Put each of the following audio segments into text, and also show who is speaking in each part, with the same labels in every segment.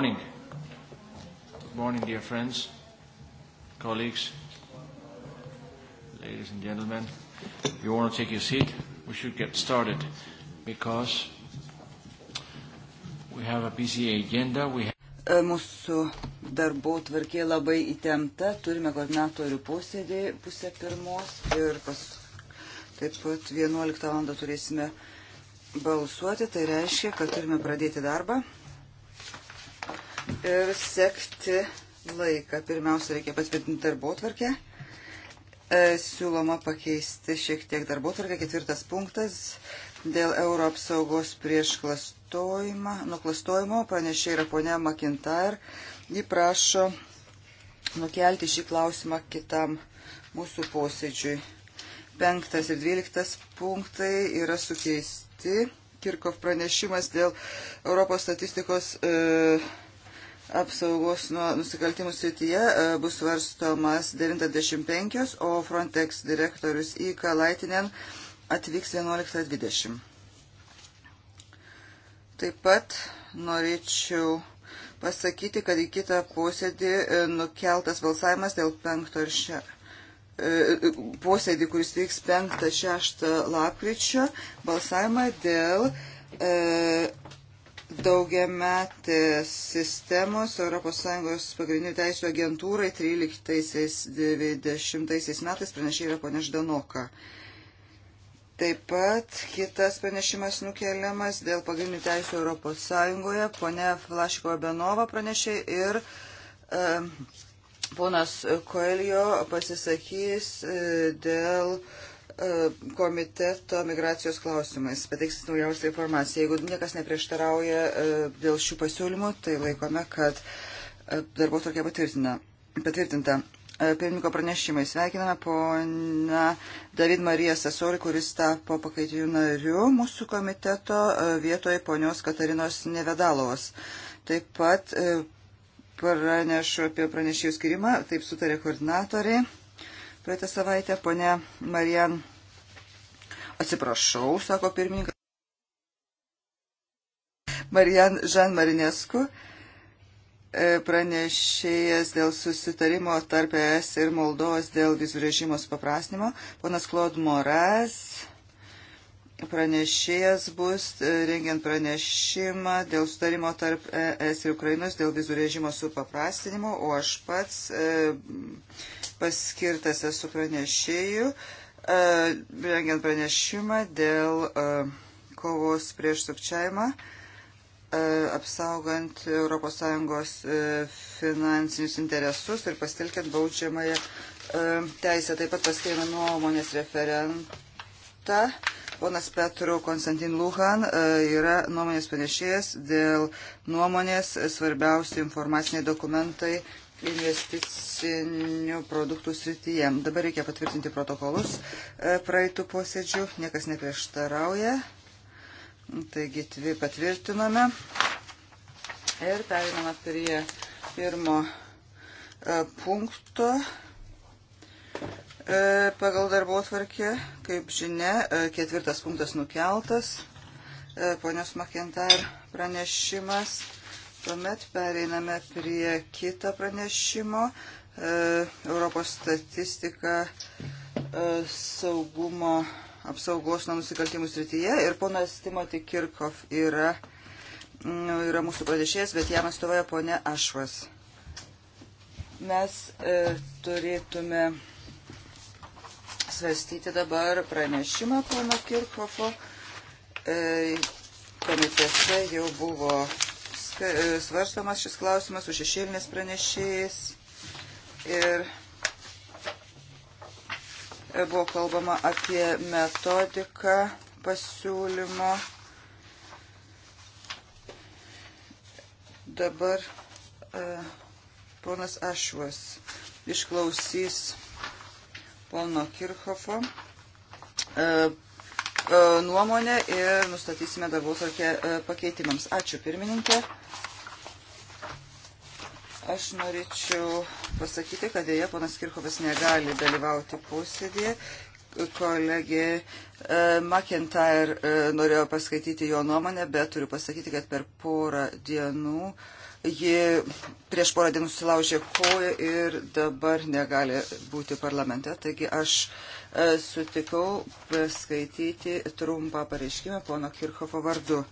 Speaker 1: morning. Good morning, dear friends, colleagues, ladies and gentlemen. If you want to take your seat, we should get started because we have a busy agenda. We
Speaker 2: have Mūsų darbo tvarkė labai įtempta. Turime koordinatorių posėdį pusę pirmos ir pas, taip pat 11 val. turėsime balsuoti. Tai reiškia, kad turime pradėti darbą ir sekti laiką. Pirmiausia, reikia patvirtinti darbo tvarkę. E, siūloma pakeisti šiek tiek darbo tvarkę. Ketvirtas punktas dėl euro apsaugos prieš klastojimą, nuklastojimo. Pranešė yra ponia Makintar. Ji prašo nukelti šį klausimą kitam mūsų posėdžiui. Penktas ir dvyliktas punktai yra sukeisti. Kirkov pranešimas dėl Europos statistikos. E, apsaugos nuo nusikaltimų srityje e, bus svarstomas 95, o Frontex direktorius į Kalaitinen atvyks 11.20. Taip pat norėčiau pasakyti, kad į kitą posėdį e, nukeltas balsavimas dėl penkto ir šio e, posėdį, kuris vyks 5-6 lapkričio, balsavimą dėl e, daugiametės sistemos ES pagrindinių teisų agentūrai 13-20 metais pranešė yra ponė Ždanoka. Taip pat kitas pranešimas nukeliamas dėl pagrindinių teisų ES, ponė Flaško Benova pranešė ir e, ponas Koelio pasisakys e, dėl e, E, komiteto migracijos klausimais. Pateiksit naujausią informaciją. Jeigu niekas neprieštarauja e, dėl šių pasiūlymų, tai laikome, kad e, darbo tokia patvirtina. patvirtinta. Pirmininko pranešimai sveikiname pona David Mariją Sasori, kuris tapo pakaitiniu nariu mūsų komiteto vietoje ponios Katarinos Nevedalovos. Taip pat pranešu apie pranešėjų skirimą, taip sutarė koordinatoriai praeitą savaitę ponė Marijan Atsiprašau, sako pirmininkas. Marijan Žan Marinesku, e, pranešėjas dėl susitarimo tarp ES ir Moldovos dėl vizų režimo supaprasnimo, ponas Klod Moras, pranešėjas bus e, rengiant pranešimą dėl sutarimo tarp ES ir Ukrainos dėl vizų režimo supaprastinimo, o aš pats e, paskirtas esu pranešėjų. E, E, rengiant pranešimą dėl e, kovos prieš sukčiavimą, e, apsaugant ES finansinius interesus ir pasitelkiant baudžiamąją teisę. Taip pat paskirime nuomonės referentą. Ponas Petru Konstantin Luhan yra nuomonės panešėjas dėl nuomonės svarbiausi informaciniai dokumentai investicinių produktų srityje. Dabar reikia patvirtinti protokolus e, praeitų posėdžių, niekas neprieštarauja. Taigi dvi patvirtiname ir periname prie pirmo e, punkto e, pagal darbo atvarkę. Kaip žinia, ketvirtas punktas nukeltas. Ponios Makintar pranešimas Tuomet pereiname prie kito pranešimo. E, Europos statistika e, saugumo apsaugos nuo nusikaltimų srityje ir ponas Timoti Kirkov yra, mm, yra mūsų pradėšėjas, bet jam atstovauja ponė Ašvas. Mes e, turėtume svarstyti dabar pranešimą pono Kirkofo. E, komitete jau buvo viską, e, svarstomas šis klausimas su šešėlinės pranešėjais ir e, buvo kalbama apie metodiką pasiūlymo. Dabar e, ponas Ašvas išklausys pono Kirchhofo E, nuomonę ir nustatysime darbų tokie pakeitimams. Ačiū pirmininkė. Aš norėčiau pasakyti, kad dėja ponas Kirchovas negali dalyvauti posėdėje. Kolegė e, McIntyre e, norėjo paskaityti jo nuomonę, bet turiu pasakyti, kad per porą dienų ji prieš porą dienų susilaužė koją ir dabar negali būti parlamente. Taigi aš uh, E, sutikau paskaityti trumpą pareiškimą pono Kirchhoffo vardu.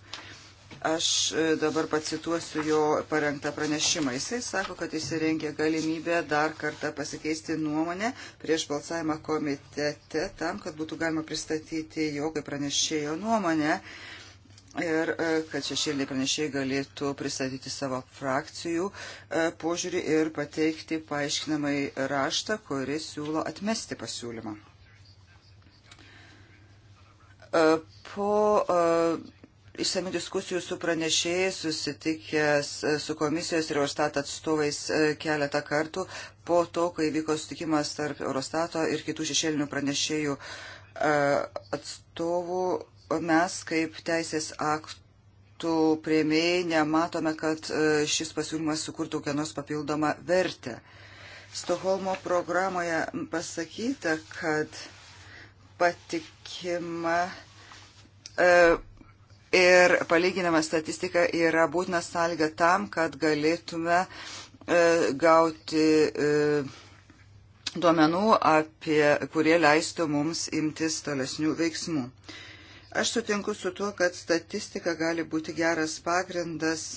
Speaker 2: Aš e, dabar pacituosiu jo parengtą pranešimą. Jisai sako, kad įsirengė galimybę dar kartą pasikeisti nuomonę prieš balsavimą komitete tam, kad būtų galima pristatyti jo kaip pranešėjo nuomonę ir e, kad šešėliniai pranešėjai galėtų pristatyti savo frakcijų požiūrį ir pateikti paaiškinamai raštą, kuris siūlo atmesti pasiūlymą. E, po e, išsami diskusijų su pranešėjais, susitikęs e, su komisijos ir Eurostat atstovais keletą kartų, po to, kai vyko sutikimas tarp Eurostato ir kitų šešėlinių pranešėjų atstovų, mes kaip teisės aktų metų prieimėjai nematome, kad šis pasiūlymas sukurtų kokią nors papildomą vertę. Stokholmo programoje pasakyta, kad patikima e, ir palyginama statistika yra būtina sąlyga tam, kad galėtume e, gauti e, duomenų, apie, kurie leistų mums imtis tolesnių veiksmų. Aš sutinku su tuo, kad statistika gali būti geras pagrindas,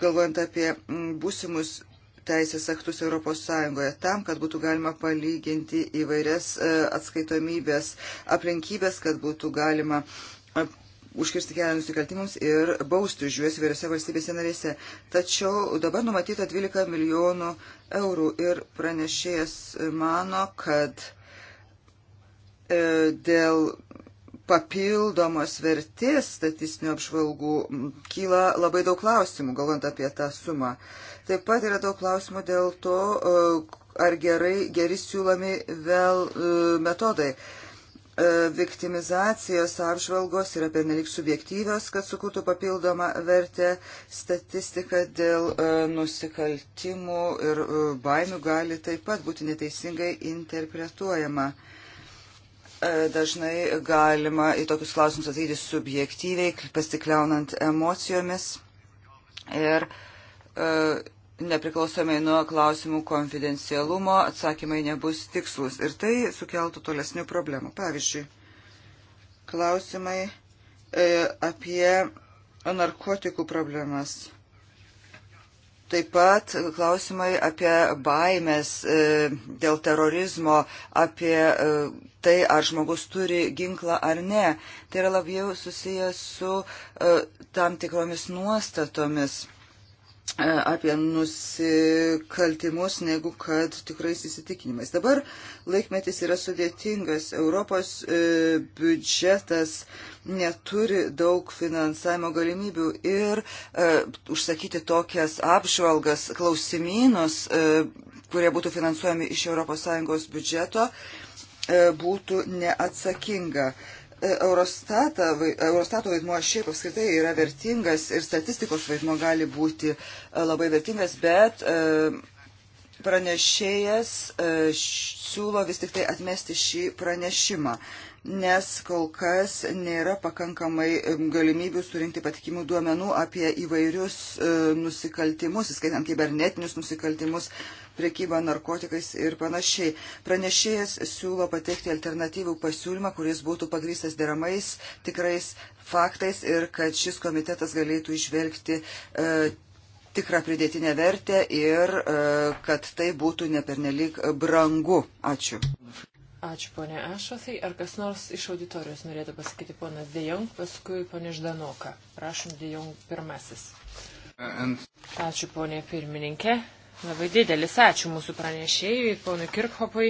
Speaker 2: galvojant apie būsimus teisės aktus ES tam, kad būtų galima palyginti įvairias e, atskaitomybės aplinkybės, kad būtų galima e, užkirsti kelią nusikaltimams ir bausti už juos įvairiose valstybėse narėse. Tačiau dabar numatyta 12 milijonų eurų ir pranešėjas mano, kad e, dėl papildomos vertės statistinių apžvalgų kyla labai daug klausimų, galvant apie tą sumą. Taip pat yra daug klausimų dėl to, e, ar gerai, geri siūlomi vėl e, metodai. E, viktimizacijos apžvalgos yra pernelik subjektyvios, kad sukurtų papildomą vertę. Statistika dėl nusikaltimų ir baimių gali taip pat būti neteisingai interpretuojama. Uh, E, dažnai galima į tokius klausimus atsakyti subjektyviai, pasikliaunant emocijomis ir e, nepriklausomai nuo klausimų konfidencialumo atsakymai nebus tikslus ir tai sukeltų tolesnių problemų. Pavyzdžiui, klausimai e, apie narkotikų problemas. Taip pat klausimai apie baimės e, dėl terorizmo, apie e, tai, ar žmogus turi ginklą ar ne. Tai yra labiau susijęs su e, tam tikromis nuostatomis apie nusikaltimus, negu kad tikrais įsitikinimais. Dabar laikmetis yra sudėtingas. Europos e, biudžetas neturi daug finansavimo galimybių ir e, užsakyti tokias apžvalgas, klausimynus, e, kurie būtų finansuojami iš ES biudžeto, e, būtų neatsakinga. E, Eurostata, Eurostato vaidmuo šiaip apskritai yra vertingas ir statistikos vaidmuo gali būti e, labai vertingas, bet e, pranešėjas e, siūlo vis tik tai atmesti šį pranešimą, nes kol kas nėra pakankamai galimybių surinkti patikimų duomenų apie įvairius nusikaltimus, įskaitant kibernetinius nusikaltimus, priekybą narkotikais ir panašiai. Pranešėjas siūlo pateikti alternatyvų pasiūlymą, kuris būtų pagrystas deramais, tikrais faktais ir kad šis komitetas galėtų išvelgti e, tikrą pridėtinę vertę ir e, kad tai būtų nepernelyg brangu. Ačiū.
Speaker 1: Ačiū, ponė Ešotai. Ar kas nors iš auditorijos norėtų pasakyti ponas Dejong, paskui ponė Ždanoka. Prašom, Dejong pirmasis. Ačiū, ponė pirmininkė. Labai didelis ačiū mūsų pranešėjui, ponui Kirkhopui.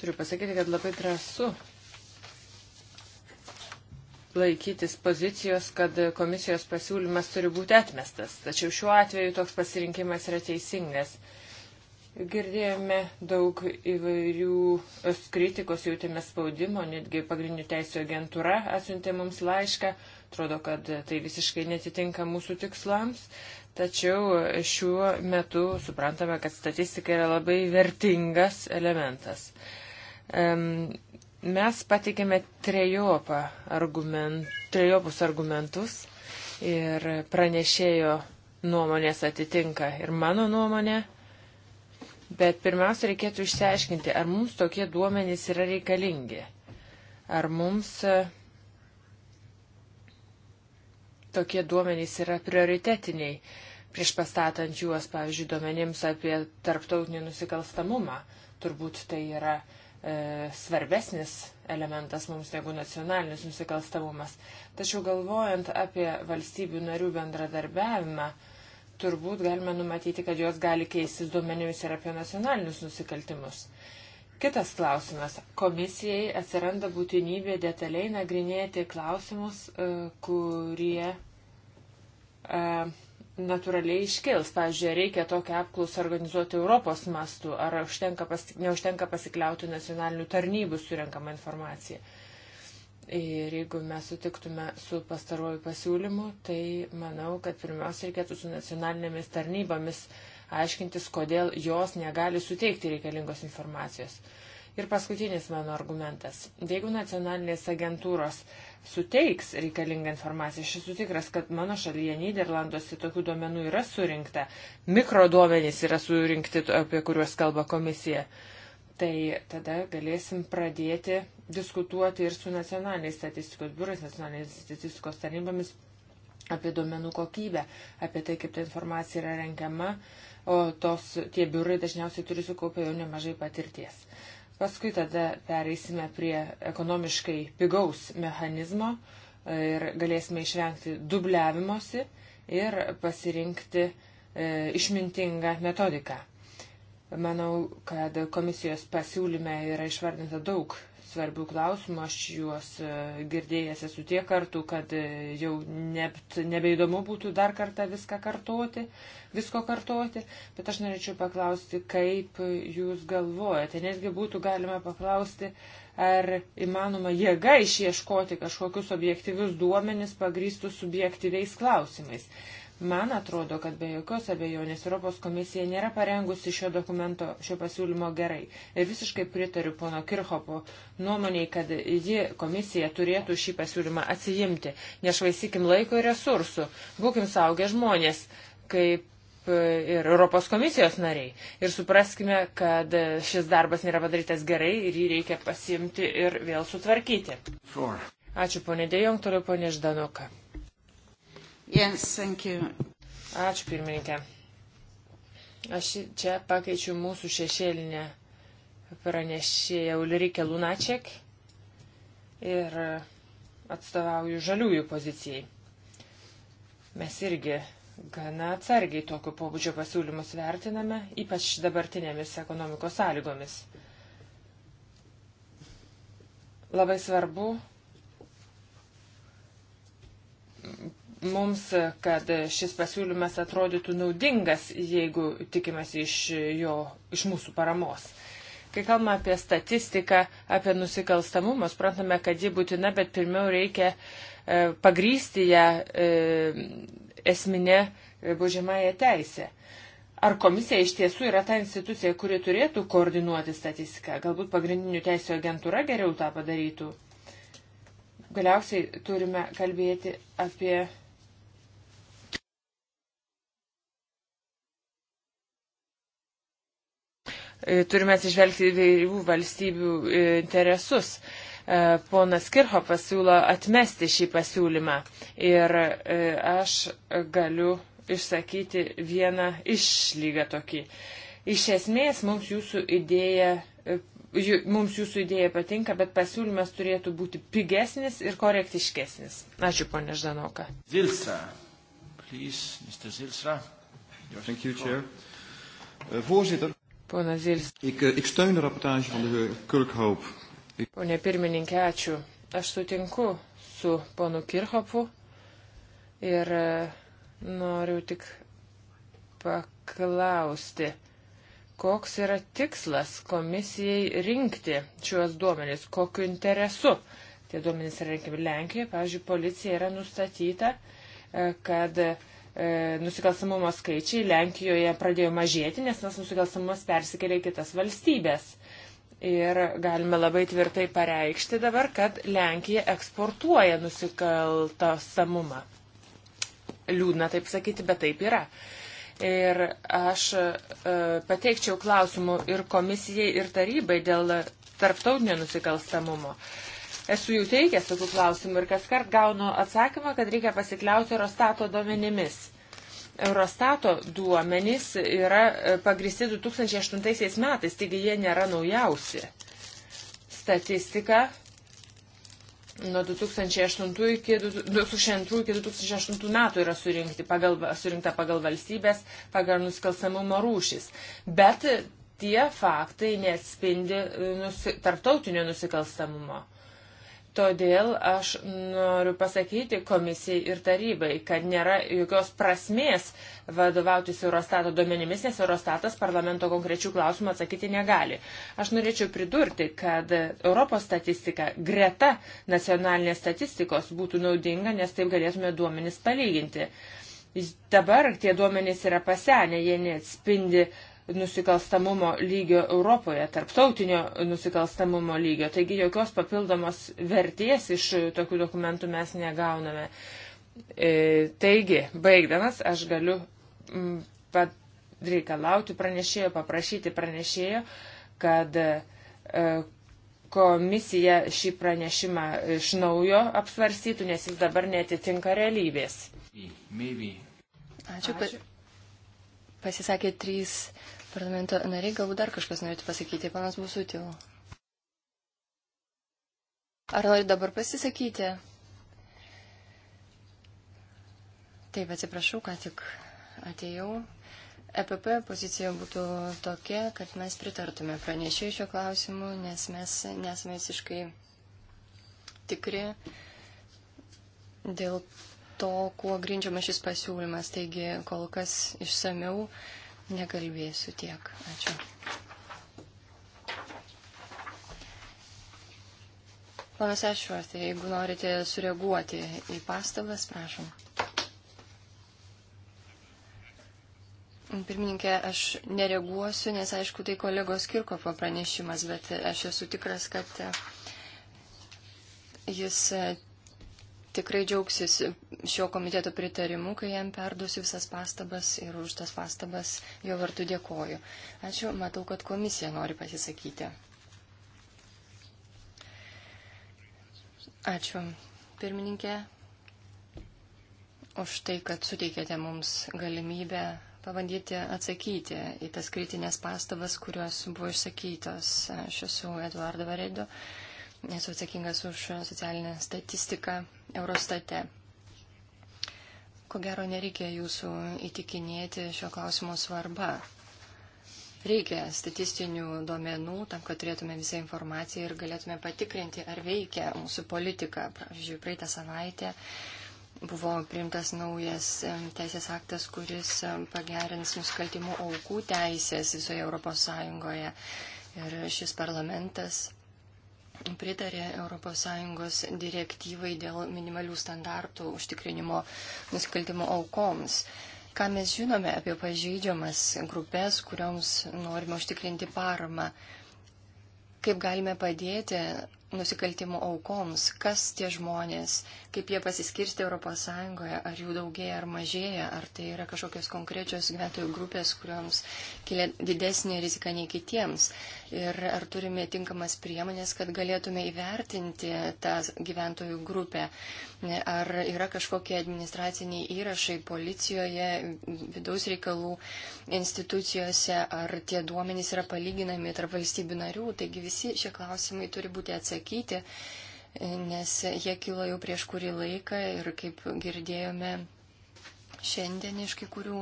Speaker 1: Turiu pasakyti, kad labai drąsu laikytis pozicijos, kad komisijos pasiūlymas turi būti atmestas. Tačiau šiuo atveju toks pasirinkimas yra teisingas. Girdėjome daug įvairių kritikos, jautėme spaudimo, netgi pagrindinių teisų agentūra atsiuntė mums laišką Atrodo, kad tai visiškai netitinka mūsų tikslams, tačiau šiuo metu suprantame, kad statistika yra labai vertingas elementas. Mes patikėme argument, trejopus argumentus ir pranešėjo nuomonės atitinka ir mano nuomonė. Bet pirmiausia, reikėtų išsiaiškinti, ar mums tokie duomenys yra reikalingi. Ar mums tokie duomenys yra prioritetiniai, prieš pastatant juos, pavyzdžiui, duomenims apie tarptautinį nusikalstamumą. Turbūt tai yra e, svarbesnis elementas mums negu nacionalinis nusikalstamumas. Tačiau galvojant apie valstybių narių bendradarbiavimą, turbūt galime numatyti, kad jos gali keistis duomenimis ir apie nacionalinius nusikaltimus. Kitas klausimas. Komisijai atsiranda būtinybė detaliai nagrinėti klausimus, e, kurie e, natūraliai iškils. Pavyzdžiui, reikia tokią apklausą organizuoti Europos mastu, ar užtenka pasi, neužtenka pasikliauti nacionalinių tarnybų surinkamą informaciją. Ir jeigu mes sutiktume su pastaruoju pasiūlymu, tai manau, kad pirmiausia reikėtų su nacionalinėmis tarnybomis uh, aiškintis, kodėl jos negali suteikti reikalingos informacijos. Ir paskutinis mano argumentas. Jeigu nacionalinės agentūros suteiks reikalingą informaciją, aš esu tikras, kad mano šalyje Niderlanduose tokių duomenų yra surinkta, mikroduomenys yra surinkti, apie kuriuos kalba komisija tai tada galėsim pradėti diskutuoti ir su nacionaliniais statistikos biurais, nacionaliniais statistikos tarnybomis apie duomenų kokybę, apie tai, kaip ta informacija yra renkiama, o tos, tie biurai dažniausiai turi sukaupę jau nemažai patirties. Paskui tada pereisime prie ekonomiškai pigaus mechanizmo e, ir galėsime išvengti dubliavimosi ir pasirinkti e, išmintingą metodiką. Manau, kad komisijos pasiūlyme yra išvardinta daug svarbių klausimų. Aš juos e, girdėjęs esu tiek kartų, kad e, jau net nebeįdomu būtų dar kartą viską kartoti, visko kartoti. Bet aš norėčiau paklausti, kaip jūs galvojate. Netgi būtų galima paklausti, ar įmanoma jėga išieškoti kažkokius objektyvius duomenis pagrįstus subjektyviais klausimais. Man atrodo, kad be jokios abejonės Europos komisija nėra parengusi šio dokumento, šio pasiūlymo gerai. Ir visiškai pritariu pono Kirchopo nuomoniai, kad ji komisija turėtų šį pasiūlymą atsijimti. Nešvaisykim laiko ir resursų. Būkim saugę žmonės, kaip e, ir Europos komisijos nariai. Ir supraskime, kad šis darbas nėra padarytas gerai ir jį reikia pasimti ir vėl sutvarkyti. Four. Ačiū ponė Dejong, toliau ponė Ždanuka. Yes, thank you. Ačiū pirmininkė. Aš čia pakeičiu mūsų šešėlinę pranešėją Ulrike Lunaček ir atstovauju žaliųjų pozicijai. Mes irgi gana atsargiai tokio pobūdžio pasiūlymus vertiname, ypač dabartinėmis ekonomikos sąlygomis. Labai svarbu mums, kad šis pasiūlymas atrodytų naudingas, jeigu tikimasi iš, jo, iš mūsų paramos. Kai kalbame apie statistiką, apie nusikalstamumą, suprantame, kad ji būtina, bet pirmiau reikia e, pagrysti ją e, esminė e, baudžiamąją teisę. Ar komisija iš tiesų yra ta institucija, kuri turėtų koordinuoti statistiką? Galbūt pagrindinių teisų agentūra geriau tą padarytų? Galiausiai turime kalbėti apie E, turime atsižvelgti įvairių valstybių e, interesus. E, ponas Kirhopas siūlo atmesti šį pasiūlymą ir aš galiu išsakyti vieną išlygą tokį. Iš esmės mums jūsų idėja, mums jūsų idėja patinka, bet pasiūlymas turėtų būti pigesnis ir korektiškesnis. Ačiū, ponė Ždanoka. Zilstra. Please, Mr. Zilstra. Thank you, Chair. Uh, voorzitter. Ponas Zilis. Eh, Pone pirmininkė, ačiū. Aš sutinku su ponu Kirchopu ir eh, noriu tik paklausti, koks yra tikslas komisijai rinkti šiuos duomenys, kokiu interesu. Tie duomenys yra rinkimi Lenkijoje, pavyzdžiui, policija yra nustatyta, eh, kad E, nusikalstamumo skaičiai Lenkijoje pradėjo mažėti, nes tas nusikalstamumas persikėlė į kitas valstybės. Ir galime labai tvirtai pareikšti dabar, kad Lenkija eksportuoja nusikaltastamumą. Liūdna taip sakyti, bet taip yra. Ir aš e, pateikčiau klausimų ir komisijai, ir tarybai dėl tarptautinio nusikalstamumo. E, Esu jau teikęs tokių klausimų ir kas kart gaunu atsakymą, kad reikia pasikliauti Eurostato duomenimis. Eurostato duomenys yra e, pagristi 2008 metais, taigi jie nėra naujausi. Statistika nuo 2008 iki, 2002 iki 2008 metų yra surinkti pagal, surinkta pagal valstybės, pagal nusikalstamumo rūšis. Bet tie faktai neatspindi e, nusi, tarptautinio nusikalstamumo. Todėl aš noriu pasakyti komisijai ir tarybai, kad nėra jokios prasmės vadovautis Eurostato duomenimis, nes Eurostatas parlamento konkrečių klausimų atsakyti negali. Aš norėčiau pridurti, kad Europos statistika greta nacionalinės statistikos būtų naudinga, nes taip galėtume duomenis palyginti. Dabar tie duomenys yra pasenę, jie neatspindi uh, nusikalstamumo lygio Europoje, tarptautinio nusikalstamumo lygio. Taigi jokios papildomos vertės iš tokių dokumentų mes negauname. E, taigi, baigdamas, aš galiu mm, reikalauti pranešėjo, paprašyti pranešėjo, kad e, komisija šį pranešimą iš naujo apsvarstytų, nes jis dabar netitinka realybės. Maybe.
Speaker 3: Ačiū, kad pasisakė trys parlamento nariai, galbūt dar kažkas norėtų pasakyti, panas Busutil. Ar nori dabar pasisakyti? Taip, atsiprašau, ką tik atėjau. EPP pozicija būtų tokia, kad mes pritartume pranešėjų šio klausimu, nes mes nesame visiškai tikri dėl to, kuo grindžiama šis pasiūlymas. Taigi kol kas išsameu nekalbėsiu tiek. Ačiū. Ponas Ešvartė, jeigu norite sureaguoti į pastabas, prašom. Pirmininkė, aš nereaguosiu, nes aišku, tai kolegos Kirkopo pranešimas, bet aš esu tikras, kad jis tikrai džiaugsis šio komiteto pritarimu, kai jam perduosiu visas pastabas ir už tas pastabas jo vartu dėkoju. Ačiū, matau, kad komisija nori pasisakyti. Ačiū, pirmininkė, už tai, kad suteikėte mums galimybę pabandyti atsakyti į tas kritinės pastabas, kurios buvo išsakytos. Aš esu Eduardo Varedo, esu atsakingas už socialinę statistiką Eurostate. Ko gero nereikia jūsų įtikinėti šio klausimo svarba. Reikia statistinių duomenų tam, kad turėtume visą informaciją ir galėtume patikrinti, ar veikia mūsų politika. Pavyzdžiui, praeitą savaitę buvo priimtas naujas teisės aktas, kuris pagerins nusikaltimų aukų teisės visoje Europos Sąjungoje. Ir šis parlamentas pritarė ES direktyvai dėl minimalių standartų užtikrinimo nusikaltimo aukoms. Ką mes žinome apie pažeidžiamas grupės, kurioms norime užtikrinti paramą? Kaip galime padėti nusikaltimų aukoms, kas tie žmonės, kaip jie pasiskirsti ES, ar jų daugėja ar mažėja, ar tai yra kažkokios konkrečios gyventojų grupės, kuriuoms kilia didesnė rizika nei kitiems. Ir ar turime tinkamas priemonės, kad galėtume įvertinti tą gyventojų grupę. Ar yra kažkokie administraciniai įrašai policijoje, vidaus reikalų institucijose, ar tie duomenys yra palyginami tarp valstybių narių. Taigi visi šie klausimai turi būti atsakyti atsakyti, nes jie kilo jau prieš kurį laiką ir kaip girdėjome šiandien iš kai kurių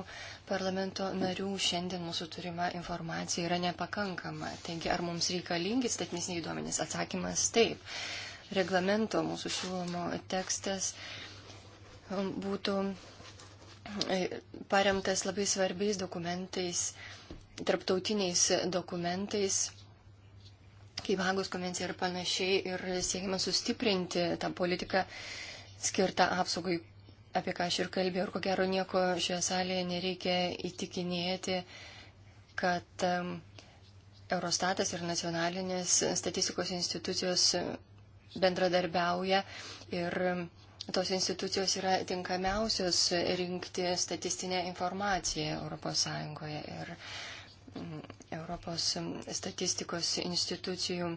Speaker 3: parlamento narių, šiandien mūsų turima informacija yra nepakankama. Taigi, ar mums reikalingi statistiniai duomenys? Atsakymas taip. Reglamento mūsų siūlomo tekstas būtų e, paremtas labai svarbiais dokumentais, tarptautiniais dokumentais kaip Hagos konvencija ir panašiai, ir siekime sustiprinti tą politiką skirtą apsaugai, apie ką aš ir kalbėjau, ir ko gero nieko šioje salėje nereikia įtikinėti, kad Eurostatas ir nacionalinės statistikos institucijos bendradarbiauja ir tos institucijos yra tinkamiausios rinkti statistinę informaciją ES. Ir Europos statistikos institucijų.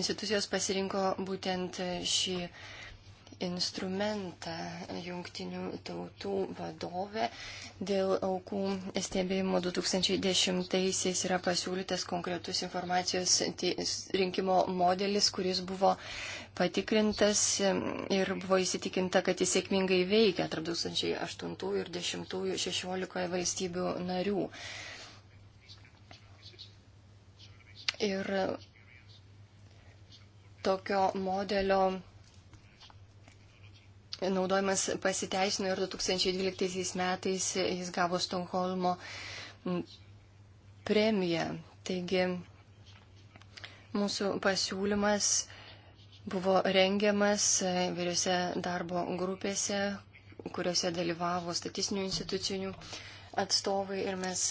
Speaker 3: Institucijos pasirinko būtent šį instrumentą jungtinių tautų vadovė dėl aukų stebėjimo 2010-aisiais yra pasiūlytas konkretus informacijos rinkimo modelis, kuris buvo patikrintas ir buvo įsitikinta, kad jis sėkmingai veikia tarp 2008 ir 2016 valstybių narių. Ir tokio modelio naudojimas pasiteisino ir 2012 metais jis gavo Stokholmo premiją. Taigi mūsų pasiūlymas buvo rengiamas vyriose darbo grupėse, kuriuose dalyvavo statistinių institucijų atstovai ir mes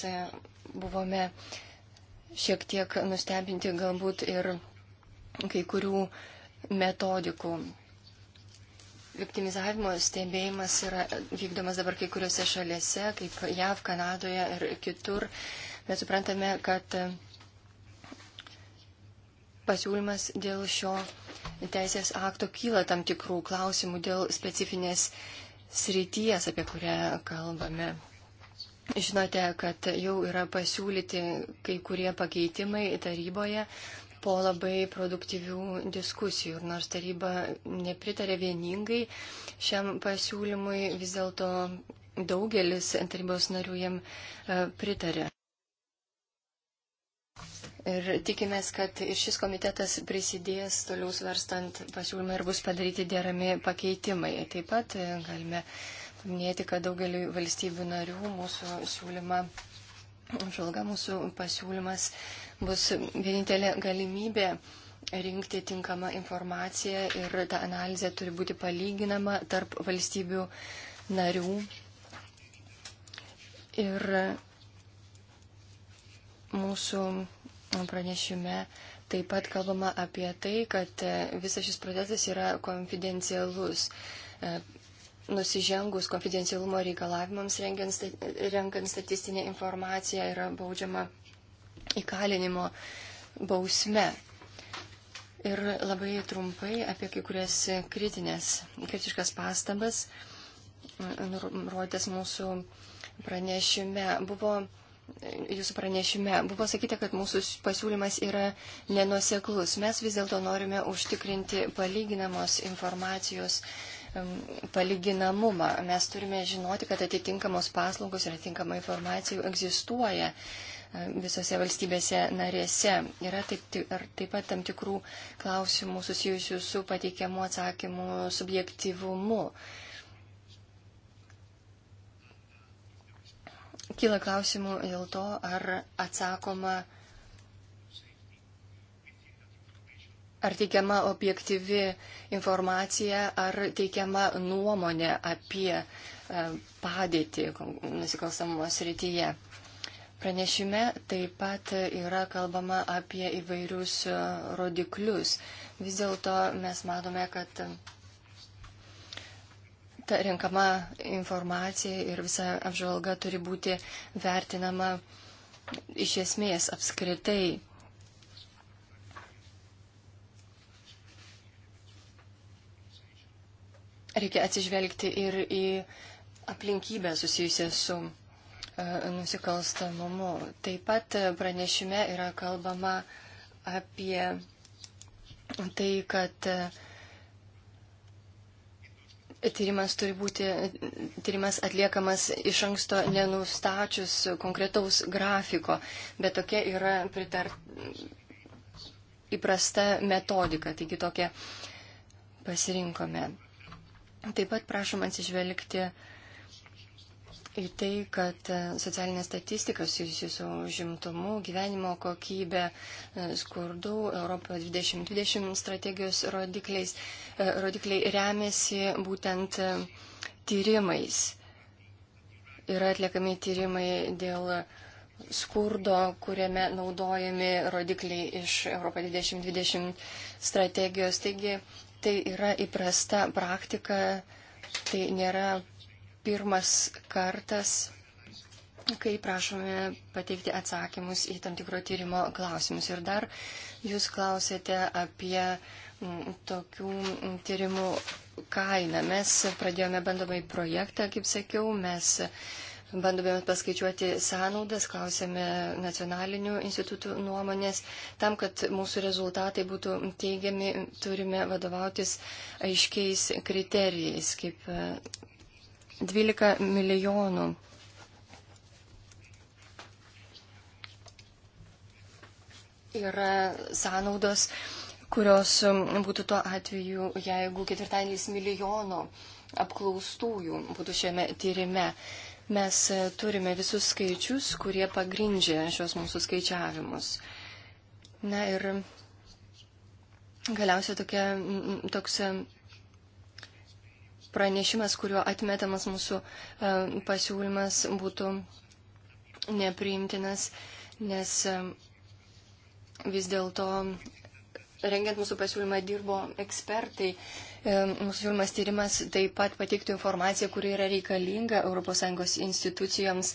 Speaker 3: buvome šiek tiek nustebinti galbūt ir kai kurių metodikų. Viktimizavimo stebėjimas yra vykdomas dabar kai kuriuose šalėse, kaip JAV, Kanadoje ir kitur. Mes suprantame, kad e, pasiūlymas dėl šio teisės akto kyla tam tikrų klausimų dėl specifinės srities, apie kurią kalbame. Žinote, kad jau yra pasiūlyti kai kurie pakeitimai taryboje, po labai produktyvių diskusijų. Ir nors taryba nepritarė vieningai šiam pasiūlymui, vis dėlto daugelis tarybos narių jam e, pritarė. Ir tikimės, kad ir šis komitetas prisidės toliau svarstant pasiūlymą ir bus padaryti derami pakeitimai. Taip pat e, galime paminėti, kad daugeliu valstybių narių mūsų siūlymą apžvalga mūsų pasiūlymas bus vienintelė galimybė rinkti tinkamą informaciją ir ta analizė turi būti palyginama tarp valstybių narių. Ir mūsų pranešime taip pat kalbama apie tai, kad visas šis procesas yra konfidencialus nusižengus konfidencialumo reikalavimams renkant statistinę informaciją yra baudžiama įkalinimo bausme. Ir labai trumpai apie kai kurias kritinės, kritiškas pastabas, nurodytas mūsų pranešime, buvo jūsų pranešime buvo sakyta, kad mūsų pasiūlymas yra nenuseklus. Mes vis dėlto norime užtikrinti palyginamos informacijos palyginamumą. Mes turime žinoti, kad atitinkamos paslaugos ir atitinkama informacija egzistuoja visose valstybėse narėse. Yra taip, taip pat tam tikrų klausimų susijusių su pateikiamu atsakymu subjektivumu. Kyla klausimų dėl to, ar atsakoma Ar teikiama objektyvi informacija, ar teikiama nuomonė apie e, padėtį nusikalstamos rytyje. Pranešime taip pat yra kalbama apie įvairius e, rodiklius. Vis dėlto mes matome, kad e, ta renkama informacija ir visa apžvalga turi būti vertinama iš esmės apskritai. reikia atsižvelgti ir į aplinkybę susijusią su e, nusikalstamumu. Taip pat pranešime yra kalbama apie tai, kad e, Tyrimas turi būti, e, tyrimas atliekamas iš anksto nenustačius konkretaus grafiko, bet tokia yra pritar, įprasta metodika, taigi tokia pasirinkome. Taip pat prašom atsižvelgti į tai, kad e, socialinė statistika susijusi su žimtumu, gyvenimo kokybė, e, skurdu, Europo 2020 strategijos rodikliais, e, rodikliai remiasi būtent tyrimais. Yra atliekami tyrimai dėl skurdo, kuriame naudojami rodikliai iš Europo 2020 strategijos. Taigi Tai yra įprasta praktika, tai nėra pirmas kartas, kai prašome pateikti atsakymus į tam tikro tyrimo klausimus. Ir dar jūs klausėte apie tokių tyrimų kainą. Mes pradėjome bandomai projektą, kaip sakiau, mes bandome paskaičiuoti sąnaudas, klausėme nacionalinių institutų nuomonės. Tam, kad mūsų rezultatai būtų teigiami, turime vadovautis aiškiais kriterijais, kaip 12 e, milijonų. Yra sąnaudos, kurios būtų tuo atveju, jeigu ketvirtadienis milijono apklaustųjų būtų šiame tyrime. Uh, Mes e, turime visus skaičius, kurie pagrindžia šios mūsų skaičiavimus. Na ir galiausiai tokia, toks e, pranešimas, kuriuo atmetamas mūsų e, pasiūlymas būtų nepriimtinas, nes vis dėlto rengiant mūsų pasiūlymą dirbo ekspertai. E, mūsų siūlymas tyrimas taip pat pateiktų informaciją, kuri yra reikalinga ES institucijoms,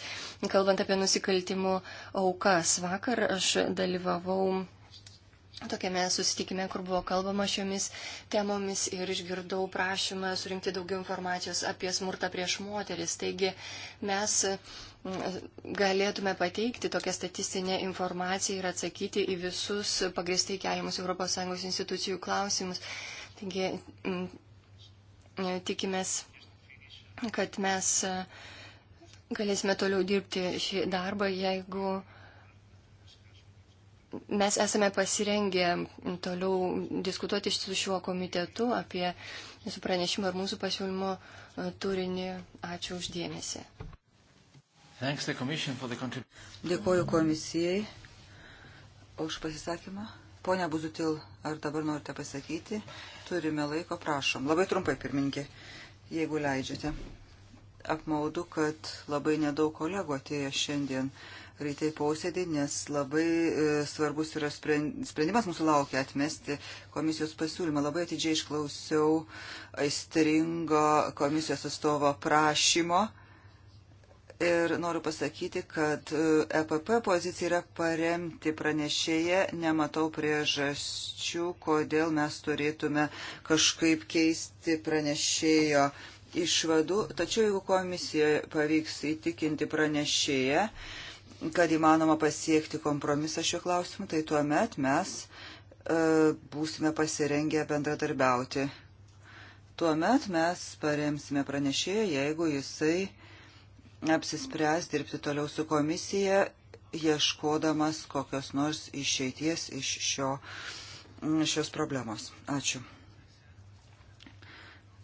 Speaker 3: kalbant apie nusikaltimų aukas. Vakar aš dalyvavau Tokiame susitikime, kur buvo kalbama šiomis temomis ir išgirdau prašymą surinkti daugiau informacijos apie smurtą prieš moteris. Taigi mes galėtume pateikti tokią statistinę informaciją ir atsakyti į visus pagristai keliamus ES institucijų klausimus. Taigi mm, mm, tikimės, kad mes e, galėsime toliau dirbti šį darbą, jeigu mes esame pasirengę toliau diskutuoti su šiuo komitetu apie jūsų pranešimą ir mūsų pasiūlymo e, turinį. Ačiū uždėmesi.
Speaker 2: Dėkuoju komisijai už pasisakymą. Pone Buzutil, ar dabar norite pasakyti? Turime laiko, prašom. Labai trumpai, pirmininkė, jeigu leidžiate. Apmaudu, kad labai nedaug kolegų atėjo šiandien rytai posėdį, nes labai e, svarbus yra sprendimas mūsų laukia atmesti komisijos pasiūlymą. Labai atidžiai išklausiau aistringo komisijos atstovo prašymo ir noriu pasakyti, kad EPP e pozicija yra paremti pranešėje, nematau priežasčių, kodėl mes turėtume kažkaip keisti pranešėjo išvadų, tačiau jeigu komisija pavyks įtikinti pranešėje, kad įmanoma pasiekti kompromisą šiuo klausimu, tai tuomet mes e, būsime pasirengę bendradarbiauti. Tuomet mes paremsime pranešėją, jeigu jisai apsispręs dirbti toliau su komisija, ieškodamas kokios nors išeities iš šio, šios problemos. Ačiū.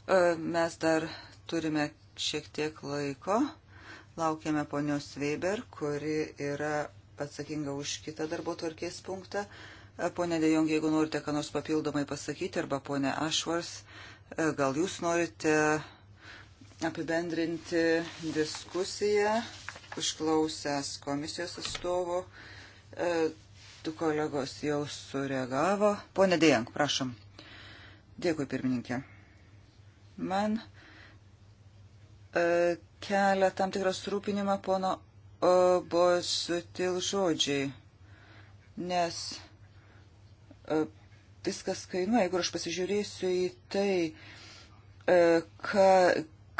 Speaker 2: E, mes dar turime šiek tiek laiko. Laukiame ponios Weber, kuri yra atsakinga už kitą darbo tvarkės punktą. E, pone Dejong, jeigu norite ką nors papildomai pasakyti, arba pone Ašvars, e, gal jūs norite apibendrinti diskusiją, išklausęs komisijos atstovų. E, du kolegos jau sureagavo. Pone Dejank, prašom. Dėkui, pirmininkė. Man e, kelia tam tikras rūpinimą pono Bosutil žodžiai, nes e, viskas kainuoja, jeigu aš pasižiūrėsiu į tai, ką,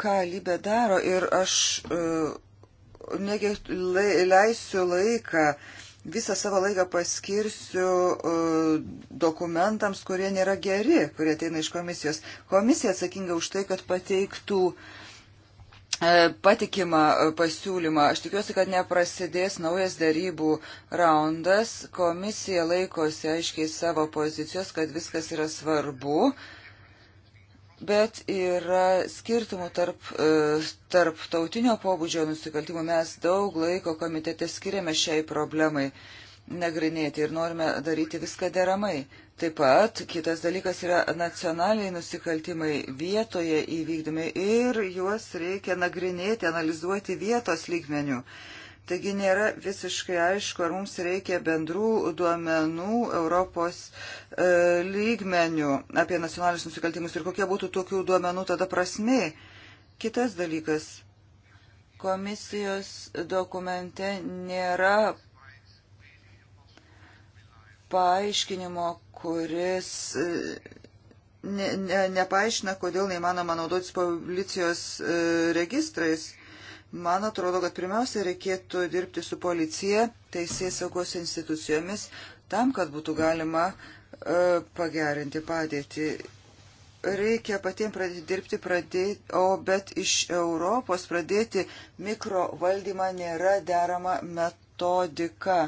Speaker 2: ką Libė daro ir aš e, negi leisiu laiką, visą savo laiką paskirsiu e, dokumentams, kurie nėra geri, kurie ateina iš komisijos. Komisija atsakinga už tai, kad pateiktų e, patikimą pasiūlymą. Aš tikiuosi, kad neprasidės naujas darybų raundas. Komisija laikosi aiškiai savo pozicijos, kad viskas yra svarbu. Uh, bet yra skirtumų tarp, e, tarp tautinio pobūdžio nusikaltimų. Mes daug laiko komitete skiriame šiai problemai nagrinėti ir norime daryti viską deramai. Taip pat kitas dalykas yra nacionaliniai nusikaltimai vietoje įvykdomi ir juos reikia nagrinėti, analizuoti vietos lygmenių. Taigi nėra visiškai aišku, ar mums reikia bendrų duomenų Europos e, lygmenių apie nacionalinius nusikaltimus ir kokia būtų tokių duomenų tada prasmė. Kitas dalykas. Komisijos dokumente nėra paaiškinimo, kuris. E, ne, ne, nepaaiškina, kodėl neįmanoma naudotis policijos e, registrais. Man atrodo, kad pirmiausia reikėtų dirbti su policija, teisės saugos institucijomis, tam, kad būtų galima e, pagerinti padėtį. Reikia patiems pradėti dirbti, pradėti, o bet iš Europos pradėti mikrovaldymą nėra derama metodika.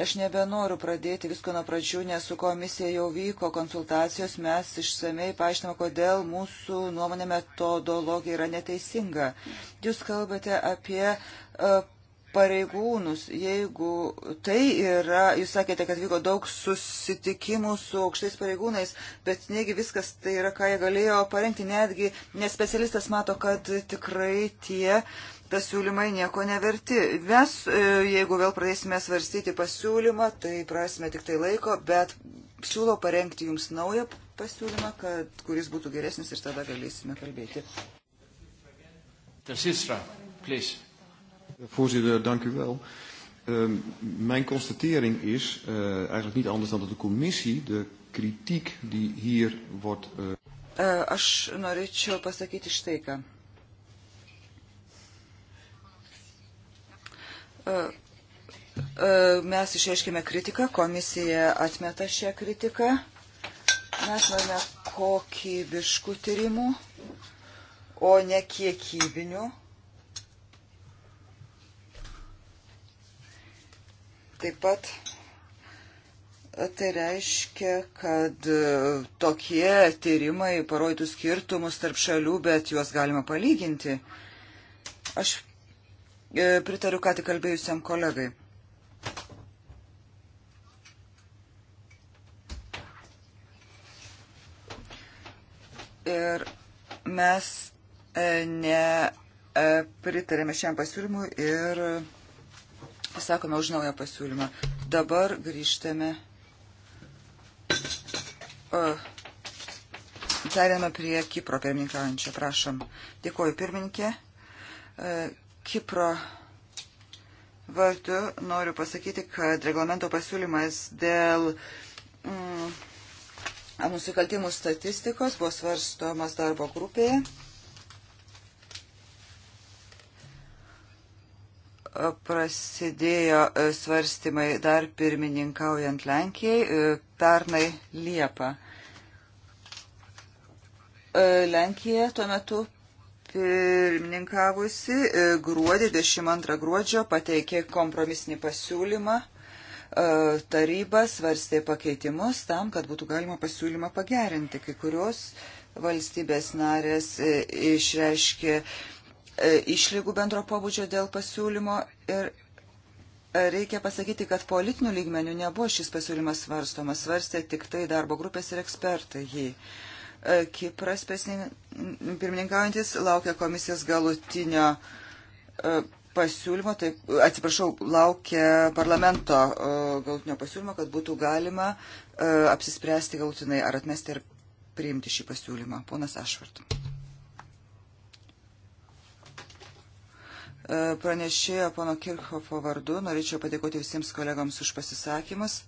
Speaker 2: Aš nebenoriu pradėti visko nuo pradžių, nes su komisija jau vyko konsultacijos, mes išsamei paaiškinome, kodėl mūsų nuomonė metodologija yra neteisinga. Jūs kalbate apie uh, pareigūnus, jeigu tai yra, jūs sakėte, kad vyko daug susitikimų su aukštais pareigūnais, bet negi viskas tai yra, ką jie galėjo parengti, netgi nespecialistas mato, kad tikrai tie pasiūlymai nieko neverti. Mes, e, jeigu vėl pradėsime svarstyti pasiūlymą, tai prasme tik tai laiko, bet siūlau parengti jums naują pasiūlymą, kad, kuris būtų geresnis ir tada galėsime kalbėti. Tasisra, please. Voorzitter, dank u wel. Uh, mijn constatering is uh, eigenlijk niet anders dan dat de commissie de kritiek die hier wordt. Uh... Uh, aš norėčiau pasakyti štai ką. E, e, mes išreiškėme kritiką, komisija atmeta šią kritiką. Mes norime kokybiškų tyrimų, o ne kiekybinių. Taip pat e, tai reiškia, kad tokie tyrimai parodytų skirtumus tarp šalių, bet juos galima palyginti. Aš E, pritariu ką tik kalbėjusiam kolegai. Ir mes e, nepritarėme e, šiam pasiūlymui ir pasakome už naują pasiūlymą. Dabar grįžtame. Perėmame prie Kipro pirmininkaujančio. Prašom. Dėkuoju pirmininkė. Kipro vardu noriu pasakyti, kad reglamento pasiūlymas dėl mm, nusikaltimų statistikos buvo svarstomas darbo grupėje. Prasidėjo e, svarstymai dar pirmininkaujant Lenkijai e, pernai Liepą. E, Lenkija tuo metu pirmininkavusi e, gruodį 22 gruodžio pateikė kompromisinį pasiūlymą. E, taryba svarstė pakeitimus tam, kad būtų galima pasiūlymą pagerinti. Kai kurios valstybės narės e, išreiškė išlygų bendro pobūdžio dėl pasiūlymo ir reikia pasakyti, kad politinių lygmenių nebuvo šis pasiūlymas svarstomas, svarstė tik tai darbo grupės ir ekspertai jį. Uh, E, Kipras pirmininkaujantis laukia komisijos galutinio e, pasiūlymo, taip, atsiprašau, laukia parlamento e, galutinio pasiūlymo, kad būtų galima apsispręsti galutinai ar atmesti ir priimti šį pasiūlymą. Ponas Ašvart. Pranešėjo pono Kirchhoffo vardu, norėčiau padėkoti visiems kolegams už pasisakymus.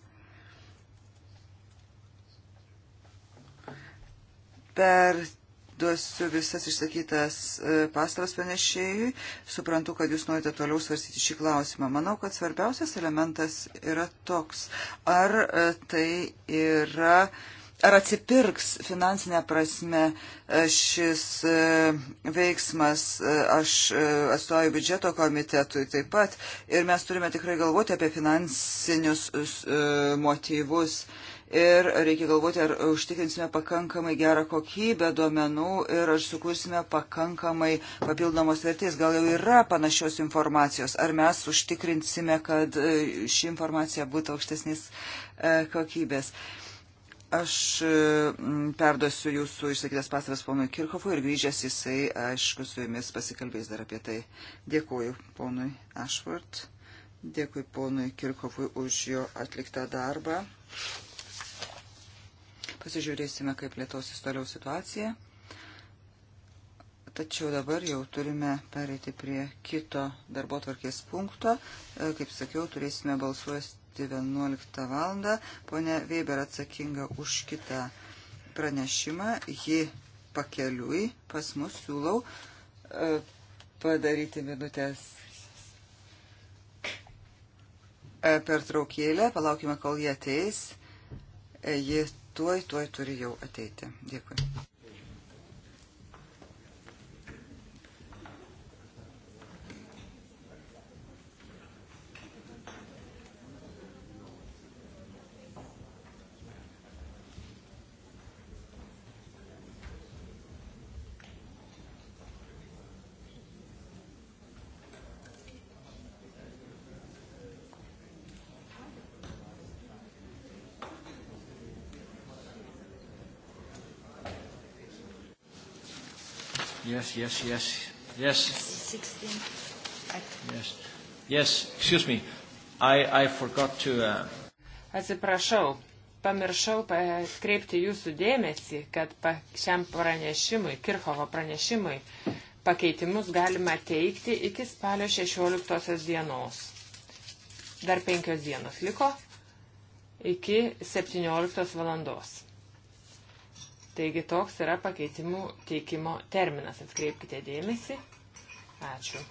Speaker 2: perduosiu visas išsakytas e, pastabas pranešėjui. Suprantu, kad jūs norite toliau svarstyti šį klausimą. Manau, kad svarbiausias elementas yra toks. Ar e, tai yra. Ar atsipirks finansinė prasme e, šis veiksmas, aš atstovauju biudžeto komitetui taip pat, ir mes turime tikrai galvoti apie finansinius motyvus. Uh, ir reikia galvoti, ar užtikrinsime pakankamai gerą kokybę duomenų ir ar sukursime pakankamai papildomos vertės. Gal jau yra panašios informacijos, ar mes užtikrinsime, kad e, ši informacija būtų aukštesnės e, kokybės. Aš e, perduosiu jūsų išsakytas pastabas ponui Kirchhoffui ir grįžęs jisai, aišku, su jumis pasikalbės dar apie tai. Dėkuoju ponui Ashford, dėkui ponui Kirchhoffui už jo atliktą darbą. Pasižiūrėsime, kaip lietosis toliau situacija. Tačiau dabar jau turime pereiti prie kito darbo tvarkės punkto. E, kaip sakiau, turėsime balsuoti 11 valandą. Pone Weber atsakinga už kitą pranešimą. Ji pakeliui pas mus siūlau e, padaryti minutės e, per traukėlę. Palaukime, kol jie ateis. Ji tuoj, tuoj turi jau ateiti. Dėkui.
Speaker 1: yes, yes, yes, yes. 16. Yes. Yes, excuse me. I, I forgot to. Uh... Atsiprašau, pamiršau atkreipti jūsų dėmesį, kad pa, šiam pranešimui, Kirchovo pranešimui, pakeitimus galima teikti iki spalio 16 dienos. Dar penkios dienos liko iki 17 valandos. Taigi toks yra pakeitimų teikimo terminas. Atkreipkite dėmesį. Ačiū.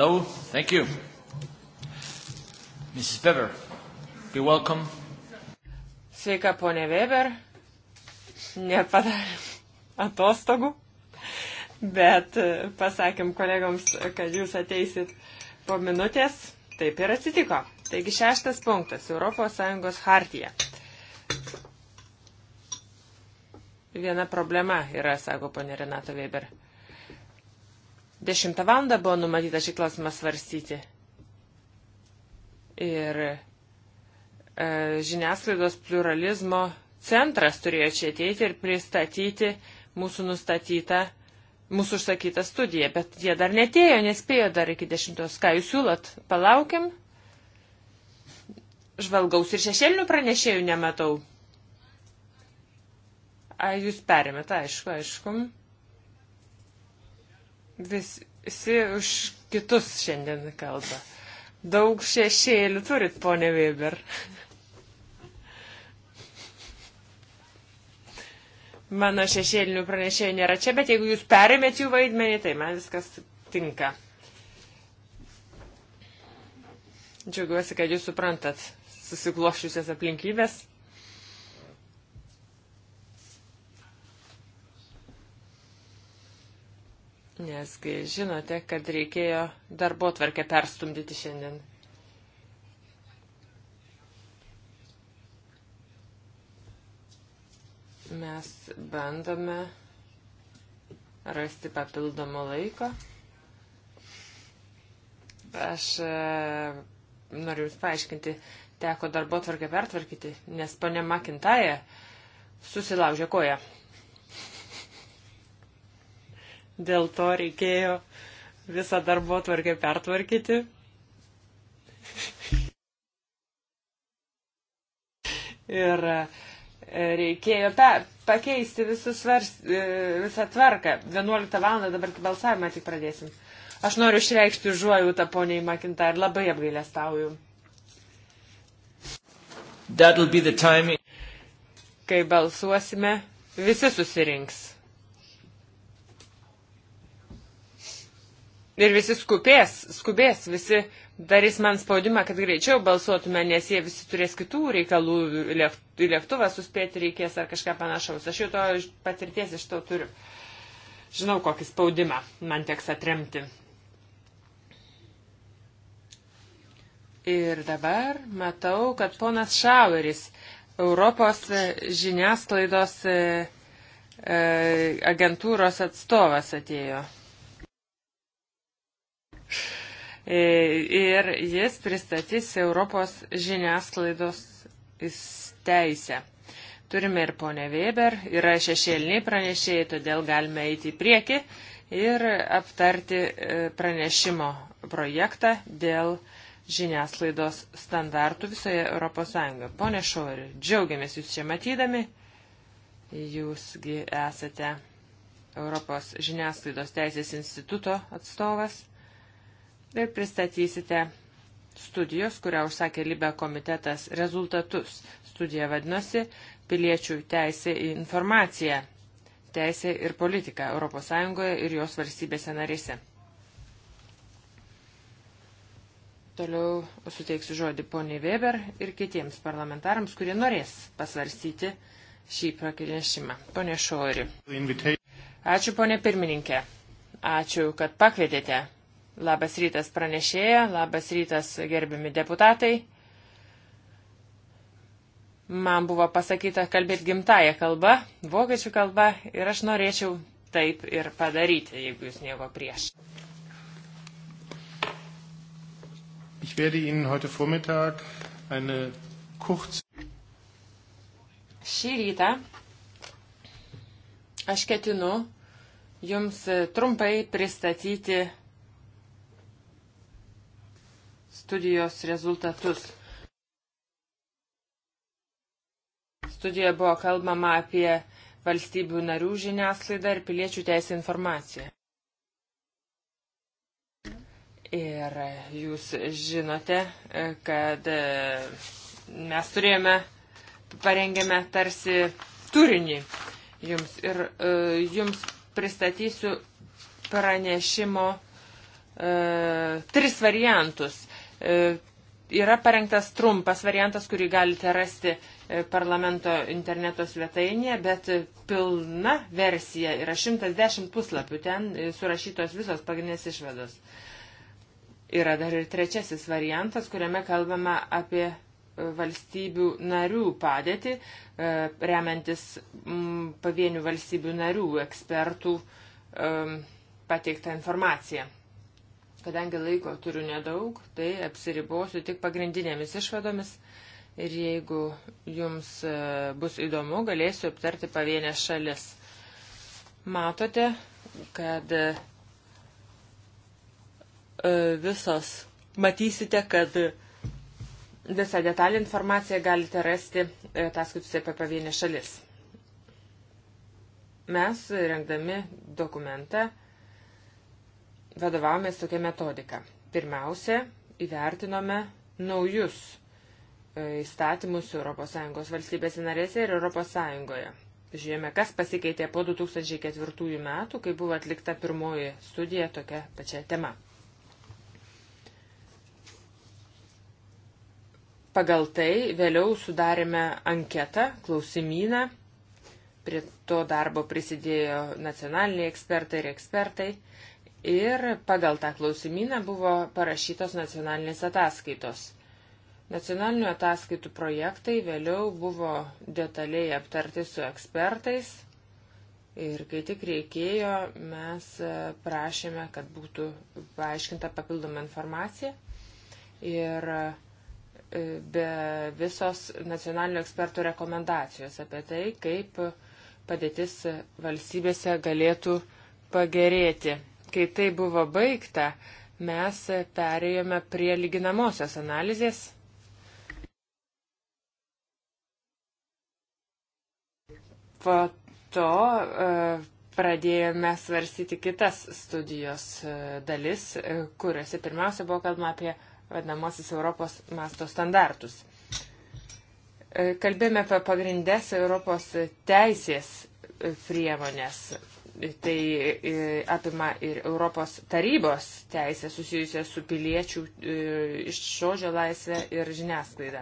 Speaker 1: Hello, thank you. Mrs. Weber, be welcome. Sveika, ponė Weber. Nepadarėm atostogų, bet e, pasakėm kolegoms, kad jūs ateisit po minutės. Taip ir atsitiko. Taigi šeštas punktas - ES hartija. Viena problema yra, sako ponė Renata Weber. 10 val. buvo numatyta šį klausimą svarstyti. Ir e, žiniasklaidos pluralizmo centras turėjo čia ateiti ir pristatyti mūsų nustatytą, mūsų užsakytą studiją, bet jie dar netėjo, nespėjo dar iki dešimtos. Ką jūs siūlat, palaukiam? Žvalgaus ir šešėlinių pranešėjų nematau. A, jūs perimėte, aišku, aišku. Visi už kitus šiandien kalba. Daug šešėlių turit, ponė Weber. Mano šešėlinių pranešėjų nėra čia, bet jeigu jūs perėmėt jų vaidmenį, tai man viskas tinka. Džiaugiuosi, kad jūs suprantat susikloščiusias aplinkybės. Nes kai žinote, kad reikėjo darbo tvarkę perstumdyti šiandien. Mes bandome rasti papildomą laiką. Aš e, noriu Jums paaiškinti, teko darbo tvarkę pertvarkyti, nes ponia Makintaja susilaužė koją. Dėl to reikėjo visą darbo tvarkę pertvarkyti. ir e, reikėjo pe, pakeisti visus vers, e, visą tvarką. 11 val. dabar balsavimą tik pradėsim. Aš noriu išreikšti užuojautą poniai Makinta ir labai apgailestauju. Kai balsuosime, visi susirinks. Ir visi skubės, skubės, visi darys man spaudimą, kad greičiau balsuotume, nes jie visi turės kitų reikalų, į lėktuvą suspėti reikės ar kažką panašaus. Aš jau to patirties iš to turiu. Žinau, kokį spaudimą man teks atremti. Ir dabar matau, kad ponas Šaueris, Europos žiniasklaidos e, e, agentūros atstovas atėjo. E, ir jis pristatys Europos žiniasklaidos teisę. Turime ir ponę Weber, yra šešėliniai pranešėjai, todėl galime eiti į priekį ir aptarti e, pranešimo projektą dėl žiniasklaidos standartų visoje ES. Pone Šoveri, džiaugiamės Jūs čia matydami. Jūsgi esate Europos žiniasklaidos teisės instituto atstovas ir pristatysite studijos, kurią užsakė Libe komitetas, rezultatus. Studija vadinosi Piliečių teisė į informaciją, teisė ir politika ES ir jos valstybėse narėse. Toliau suteiksiu žodį poniai Weber ir kitiems parlamentarams, kurie norės pasvarstyti šį pranešimą. Pone Šori. Ačiū, ponė pirmininkė. Ačiū, kad pakvietėte Labas rytas pranešėja, labas rytas gerbiami deputatai. Man buvo pasakyta kalbėti gimtają kalbą, vokiečių kalbą ir aš norėčiau taip ir padaryti, jeigu jūs nieko prieš. Ich werde Ihnen heute Vormittag eine kurze. Šį rytą aš ketinu Jums trumpai pristatyti studijos rezultatus. Studijoje buvo kalbama apie valstybių narių žiniasklaidą ir piliečių teisę informaciją. Ir jūs žinote, e, kad e, mes turėjome, parengėme tarsi turinį jums ir e, jums pristatysiu pranešimo e, tris variantus. E, yra parengtas trumpas variantas, kurį galite rasti e, parlamento interneto svetainėje, bet e, pilna versija yra 110 puslapių, ten surašytos visos pagrindinės išvados. Yra dar ir trečiasis variantas, kuriame kalbama apie valstybių narių padėtį, remiantis pavienių valstybių narių ekspertų pateiktą informaciją. Kadangi laiko turiu nedaug, tai apsiribosiu tik pagrindinėmis išvadomis ir jeigu jums e, bus įdomu, galėsiu aptarti pavienę šalis. Matote, kad e, e, visos, matysite, kad visą detalį informaciją galite rasti ataskaitose apie pavienę šalis. Mes, rengdami dokumentą, vadovavomės tokia metodika. Pirmiausia, įvertinome naujus e, įstatymus ES valstybėse narėse ir ES. Žiūrėjome, kas pasikeitė po 2004 metų, kai buvo atlikta pirmoji studija tokia pačia tema. Pagal tai vėliau sudarėme anketą, klausimyną. Prie to darbo prisidėjo nacionaliniai ekspertai ir ekspertai ir pagal tą klausimyną buvo parašytos nacionalinės ataskaitos. Nacionalinių ataskaitų projektai vėliau buvo detaliai aptarti su ekspertais ir kai tik reikėjo, mes prašėme, kad būtų paaiškinta papildoma informacija ir e, be visos nacionalinių ekspertų rekomendacijos apie tai, kaip padėtis valstybėse galėtų pagerėti. Kai tai buvo baigta, mes perėjome prie lyginamosios analizės. Po to e, pradėjome svarstyti kitas studijos e, dalis, e, kuriuose pirmiausia buvo kalbama apie vadinamosius Europos masto standartus. Kalbėjome apie pagrindęs Europos teisės priemonės tai e, apima ir Europos tarybos teisę susijusią su piliečių e, iš žodžio laisvę ir žiniasklaidą.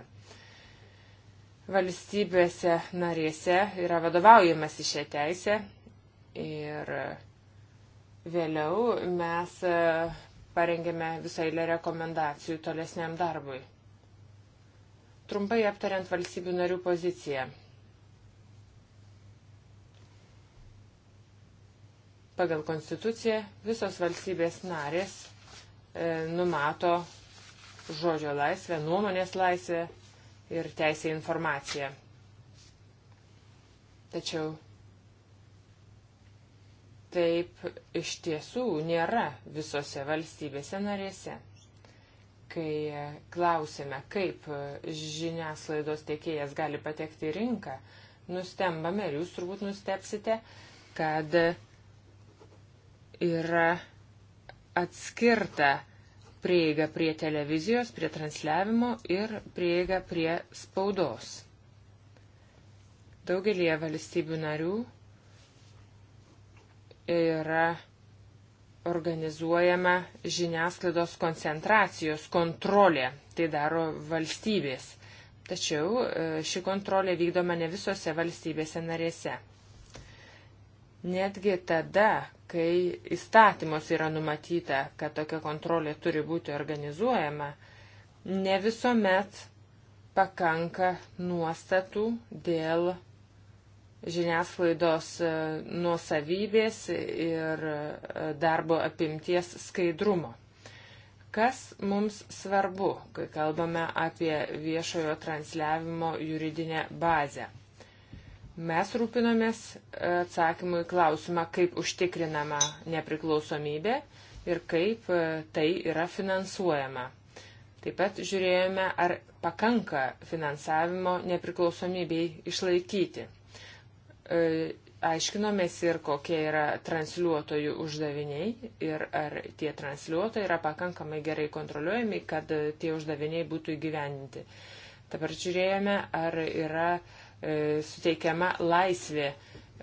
Speaker 1: Valstybėse narėse yra vadovaujamas į šią teisę ir vėliau mes e, parengėme visą eilę rekomendacijų tolesniam darbui. Trumpai aptariant valstybių narių poziciją. Pagal konstituciją visos valstybės narės e, numato žodžio laisvę, nuomonės laisvę ir teisę informaciją. Tačiau taip iš tiesų nėra visose valstybėse narėse. Kai klausime, kaip žiniasklaidos tiekėjas gali patekti į rinką, nustembame ir jūs turbūt nustepsite, kad yra atskirta prieiga prie televizijos, prie transliavimo ir prieiga prie spaudos. Daugelie valstybių narių yra organizuojama žiniasklaidos koncentracijos kontrolė. Tai daro valstybės. Tačiau e, ši kontrolė vykdoma ne visose valstybėse narėse. Netgi tada, kai įstatymos yra numatyta, kad tokia kontrolė turi būti organizuojama, ne visuomet pakanka nuostatų dėl žiniasklaidos e, nuosavybės ir e, darbo apimties skaidrumo. Kas mums svarbu, kai kalbame apie viešojo transliavimo juridinę bazę? Mes rūpinomės e, atsakymu į klausimą, kaip užtikrinama nepriklausomybė ir kaip e, tai yra finansuojama. Taip pat žiūrėjome, ar pakanka finansavimo nepriklausomybei išlaikyti. E, aiškinomės ir kokie yra transliuotojų uždaviniai ir ar tie transliuotojai yra pakankamai gerai kontroliuojami, kad tie uždaviniai būtų įgyveninti. Dabar žiūrėjome, ar yra uh, E, suteikiama laisvė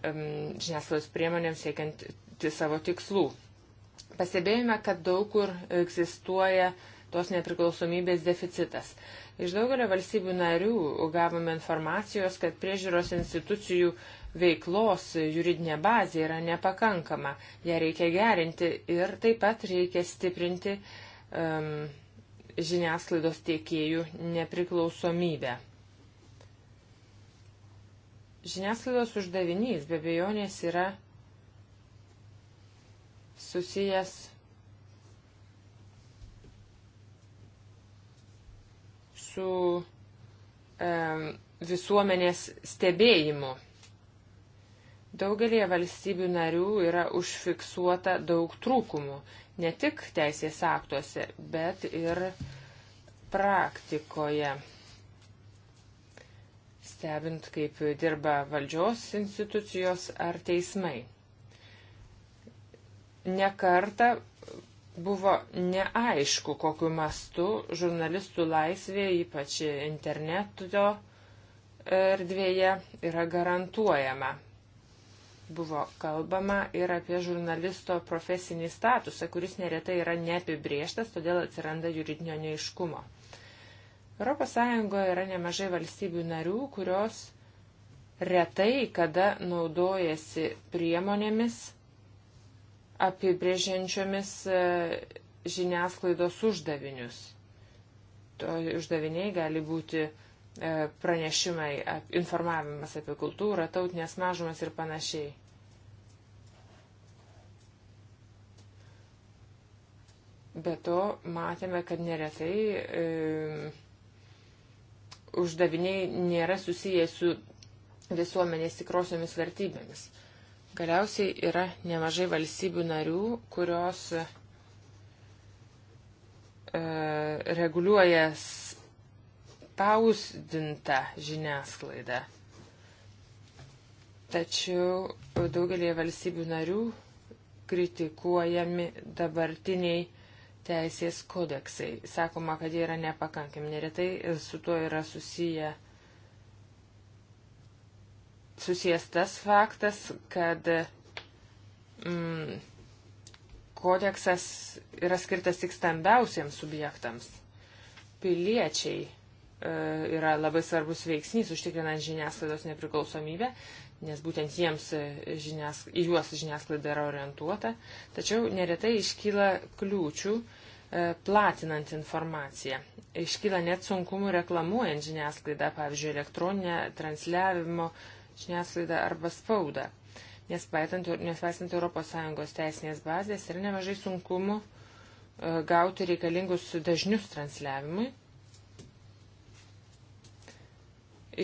Speaker 1: žiniasklaidos priemonėms siekiant savo tikslų. Pastebėjome, kad daug kur egzistuoja tos nepriklausomybės deficitas. Iš daugelio valstybių narių gavome informacijos, kad priežiūros institucijų veiklos juridinė bazė yra nepakankama. Ją reikia gerinti ir taip pat reikia stiprinti um, žiniasklaidos tiekėjų nepriklausomybę. Žiniasklaidos uždavinys be bejonės yra susijęs su e, visuomenės stebėjimu. Daugelie valstybių narių yra užfiksuota daug trūkumų, ne tik teisės aktuose, bet ir praktikoje stebint, kaip dirba valdžios institucijos ar teismai. Nekarta buvo neaišku, kokiu mastu žurnalistų laisvė, ypač interneto erdvėje, yra garantuojama. Buvo kalbama ir apie žurnalisto profesinį statusą, kuris neretai yra neapibrieštas, todėl atsiranda juridinio neiškumo. ES yra nemažai valstybių narių, kurios retai kada naudojasi priemonėmis apibrėžiančiomis e, žiniasklaidos uždavinius. To uždaviniai gali būti e, pranešimai, informavimas apie kultūrą, tautinės mažumas ir panašiai. Be to matėme, kad neretai e, uždaviniai nėra susiję su visuomenės tikrosiomis vertybėmis. Galiausiai yra nemažai valstybių narių, kurios e, reguliuoja spausdintą žiniasklaidą. Tačiau daugelį valstybių narių kritikuojami dabartiniai teisės kodeksai. Sakoma, kad jie yra nepakankami. Neretai su tuo yra susiję susijęs tas faktas, kad mm, kodeksas yra skirtas tik stambiausiems subjektams. Piliečiai e, yra labai svarbus veiksnys užtikrinant žiniasklaidos nepriklausomybę, nes būtent jiems žinias, juos žiniasklaida yra orientuota, tačiau neretai iškyla kliūčių e, platinant informaciją. Iškyla net sunkumų reklamuojant žiniasklaidą, pavyzdžiui, elektroninę transliavimo žiniasklaidą arba spaudą. Nespaisant ES teisinės bazės yra nemažai sunkumų e, gauti reikalingus dažnius transliavimui.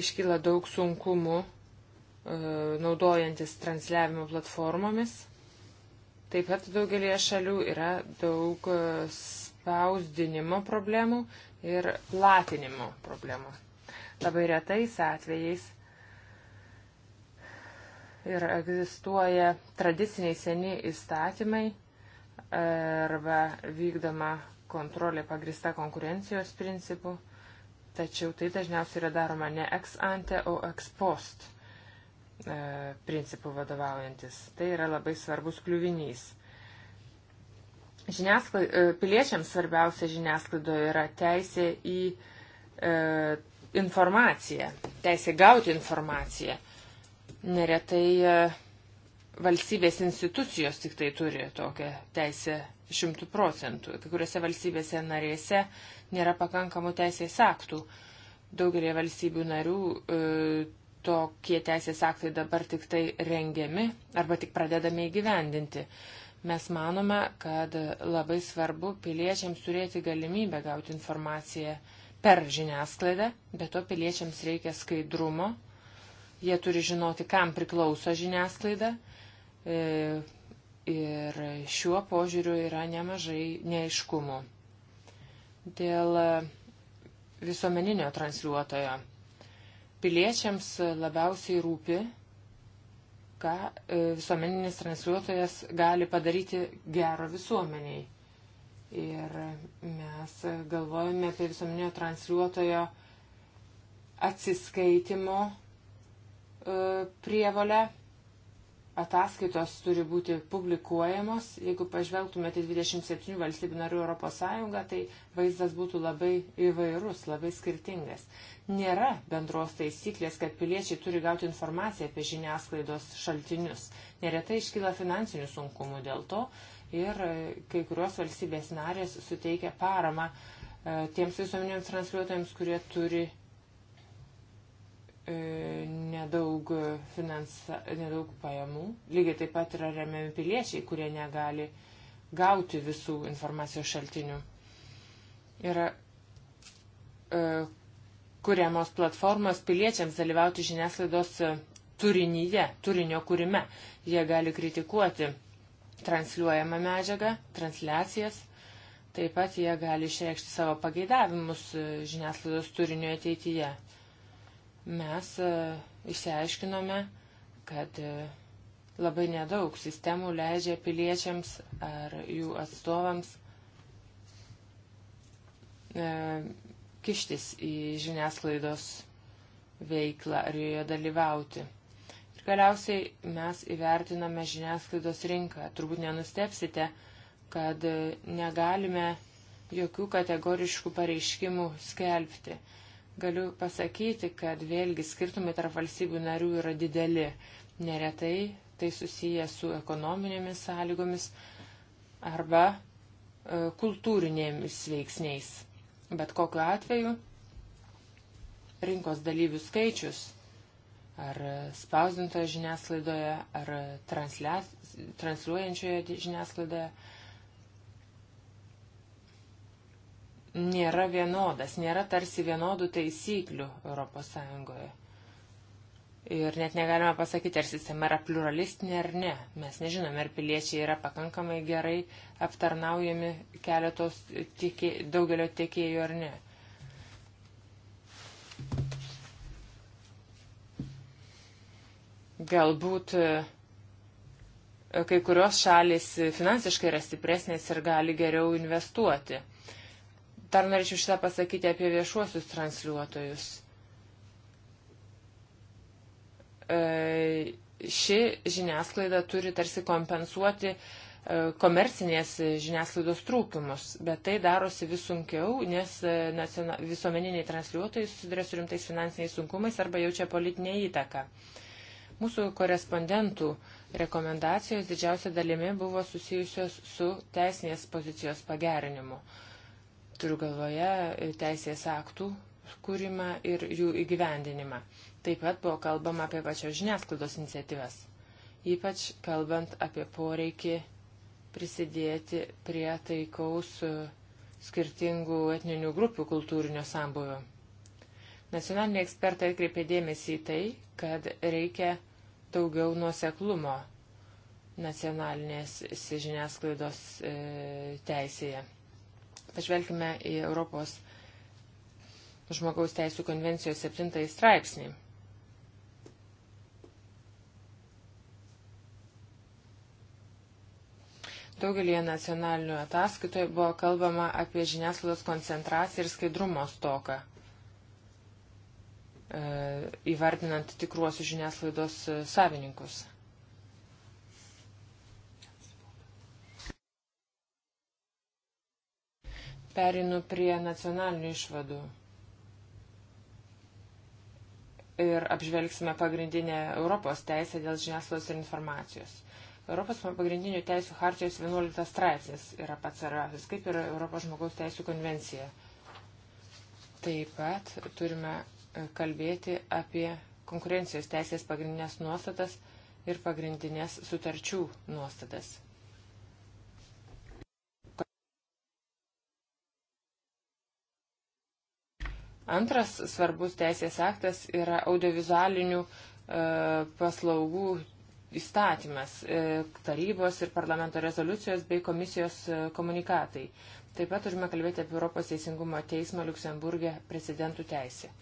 Speaker 1: Iškyla daug sunkumų E, naudojantis transliavimo platformomis. Taip pat daugelie šalių yra daug e, spausdinimo problemų ir platinimo problemų. Labai retais atvejais ir egzistuoja tradiciniai seni įstatymai e, arba vykdoma kontrolė pagrista konkurencijos principu, tačiau tai dažniausiai yra daroma ne ex ante, o ex post E, principų vadovaujantis. Tai yra labai svarbus kliuvinys. Žiniasklai, e, piliečiams svarbiausia žiniasklaidoje yra teisė į e, informaciją, teisė gauti informaciją. Neretai e, valstybės institucijos tik tai turi tokią teisę šimtų procentų. Kai kuriuose valstybėse narėse nėra pakankamų teisės aktų. Daugelį valstybių narių e, tokie teisės aktai dabar tik tai rengiami arba tik pradedami įgyvendinti. Mes manome, kad labai svarbu piliečiams turėti galimybę gauti informaciją per žiniasklaidą, bet to piliečiams reikia skaidrumo, jie turi žinoti, kam priklauso žiniasklaida. E, ir šiuo požiūriu yra nemažai neiškumų. Dėl e, visuomeninio transliuotojo Piliečiams labiausiai rūpi, ką e, visuomeninis transliuotojas gali padaryti gero visuomeniai. Ir mes galvojame apie visuomeninio transliuotojo atsiskaitimo e, prievalę ataskaitos turi būti publikuojamos. Jeigu pažvelgtumėte 27 valstybių narių Europos Sąjungą, tai vaizdas būtų labai įvairus, labai skirtingas. Nėra bendros taisyklės, kad piliečiai turi gauti informaciją apie žiniasklaidos šaltinius. Neretai iškyla finansinių sunkumų dėl to ir e, kai kurios valstybės narės suteikia paramą e, tiems visuomeniams transliuotojams, kurie turi E, nedaug, finansa, nedaug pajamų. Lygiai taip pat yra remiami piliečiai, kurie negali gauti visų informacijos šaltinių. Yra e, kuriamos platformos piliečiams dalyvauti žiniasklaidos turinyje, turinio kūrime. Jie gali kritikuoti transliuojamą medžiagą, transliacijas. Taip pat jie gali išreikšti savo pageidavimus e, žiniasklaidos turinio ateityje mes e, išsiaiškinome, kad e, labai nedaug sistemų leidžia piliečiams ar jų atstovams e, kištis į žiniasklaidos veiklą ar joje dalyvauti. Ir galiausiai mes įvertiname žiniasklaidos rinką. Turbūt nenustepsite, kad negalime jokių kategoriškų pareiškimų skelbti. Galiu pasakyti, kad vėlgi skirtumai tarp valstybių narių yra dideli. Neretai tai susiję su ekonominėmis sąlygomis arba e, kultūrinėmis veiksniais. Bet kokiu atveju rinkos dalyvių skaičius ar spausdintoje žiniasklaidoje, ar transliuojančioje žiniasklaidoje nėra vienodas, nėra tarsi vienodų taisyklių ES. Ir net negalime pasakyti, ar sistema yra pluralistinė ar ne. Mes nežinome, ar piliečiai yra pakankamai gerai aptarnaujami keletos tiekė, daugelio tiekėjų ar ne. Galbūt e, kai kurios šalis finansiškai yra stipresnės ir gali geriau investuoti. Dar norėčiau šitą pasakyti apie viešuosius transliuotojus. E, ši žiniasklaida turi tarsi kompensuoti e, komercinės žiniasklaidos trūkumus, bet tai darosi vis sunkiau, nes e, visuomeniniai transliuotojai susiduria su rimtais finansiniais sunkumais arba jaučia politinę įtaką. Mūsų korespondentų rekomendacijos didžiausia dalimi buvo susijusios su teisinės pozicijos pagerinimu. Uh, Turiu galvoje e, teisės aktų kūrimą ir jų įgyvendinimą. Taip pat buvo kalbama apie pačios žiniasklaidos iniciatyvas, ypač kalbant apie poreikį prisidėti prie taikaus e, skirtingų etninių grupių kultūrinio sambuvio. Nacionaliniai ekspertai atkreipė dėmesį į tai, kad reikia daugiau nuoseklumo nacionalinės žiniasklaidos e, teisėje. Pažvelkime į Europos žmogaus teisų konvencijos 7 straipsnį. Daugelį nacionalinių ataskaitoje buvo kalbama apie žiniasklaidos koncentraciją ir skaidrumo stoką, e, įvardinant tikruosius žiniasklaidos savininkus. Perinu prie nacionalinių išvadų. Ir apžvelgsime pagrindinę Europos teisę dėl žiniasklaidos ir informacijos. Europos pagrindinių teisų hartijos 11 straipsnis yra pats sarasis, kaip ir Europos žmogaus teisų konvencija. Taip pat turime e, kalbėti apie konkurencijos teisės pagrindinės nuostatas ir pagrindinės sutarčių nuostatas. Antras svarbus teisės aktas yra audiovizualinių e, paslaugų įstatymas, e, tarybos ir parlamento rezoliucijos bei komisijos e, komunikatai. Taip pat turime kalbėti apie Europos Teisingumo teismo Luksemburgė precedentų teisę.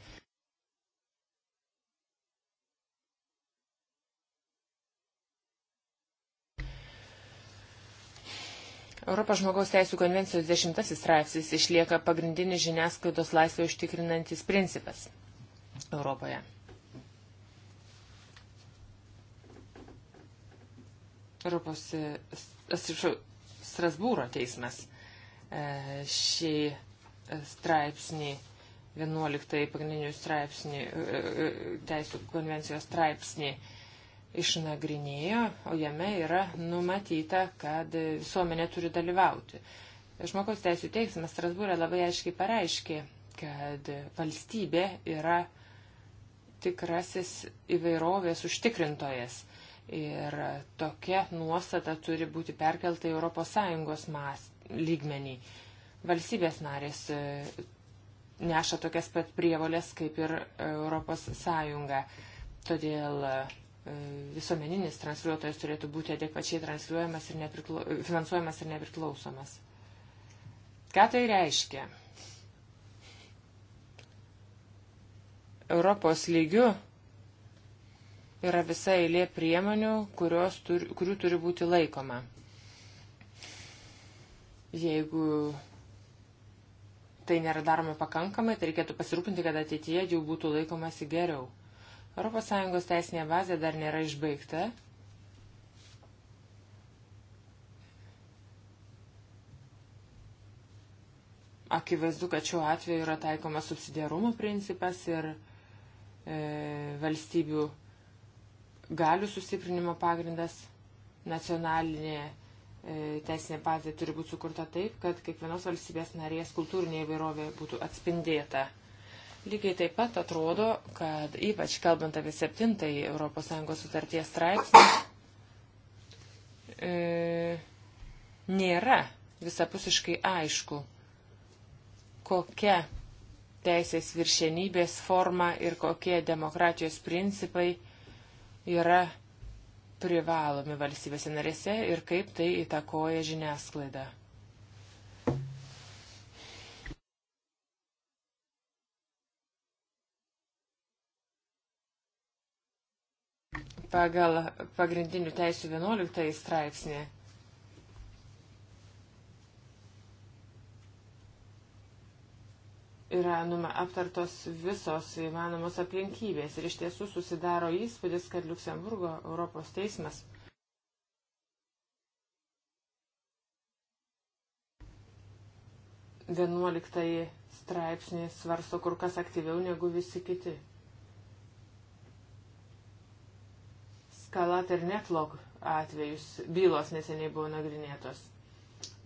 Speaker 1: Europos žmogaus teisų konvencijos dešimtasis straipsnis išlieka pagrindinis žiniasklaidos laisvę užtikrinantis principas Europoje. Europos atsiprašau, Strasbūro teismas e, šį straipsnį, 11 pagrindinių straipsnį, e, e, teisų konvencijos straipsnį išnagrinėjo, o jame yra numatyta, kad visuomenė turi dalyvauti. Žmogaus teisų teismas Strasbūrė labai aiškiai pareiškė, kad valstybė yra tikrasis įvairovės užtikrintojas. Ir tokia nuostata turi būti perkelta į ES lygmenį. Valstybės narės e, neša tokias pat prievolės kaip ir ES. Todėl e, visuomeninis transliuotojas turėtų būti adekvačiai transliuojamas ir nepriklau... finansuojamas ir nepriklausomas. Ką tai reiškia? Europos lygių yra visa eilė priemonių, turi, kurių turi būti laikoma. Jeigu tai nėra daroma pakankamai, tai reikėtų pasirūpinti, kad ateityje jų būtų laikomasi geriau. ES teisinė bazė dar nėra išbaigta. Akivaizdu, kad šiuo atveju yra taikoma subsidiarumo principas ir e, valstybių galių sustiprinimo pagrindas nacionalinė e, teisinė bazė turi būti sukurta taip, kad kiekvienos valstybės narės kultūrinė įvairovė būtų atspindėta. Lygiai taip pat atrodo, kad ypač kalbant apie septintąjį ES sutarties straipsnį, e, nėra visapusiškai aišku, kokia teisės viršenybės forma ir kokie demokratijos principai yra privalomi valstybėse narėse ir kaip tai įtakoja žiniasklaidą. pagal pagrindinių teisų 11 straipsnį. Yra numa, aptartos visos įmanomos aplinkybės ir iš tiesų susidaro įspūdis, kad Luksemburgo Europos teismas vienuoliktąjį straipsnį svarsto kur kas aktyviau negu visi kiti. Skalat ir Netlog atvejus bylos neseniai buvo nagrinėtos.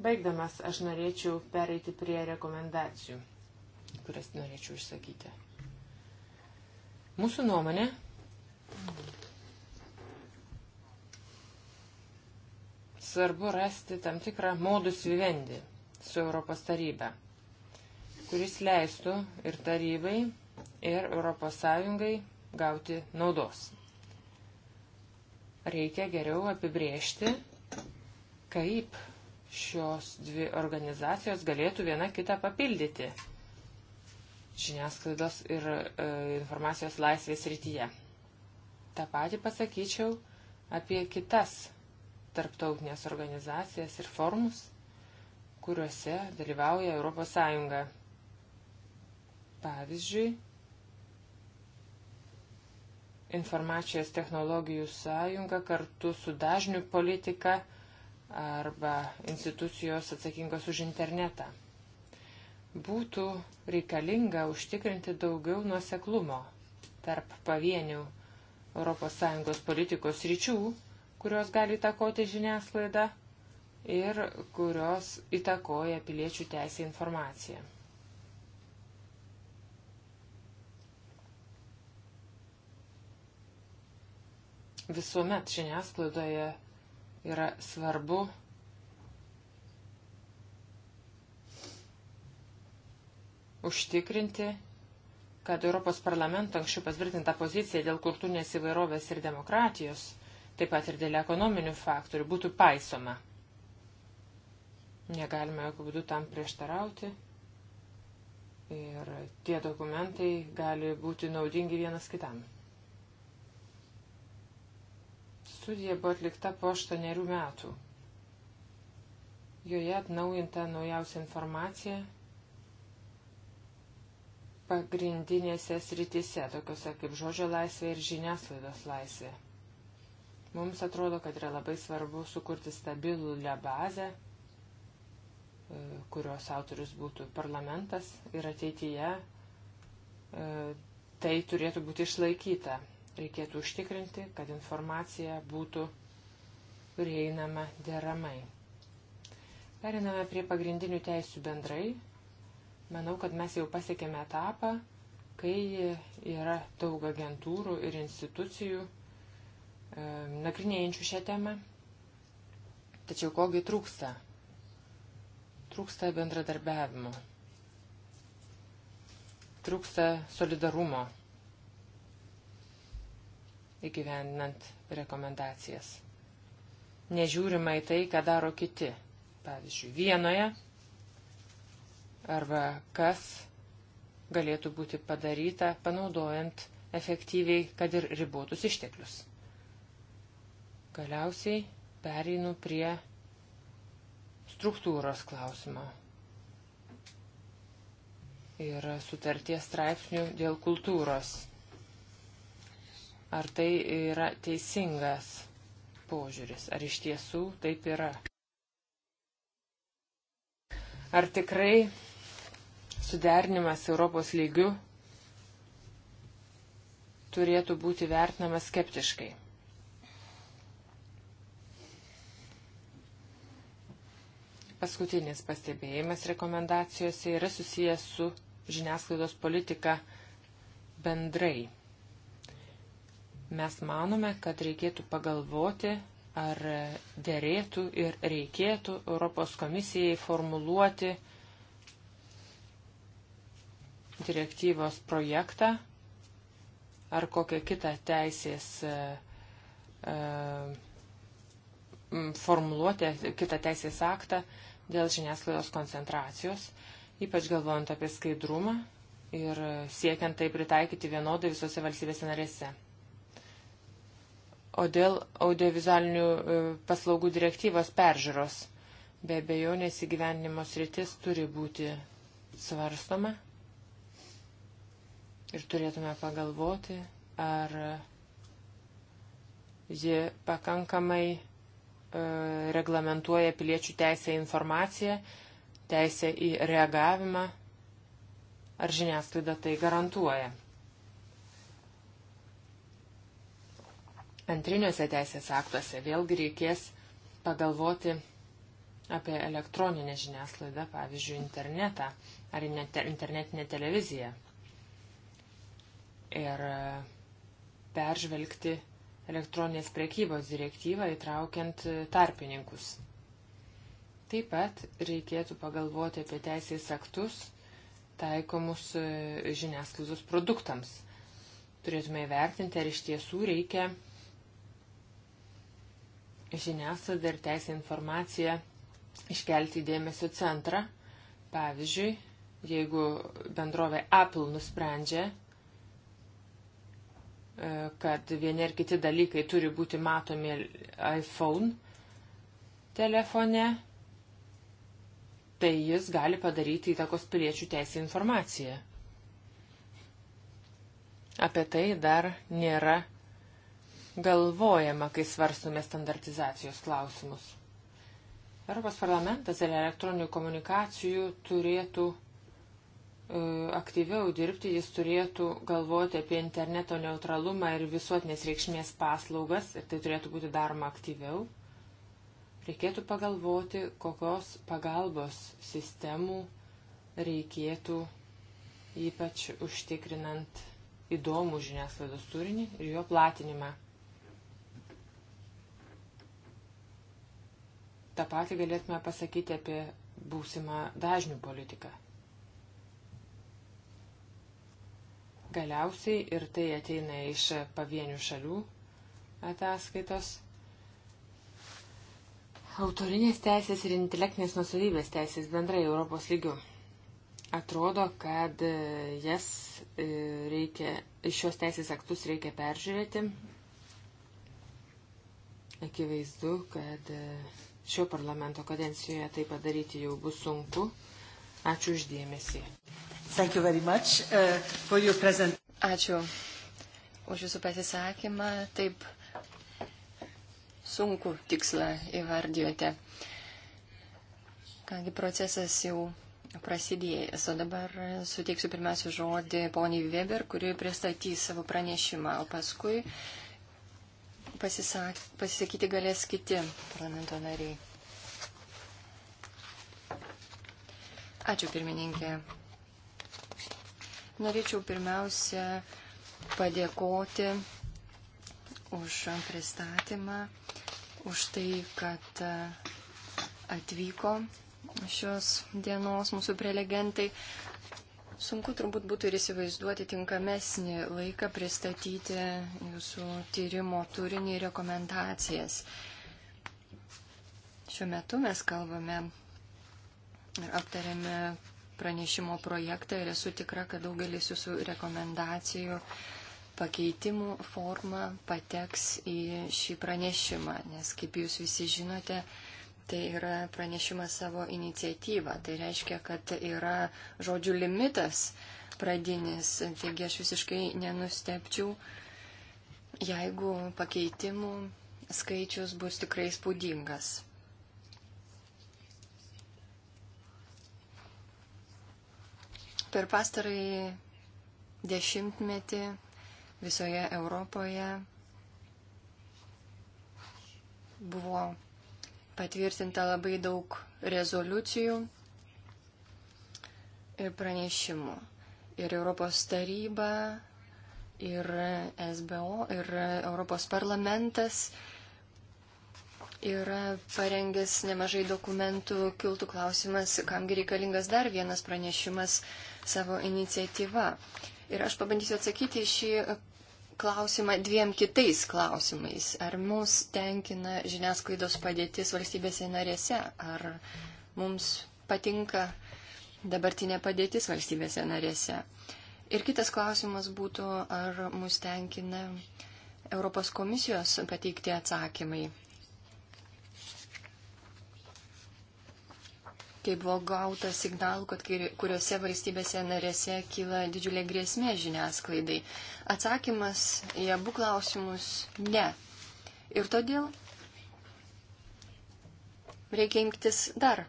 Speaker 1: Baigdamas, aš norėčiau pereiti prie rekomendacijų, kurias norėčiau išsakyti. Mūsų nuomonė. Svarbu rasti tam tikrą modus vivendi su Europos taryba, kuris leistų ir tarybai, ir Europos Sąjungai gauti naudos reikia geriau apibriežti, kaip šios dvi organizacijos galėtų viena kitą papildyti žiniasklaidos ir e, informacijos laisvės rytyje. Ta pati pasakyčiau apie kitas tarptautinės organizacijas ir formus, kuriuose dalyvauja ES. Pavyzdžiui, informacijos technologijų sąjunga kartu su dažnių politika arba institucijos atsakingos už internetą. Būtų reikalinga užtikrinti daugiau nuoseklumo tarp pavienių ES politikos ryčių, kurios gali įtakoti žiniasklaidą ir kurios įtakoja piliečių teisę informaciją. Visuomet žiniasklaidoje yra svarbu užtikrinti, kad Europos parlamento anksčiau patvirtinta pozicija dėl kultūrinės įvairovės ir demokratijos, taip pat ir dėl ekonominių faktorių, būtų paisoma. Negalime jokių būdų tam prieštarauti. Ir tie dokumentai gali būti naudingi vienas kitam. Studija buvo atlikta po aštuonerių metų. Joje atnaujinta naujausia informacija pagrindinėse sritise, tokiuose kaip žodžio laisvė ir žiniasklaidos laisvė. Mums atrodo, kad yra labai svarbu sukurti stabilę bazę, e, kurios autorius būtų parlamentas ir ateityje e, tai turėtų būti išlaikyta. Reikėtų užtikrinti, kad informacija būtų prieinama deramai. Periname prie pagrindinių teisų bendrai. Manau, kad mes jau pasiekėme etapą, kai yra daug agentūrų ir institucijų e, nagrinėjančių šią temą. Tačiau kogi trūksta? Trūksta bendradarbiavimo. Trūksta solidarumo įgyvendinant rekomendacijas. Nežiūrima į tai, ką daro kiti. Pavyzdžiui, vienoje arba kas galėtų būti padaryta, panaudojant efektyviai, kad ir ribotus išteklius. Galiausiai pereinu prie struktūros klausimo ir sutarties straipsnių dėl kultūros Ar tai yra teisingas požiūris? Ar iš tiesų taip yra? Ar tikrai suderinimas Europos lygių turėtų būti vertinamas skeptiškai? Paskutinis pastebėjimas rekomendacijose yra susijęs su žiniasklaidos politika bendrai. Mes manome, kad reikėtų pagalvoti, ar dėrėtų ir reikėtų Europos komisijai formuluoti direktyvos projektą ar kokią kitą teisės e, e, formuluoti kitą teisės aktą dėl žiniasklaidos koncentracijos, ypač galvojant apie skaidrumą ir siekiant tai pritaikyti vienodai visose valstybėse narėse. O dėl audiovizualinių e, paslaugų direktyvos peržiūros, be abejo, nesigyvenimo sritis turi būti svarstoma ir turėtume pagalvoti, ar ji pakankamai e, reglamentuoja piliečių teisę į informaciją, teisę į reagavimą, ar žiniasklaida tai garantuoja. antriniuose teisės aktuose vėlgi reikės pagalvoti apie elektroninę žiniasklaidą, pavyzdžiui, internetą ar internetinę televiziją. Ir e, peržvelgti elektroninės prekybos direktyvą įtraukiant e, tarpininkus. Taip pat reikėtų pagalvoti apie teisės aktus taikomus e, žiniasklaidos produktams. Turėtume įvertinti, ar iš tiesų reikia žiniasklaidą ir teisę informaciją iškelti į dėmesio centrą. Pavyzdžiui, jeigu bendrovė Apple nusprendžia, e, kad vieni ar kiti dalykai turi būti matomi iPhone telefone, tai jis gali padaryti įtakos piliečių teisę informaciją. Apie tai dar nėra galvojama, kai svarstome standartizacijos klausimus. Europos parlamentas ir elektroninių komunikacijų turėtų e, aktyviau dirbti, jis turėtų galvoti apie interneto neutralumą ir visuotinės reikšmės paslaugas ir tai turėtų būti daroma aktyviau. Reikėtų pagalvoti, kokios pagalbos sistemų reikėtų ypač užtikrinant įdomų žiniasklaidos turinį ir jo platinimą. Ta patį galėtume pasakyti apie būsimą dažnių politiką. Galiausiai ir tai ateina iš pavienių šalių ataskaitos. Autorinės teisės ir intelektinės nusavybės teisės bendrai Europos lygių. Atrodo, kad e, jas e, reikia, šios teisės aktus reikia peržiūrėti. Akivaizdu, kad e, Šio parlamento kadencijoje
Speaker 3: tai padaryti jau bus sunku. Ačiū uždėmesį. Uh, present... Ačiū už Jūsų pasisakymą. Taip sunku tikslą įvardijote. Kągi procesas jau prasidėjęs. O dabar suteiksiu pirmiausia žodį poniai Weber, kuri pristatys savo pranešimą, o paskui uh, pasisak, pasisakyti galės kiti parlamento nariai. Ačiū pirmininkė. Norėčiau pirmiausia padėkoti už pristatymą, už tai, kad atvyko šios dienos mūsų prelegentai. Sunku turbūt būtų ir įsivaizduoti tinkamesnį laiką pristatyti jūsų tyrimo turinį ir rekomendacijas. Šiuo metu mes kalbame ir aptarėme pranešimo projektą ir esu tikra, kad daugelis jūsų rekomendacijų pakeitimų forma pateks į šį pranešimą, nes kaip jūs visi žinote, Tai yra pranešimas savo iniciatyva. Tai reiškia, kad yra žodžių limitas pradinis. Taigi aš visiškai nenustepčiau, jeigu pakeitimų skaičius bus tikrai spūdingas. Per pastarąjį dešimtmetį visoje Europoje buvo patvirtinta labai daug rezoliucijų ir pranešimų. Ir Europos taryba, ir SBO, ir Europos parlamentas yra parengęs nemažai dokumentų, kiltų klausimas, kamgi reikalingas dar vienas pranešimas savo iniciatyva. Ir aš pabandysiu atsakyti į šį klausimą dviem kitais klausimais. Ar mus tenkina žiniasklaidos padėtis valstybėse narėse? Ar mums patinka dabartinė padėtis valstybėse narėse? Ir kitas klausimas būtų, ar mus tenkina Europos komisijos pateikti atsakymai kai buvo gauta signalų, kad kuriuose valstybėse narėse kyla didžiulė grėsmė žiniasklaidai. Atsakymas į abu klausimus - ne. Ir todėl reikia imtis dar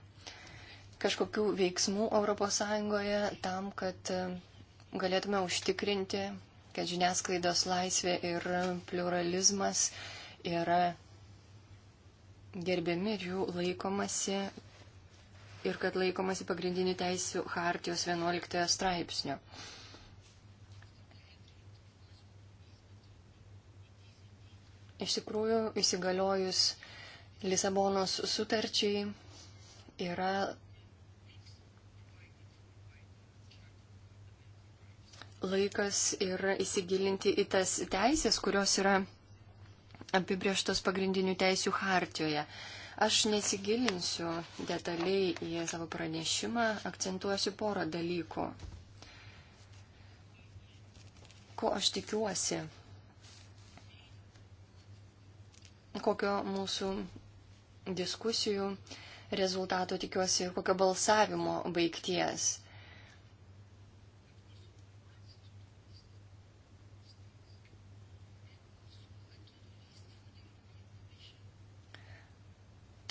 Speaker 3: kažkokių veiksmų ES tam, kad e, galėtume užtikrinti, kad žiniasklaidos laisvė ir pluralizmas yra gerbiami ir jų laikomasi ir kad laikomasi pagrindinių teisių hartijos 11 straipsnio. Iš tikrųjų, įsigaliojus Lisabonos sutarčiai yra laikas ir įsigilinti į tas teisės, kurios yra apibrieštos pagrindinių teisių hartijoje. Aš nesigilinsiu detaliai į savo pranešimą, akcentuosiu porą dalykų. Ko aš tikiuosi? Kokio mūsų diskusijų rezultato tikiuosi ir kokio balsavimo baigties.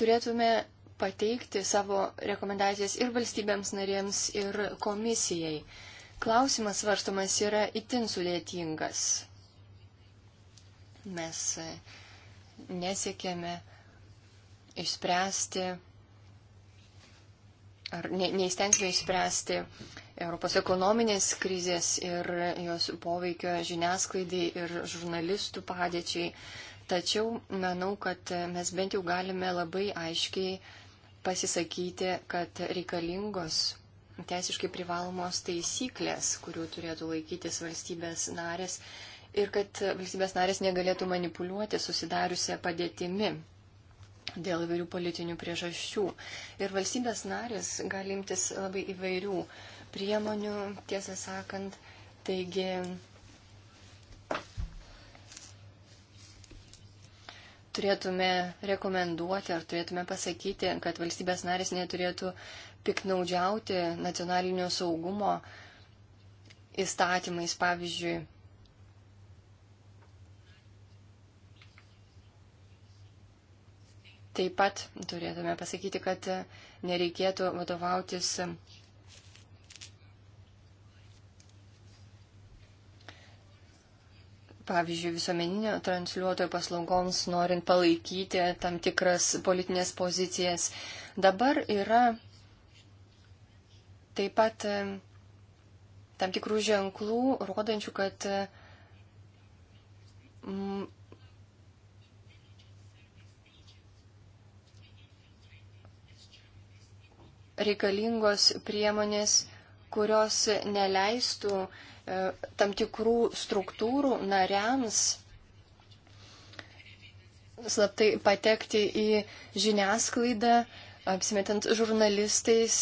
Speaker 3: turėtume pateikti savo rekomendacijas ir valstybėms narėms, ir komisijai. Klausimas svarstomas yra itin sudėtingas. Mes e, nesiekėme išspręsti ar ne, neįstengsime išspręsti Europos ekonominės krizės ir jos poveikio žiniasklaidai ir žurnalistų padėčiai. Tačiau manau, kad mes bent jau galime labai aiškiai pasisakyti, kad reikalingos teisiškai privalomos taisyklės, kurių turėtų laikytis valstybės narės ir kad valstybės narės negalėtų manipuliuoti susidariusią padėtimi dėl įvairių politinių priežasčių. Ir valstybės narės gali imtis labai įvairių priemonių, tiesą sakant. Taigi turėtume rekomenduoti ar turėtume pasakyti, kad valstybės narės neturėtų piknaudžiauti nacionalinio saugumo įstatymais, pavyzdžiui. Taip pat turėtume pasakyti, kad nereikėtų vadovautis pavyzdžiui, visuomeninio transliuotojo paslaugoms, norint palaikyti tam tikras politinės pozicijas. Dabar yra taip pat e, tam tikrų ženklų, rodančių, kad e, reikalingos priemonės, kurios neleistų uh, E, tam tikrų struktūrų nariams slaptai patekti į žiniasklaidą, apsimetant žurnalistais.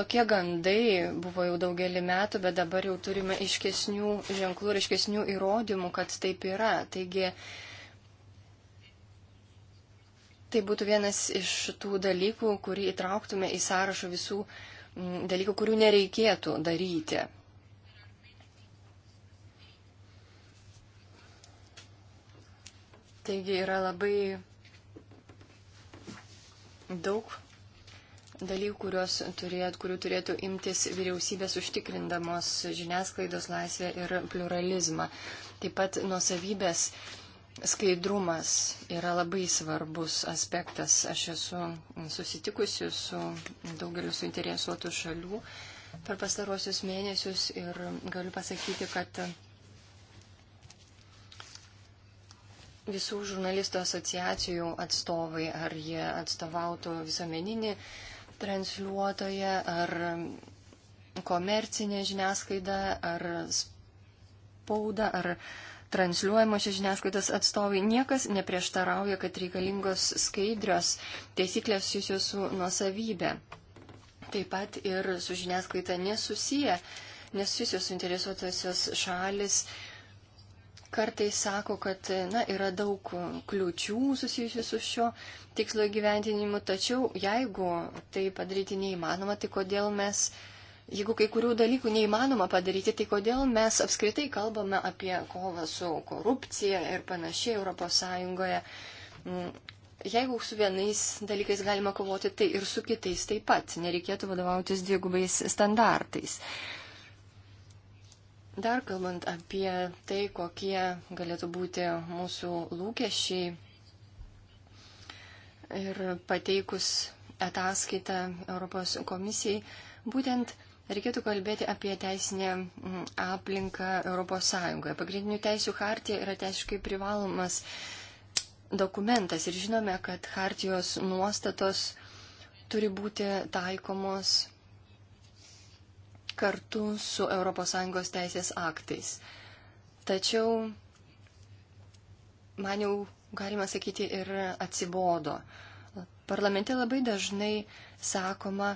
Speaker 3: Tokie gandai buvo jau daugelį metų, bet dabar jau turime iškesnių ženklų ir iškesnių įrodymų, kad taip yra. Taigi, tai būtų vienas iš tų dalykų, kurį įtrauktume į sąrašą visų dalykų, kurių nereikėtų daryti. Taigi yra labai daug dalykų, turėt, kurių turėtų imtis vyriausybės užtikrindamos žiniasklaidos laisvę ir pluralizmą. Taip pat nuosavybės skaidrumas yra labai svarbus aspektas. Aš esu susitikusi su daugeliu suinteresuotų šalių per pastarosius mėnesius ir galiu pasakyti, kad visų žurnalistų asociacijų atstovai, ar jie atstovautų visuomeninį transliuotoją, ar komercinę žiniasklaidą, ar spaudą, ar transliuojamos šios žiniasklaidos atstovai. Niekas neprieštarauja, kad reikalingos skaidrios taisyklės susijusios su nuosavybė. Taip pat ir su žiniasklaida nesusiję, nesusijusios suinteresuotosios šalis kartais sako, kad na, yra daug kliučių susijusių su šio tikslo gyventinimu, tačiau jeigu tai padaryti neįmanoma, tai kodėl mes, jeigu kai kurių dalykų neįmanoma padaryti, tai kodėl mes apskritai kalbame apie kovą su korupcija ir panašiai Europos Sąjungoje. Mm, jeigu su vienais dalykais galima kovoti, tai ir su kitais taip pat. Nereikėtų vadovautis dvigubais standartais. Uh, Dar kalbant apie tai, kokie galėtų būti mūsų lūkesčiai ir pateikus ataskaitą Europos komisijai, būtent reikėtų kalbėti apie teisinę mm, aplinką Europos Sąjungoje. Pagrindinių teisių hartija yra teisiškai privalomas dokumentas ir žinome, kad hartijos nuostatos turi būti taikomos kartu su ES teisės aktais. Tačiau man jau, galima sakyti, ir atsibodo. Parlamente labai dažnai sakoma,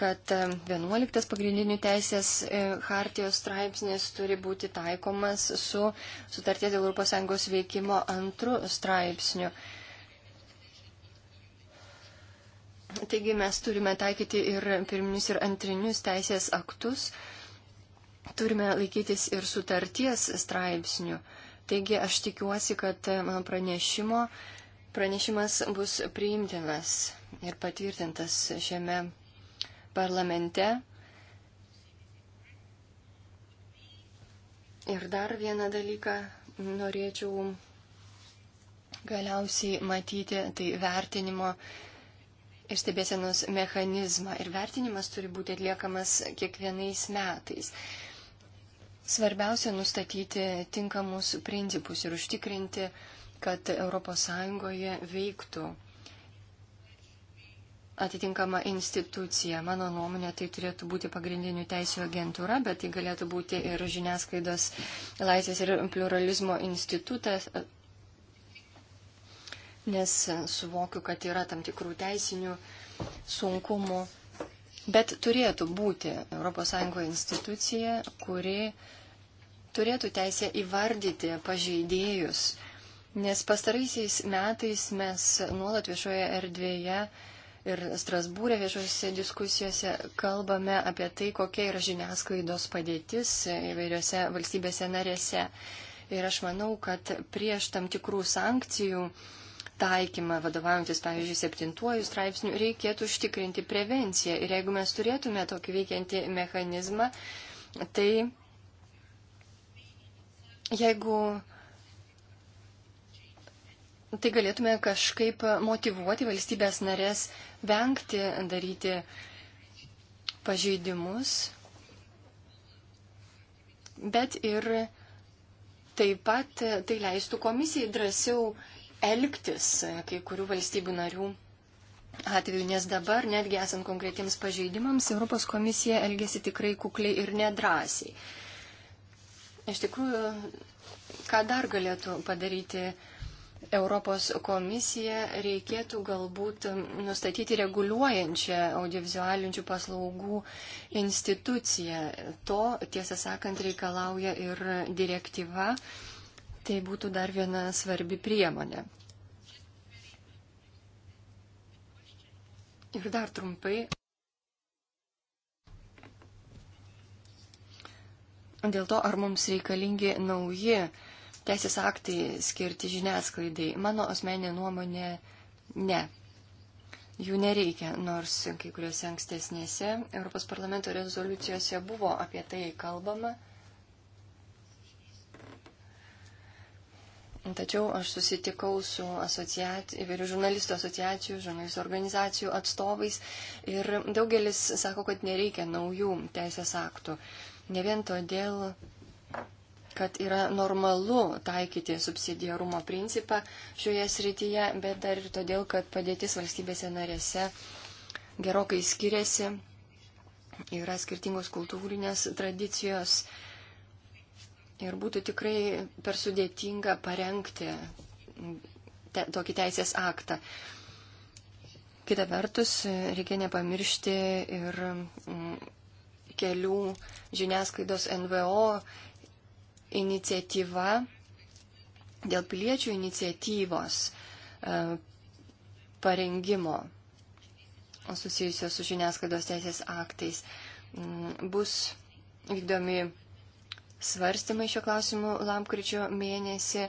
Speaker 3: kad 11 pagrindinių teisės e, hartijos straipsnis turi būti taikomas su sutarties dėl ES veikimo antru straipsniu. Taigi mes turime taikyti ir pirminius ir antrinius teisės aktus, turime laikytis ir sutarties straipsnių. Taigi aš tikiuosi, kad mano pranešimo, pranešimas bus priimtinas ir patvirtintas šiame parlamente. Ir dar vieną dalyką norėčiau galiausiai matyti, tai vertinimo ir stebėsenos mechanizmą ir vertinimas turi būti atliekamas kiekvienais metais. Svarbiausia nustatyti tinkamus principus ir užtikrinti, kad ES veiktų atitinkama institucija. Mano nuomonė, tai turėtų būti pagrindinių teisų agentūra, bet tai galėtų būti ir žiniasklaidos laisvės ir pluralizmo institutas, nes e, suvokiu, kad yra tam tikrų teisinių sunkumų. Bet turėtų būti ES institucija, kuri turėtų teisę įvardyti pažeidėjus, nes pastaraisiais metais mes nuolat viešoje erdvėje ir Strasbūrė viešosiuose diskusijose kalbame apie tai, kokia yra žiniasklaidos padėtis įvairiose valstybėse narėse. Ir aš manau, kad prieš tam tikrų sankcijų taikymą, vadovaujantis, pavyzdžiui, septintuoju straipsniu, reikėtų užtikrinti prevenciją. Ir jeigu mes turėtume tokį veikiantį mechanizmą, tai jeigu tai galėtume kažkaip motivuoti valstybės narės vengti daryti pažeidimus, bet ir taip pat tai leistų komisijai drąsiau elgtis e, kai kurių valstybių narių atveju, nes dabar, netgi esant konkretiems pažeidimams, Europos komisija elgesi tikrai kukliai ir nedrąsiai. Iš tikrųjų, ką dar galėtų padaryti Europos komisija, reikėtų galbūt nustatyti reguliuojančią audiovizualinčių paslaugų instituciją. To, tiesą sakant, reikalauja ir direktyva Tai būtų dar viena svarbi priemonė. Ir dar trumpai. Dėl to, ar mums reikalingi nauji teisės aktai skirti žiniasklaidai, mano asmeninė nuomonė ne. Jų nereikia, nors kai kuriuose ankstesnėse Europos parlamento rezoliucijose buvo apie tai kalbama. Tačiau aš susitikau su įvairių žurnalistų asociacijų, žurnalistų organizacijų atstovais ir daugelis sako, kad nereikia naujų teisės aktų. Ne vien todėl, kad yra normalu taikyti subsidiarumo principą šioje srityje, bet dar ir todėl, kad padėtis valstybėse narėse gerokai skiriasi, yra skirtingos kultūrinės tradicijos, Ir būtų tikrai per sudėtinga parengti te, tokį teisės aktą. Kita vertus, reikia nepamiršti ir mm, kelių žiniasklaidos NVO iniciatyva dėl piliečių iniciatyvos e, parengimo susijusios su žiniasklaidos teisės aktais mm, bus vykdomi svarstymai šio klausimu lamkričio mėnesį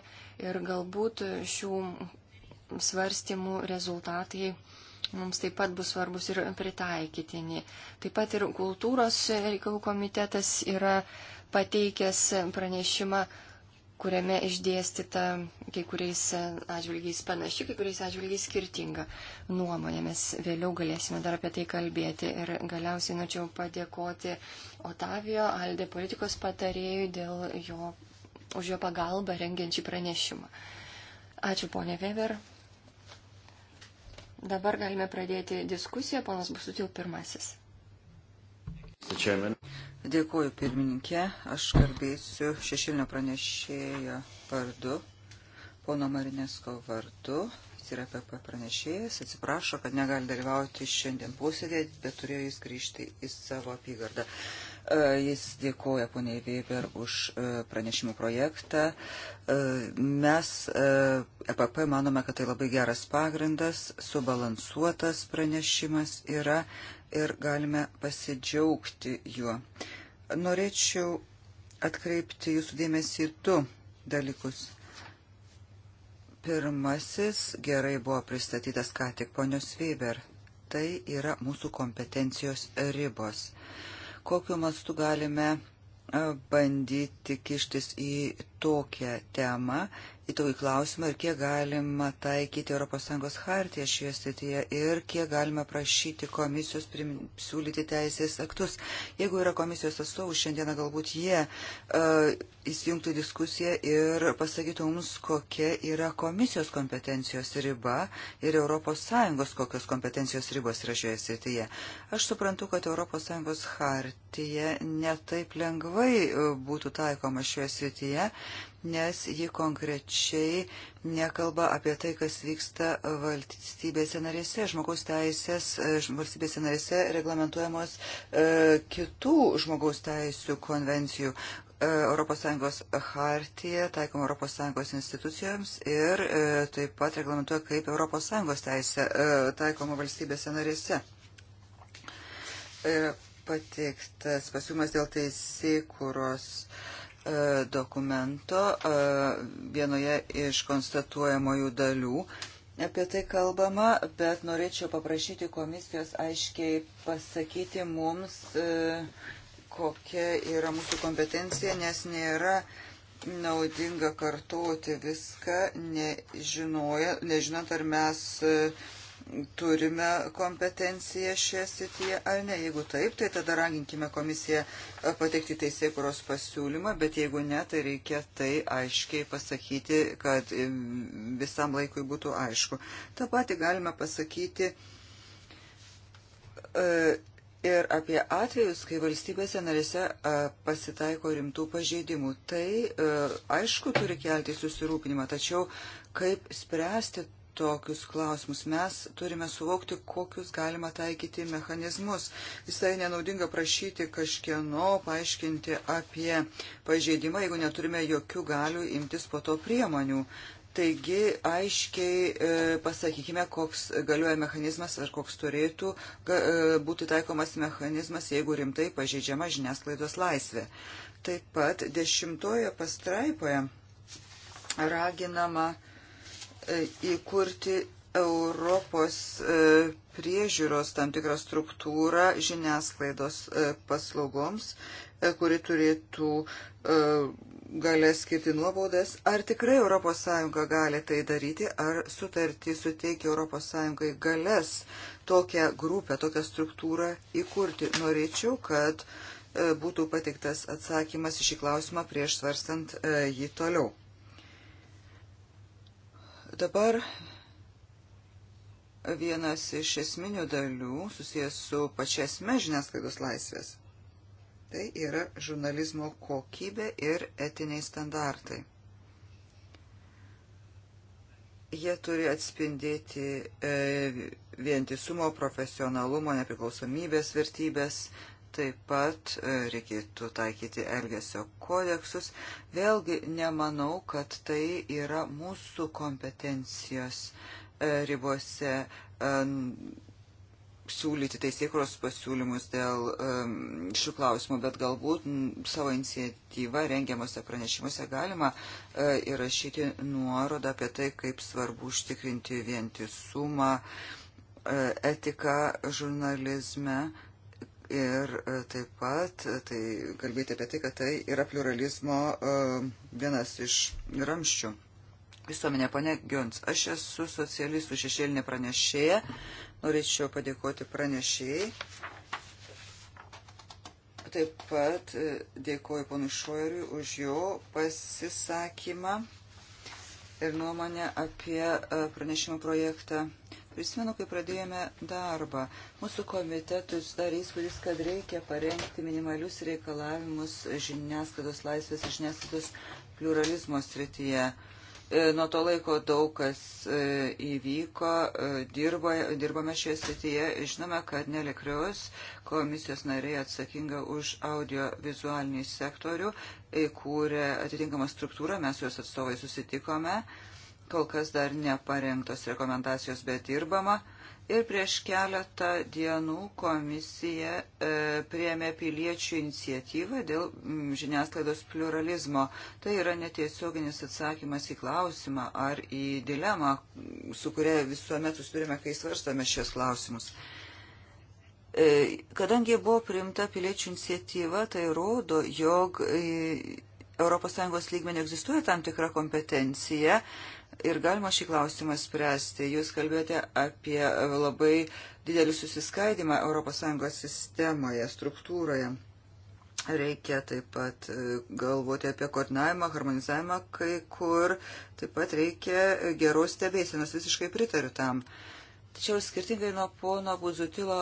Speaker 3: ir galbūt šių svarstymų rezultatai mums taip pat bus svarbus ir pritaikytini. Taip pat ir kultūros reikalų komitetas yra pateikęs pranešimą kuriame išdėstyta kai kuriais atžvilgiais panaši, kai kuriais atžvilgiais skirtinga nuomonė. Mes vėliau galėsime dar apie tai kalbėti. Ir galiausiai norėčiau padėkoti Otavijo Aldė politikos patarėjui dėl jo, už jo pagalbą rengiančią pranešimą. Ačiū, ponė Weber. Dabar galime pradėti diskusiją. Ponas Busutil pirmasis.
Speaker 2: Dėkuoju pirmininkė, aš kalbėsiu šešilinio pranešėjo vardu, pono Marinesko vardu, jis yra PP pranešėjas, atsiprašo, kad negali dalyvauti šiandien posėdėje, bet turėjo jis grįžti į savo apygardą. E, jis dėkoja poniai Weber už e, pranešimų projektą. E, mes EPP manome, kad tai labai geras pagrindas, subalansuotas pranešimas yra ir galime pasidžiaugti juo. Norėčiau atkreipti jūsų dėmesį į du dalykus. Pirmasis gerai buvo pristatytas ką tik ponios Weber. Tai yra mūsų kompetencijos ribos. Kokiu mastu galime bandyti kištis į tokią temą į tokį klausimą, ir kiek galima taikyti ES hartiją šioje srityje ir kiek galima prašyti komisijos siūlyti teisės aktus. Jeigu yra komisijos atstovų, šiandieną galbūt jie uh, įsijungtų diskusiją ir pasakytų mums, kokia yra komisijos kompetencijos riba ir ES kokios kompetencijos ribos yra šioje srityje. Aš suprantu, kad ES hartija netaip lengvai e, būtų taikoma šioje srityje nes ji konkrečiai nekalba apie tai, kas vyksta valstybėse narėse. Žmogaus teisės e, valstybėse narėse reglamentuojamos e, kitų žmogaus teisų konvencijų. E, ES hartija taikoma ES institucijoms ir e, taip pat reglamentuoja, kaip ES teisė e, taikoma valstybėse narėse. E, pateiktas pasiūlymas dėl teisėkuros. E, E, dokumento e, vienoje iš konstatuojamojų dalių apie tai kalbama, bet norėčiau paprašyti komisijos aiškiai pasakyti mums, e, kokia yra mūsų kompetencija, nes nėra naudinga kartoti viską, nežinoja, nežinant, ar mes turime kompetenciją šioje srityje ar ne. Jeigu taip, tai tada raginkime komisiją e, pateikti teisėkuros pasiūlymą, bet jeigu ne, tai reikia tai aiškiai pasakyti, kad e, visam laikui būtų aišku. Ta pati galime pasakyti e, ir apie atvejus, kai valstybėse narėse pasitaiko rimtų pažeidimų. Tai aišku turi kelti susirūpinimą, tačiau kaip spręsti tokius klausimus. Mes turime suvokti, kokius galima taikyti mechanizmus. Visai nenaudinga prašyti kažkieno paaiškinti apie pažeidimą, jeigu neturime jokių galių imtis po to priemonių. Taigi aiškiai e, pasakykime, koks galioja mechanizmas ar koks turėtų ga, e, būti taikomas mechanizmas, jeigu rimtai pažeidžiama žiniasklaidos laisvė. Taip pat dešimtojo pastraipoje raginama e, E, įkurti Europos e, priežiūros tam tikrą struktūrą žiniasklaidos e, paslaugoms, kuri turėtų galės skirti nuobaudas. Ar tikrai ES gali tai daryti, ar sutartį suteikia ES galės tokią grupę, tokią struktūrą įkurti? Norėčiau, kad būtų patiktas atsakymas į šį klausimą prieš svarstant jį toliau. Dabar vienas iš esminių dalių susijęs su pačia esme žiniasklaidos laisvės. Tai yra žurnalizmo kokybė ir etiniai standartai. Jie turi atspindėti e, vientisumo, profesionalumo, nepriklausomybės vertybės, taip pat e, reikėtų taikyti elgesio kodeksus. Vėlgi nemanau, kad tai yra mūsų kompetencijos e, ribose e, siūlyti teisėkuros pasiūlymus dėl šių klausimų, bet galbūt savo iniciatyvą rengiamuose pranešimuose galima įrašyti nuorodą apie tai, kaip svarbu užtikrinti vientisumą, etiką žurnalizme Ir e, taip pat e, tai kalbėti apie tai, kad tai yra pluralizmo e, vienas iš ramščių. Visuomenė, pane Gions, aš esu socialistų šešėlinė pranešėja. Norėčiau padėkoti pranešėjai. Taip pat dėkoju ponui Šojeriui už jo pasisakymą ir nuomonę apie pranešimo projektą. Prisimenu, kai pradėjome darbą, mūsų komitetų sudarė įspūdis, kad reikia parengti minimalius reikalavimus žiniasklaidos laisvės ir žiniasklaidos pluralizmo srityje. E, nuo to laiko daug kas e, įvyko, e, dirbo, dirbame šioje srityje. Žinome, kad Nelikrius, komisijos nariai atsakinga už audiovizualinį sektorių, įkūrė atitinkamą struktūrą, mes jos atstovai susitikome. Kol kas dar neparengtos rekomendacijos, bet dirbama. Ir prieš keletą dienų komisija e, priemė piliečių iniciatyvą dėl m, žiniasklaidos pluralizmo. Tai yra netiesioginis atsakymas į klausimą ar į dilemą, su kuria visuomet susidurime, kai svarstame šios klausimus. E, kadangi buvo priimta piliečių iniciatyva, tai rodo, jog e, ES lygmenį egzistuoja tam tikra kompetencija. E, ir galima šį klausimą spręsti. Jūs kalbėjote apie labai didelį susiskaidimą ES sistemoje, struktūroje. Reikia taip pat e, galvoti apie koordinavimą, harmonizavimą, kai kur taip pat reikia geros stebėsienos, visiškai pritariu tam. Uh, Tačiau skirtingai nuo pono Buzutilo,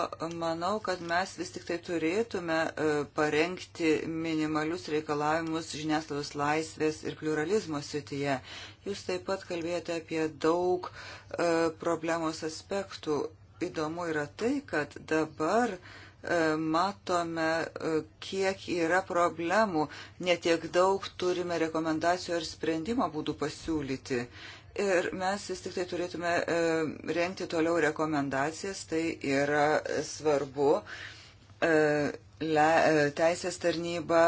Speaker 2: manau, kad mes vis tik tai turėtume e, parengti minimalius reikalavimus žiniasklaidos laisvės ir pluralizmo srityje. Jūs taip pat kalbėjote apie daug e, problemos aspektų. Įdomu yra tai, kad dabar e, matome, kiek yra problemų, netiek daug turime rekomendacijų ar sprendimo būdų pasiūlyti. Ir mes vis tik tai turėtume e, renkti toliau rekomendacijas, tai yra svarbu. E, e, teisės tarnyba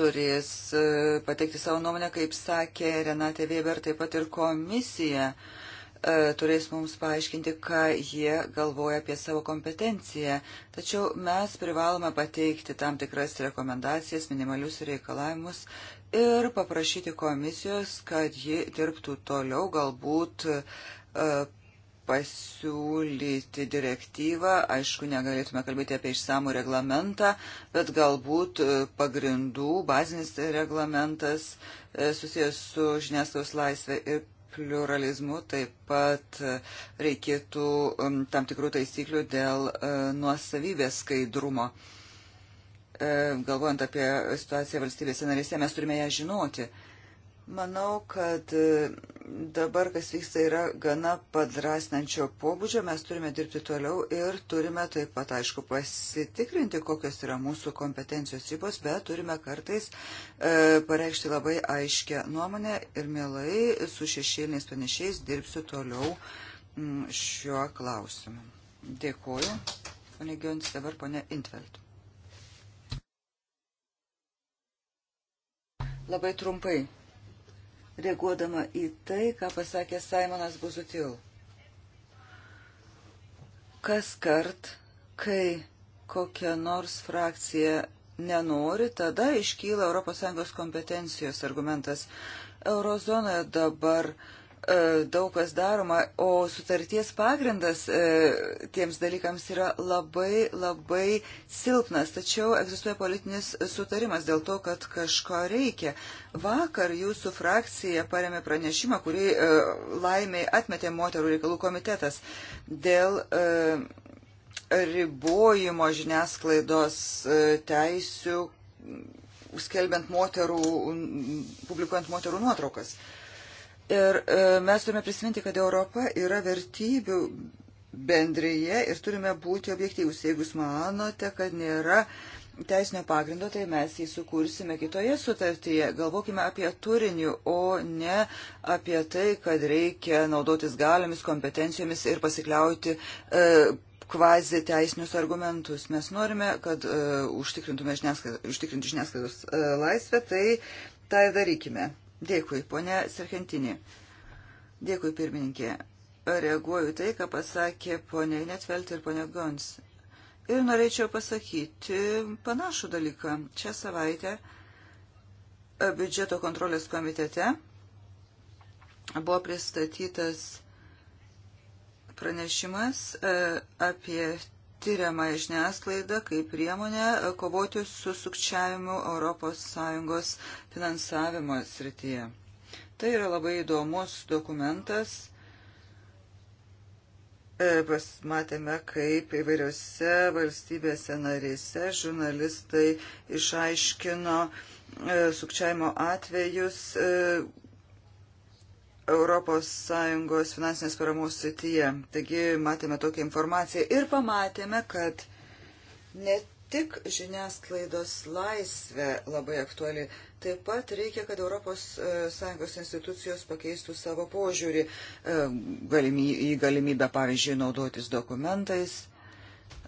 Speaker 2: turės pateikti savo nuomonę, kaip sakė Renate Weber, taip pat ir komisija turės mums paaiškinti, ką jie galvoja apie savo kompetenciją. Tačiau mes privalome pateikti tam tikras rekomendacijas, minimalius reikalavimus ir paprašyti komisijos, kad ji dirbtų toliau, galbūt e, pasiūlyti direktyvą. Aišku, negalėtume kalbėti apie išsamų reglamentą, bet galbūt e, pagrindų, bazinis reglamentas e, susijęs su žiniasklaidos laisvė ir pluralizmu taip pat reikėtų tam tikrų taisyklių dėl nuosavybės skaidrumo. E, galvojant apie situaciją valstybėse narėse, mes turime ją žinoti. Manau, kad e, dabar, kas vyksta, yra gana padrasnančio pobūdžio, mes turime dirbti toliau ir turime taip pat, aišku, pasitikrinti, kokios yra mūsų kompetencijos ribos, bet turime kartais e, pareikšti labai aiškę nuomonę ir mielai su šešėliniais panešiais dirbsiu toliau m, mm, šiuo klausimu. Dėkuoju. Pane Gionis, dabar pane Intvelt. Labai trumpai, reaguodama į tai, ką pasakė Simonas Buzutil. Kas kart, kai kokia nors frakcija nenori, tada iškyla ES kompetencijos argumentas. Eurozonoje dabar uh, E, daug kas daroma, o sutarties pagrindas e, tiems dalykams yra labai, labai silpnas. Tačiau egzistuoja politinis sutarimas dėl to, kad kažko reikia. Vakar jūsų frakcija paremė pranešimą, kurį e, laimiai atmetė moterų reikalų komitetas dėl e, ribojimo žiniasklaidos e, teisių, skelbiant moterų, publikuojant moterų nuotraukas. E, Ir e, mes turime prisiminti, kad Europa yra vertybių bendryje ir turime būti objektyvus. Jeigu jūs manote, kad nėra teisinio pagrindo, tai mes jį sukursime kitoje sutartyje. Galvokime apie turinį, o ne apie tai, kad reikia naudotis galiomis, kompetencijomis ir pasikliauti e, kvazi teisinius argumentus. Mes norime, kad e, užtikrintume žiniasklaidos, užtikrinti žiniasklaidos e, laisvę, tai tą tai ir darykime. Dėkui, ponia Serhentinė. Dėkui, pirmininkė. Reaguoju tai, ką pasakė ponia Netvelt ir ponia Gons. Ir norėčiau pasakyti panašų dalyką. Čia savaitę e, biudžeto kontrolės komitete buvo pristatytas pranešimas e, apie tyriama žiniasklaida kaip priemonė kovoti su sukčiavimu ES finansavimo srityje. Tai yra labai įdomus dokumentas. E, Pasmatėme, kaip įvairiose valstybėse narėse žurnalistai išaiškino e, sukčiavimo atvejus, e, ES finansinės paramos srityje. Taigi matėme tokią informaciją ir pamatėme, kad ne tik žiniasklaidos laisvė labai aktuali, taip pat reikia, kad ES e, institucijos pakeistų savo požiūrį e, į galimybę, pavyzdžiui, naudotis dokumentais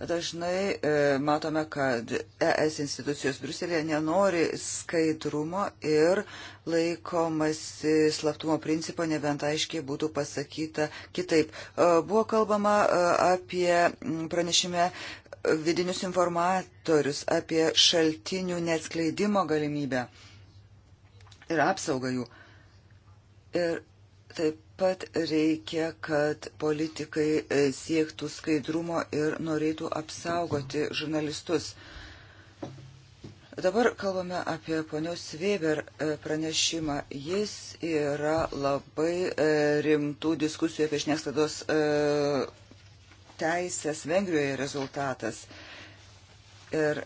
Speaker 2: Dažnai e, matome, kad ES institucijos Bruselėje nenori skaidrumo ir laikomasi slaptumo principo, nebent aiškiai būtų pasakyta kitaip. E, buvo kalbama e, apie pranešime vidinius informatorius, apie šaltinių neatskleidimo galimybę ir apsaugą jų. Ir taip pat reikia, kad politikai e, siektų skaidrumo ir norėtų apsaugoti žurnalistus. Dabar kalbame apie ponios Weber e, pranešimą. Jis yra labai e, rimtų diskusijų apie žiniasklaidos teisės Vengrijoje rezultatas. Ir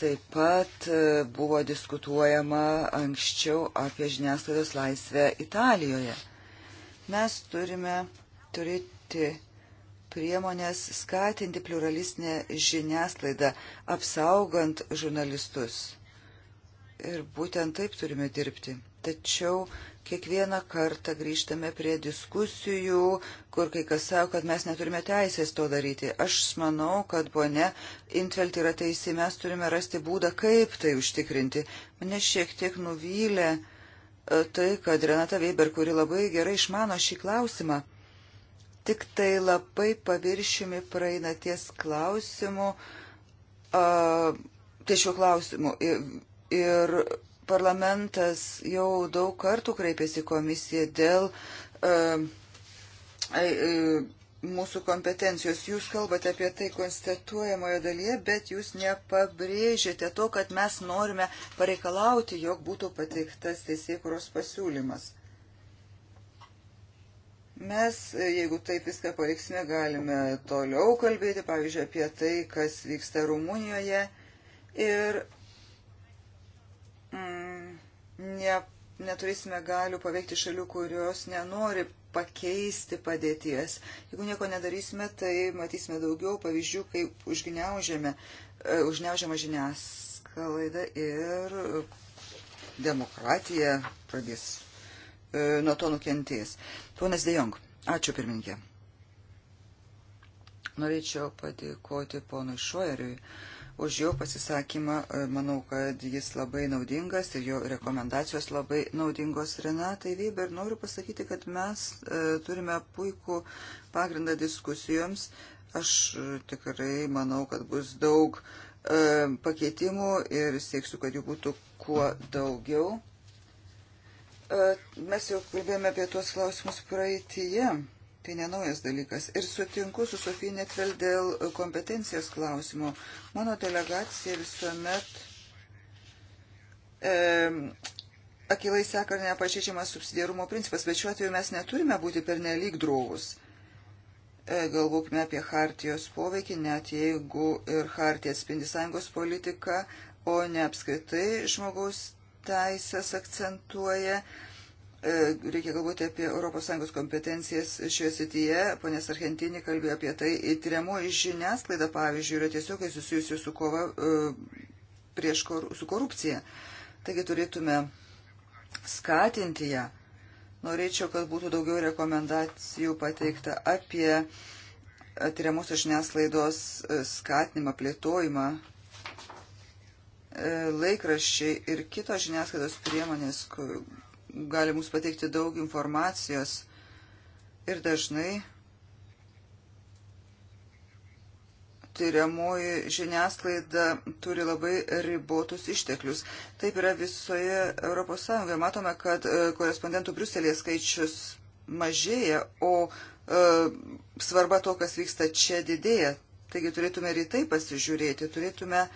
Speaker 2: Taip pat e, buvo diskutuojama anksčiau apie žiniasklaidos laisvę Italijoje. Mes turime turėti priemonės skatinti pluralistinę žiniasklaidą, apsaugant žurnalistus. Ir būtent taip turime dirbti. Tačiau Kiekvieną kartą grįžtame prie diskusijų, kur kai kas sako, kad mes neturime teisės to daryti. Aš manau, kad ponė Intvelt yra teisi, mes turime rasti būdą, kaip tai užtikrinti. Mane šiek tiek nuvylė e, tai, kad Renata Weber, kuri labai gerai išmano šį klausimą, tik tai labai paviršimi praeina ties klausimu, ties šiuo klausimu. Ir, ir Parlamentas jau daug kartų kreipėsi komisiją dėl uh, uh, mūsų kompetencijos. Jūs kalbate apie tai konstatuojamojo dalyje, bet jūs nepabrėžėte to, kad mes norime pareikalauti, jog būtų pateiktas teisėkuros pasiūlymas. Mes, jeigu taip viską paliksime, galime toliau kalbėti, pavyzdžiui, apie tai, kas vyksta Rumunijoje. Ir ne, neturėsime galių paveikti šalių, kurios nenori pakeisti padėties. Jeigu nieko nedarysime, tai matysime daugiau pavyzdžių, kaip užgniaužiame, e, užgniaužiama žiniasklaida ir demokratija pradės e, nuo to nukentės. Ponas Dejong, ačiū pirmininkė. Norėčiau padėkoti ponui Šueriui už jo pasisakymą. E, manau, kad jis labai naudingas ir jo rekomendacijos labai naudingos. Renatai Vyber, noriu pasakyti, kad mes e, turime puikų pagrindą diskusijoms. Aš e, tikrai manau, kad bus daug pakeitimų ir sieksiu, kad jų būtų kuo daugiau. Mes jau kalbėjome apie tuos klausimus praeitįje. Ja. Tai nenaujas dalykas. Ir sutinku su Sofija Netvel dėl kompetencijos klausimo. Mano delegacija visuomet e, akilai seka nepažeidžiamas subsidiarumo principas, bet šiuo atveju mes neturime būti pernelyg drovus. E, galvokime apie hartijos poveikį, net jeigu ir hartija atspindi sąjungos politiką, o ne apskritai žmogaus teisės akcentuoja. E, E, reikia galvoti apie ES kompetencijas šioje srityje. Ponės Argentinį kalbėjo apie tai. Įtiriamoji žiniasklaida, pavyzdžiui, yra tiesiogiai susijusi su kova e, prieš kor, su korupcija. Taigi turėtume skatinti ją. Norėčiau, kad būtų daugiau rekomendacijų pateikta apie tyriamosios žiniasklaidos e, skatinimą, plėtojimą. Laikraščiai ir kitos žiniasklaidos priemonės, gali mums pateikti daug informacijos ir dažnai tyriamoji žiniasklaida turi labai ribotus išteklius. Taip yra visoje ES. Matome, kad e, korespondentų Bruselėje skaičius mažėja, o e, svarba to, kas vyksta čia, didėja. Taigi turėtume ir į tai pasižiūrėti, turėtume e,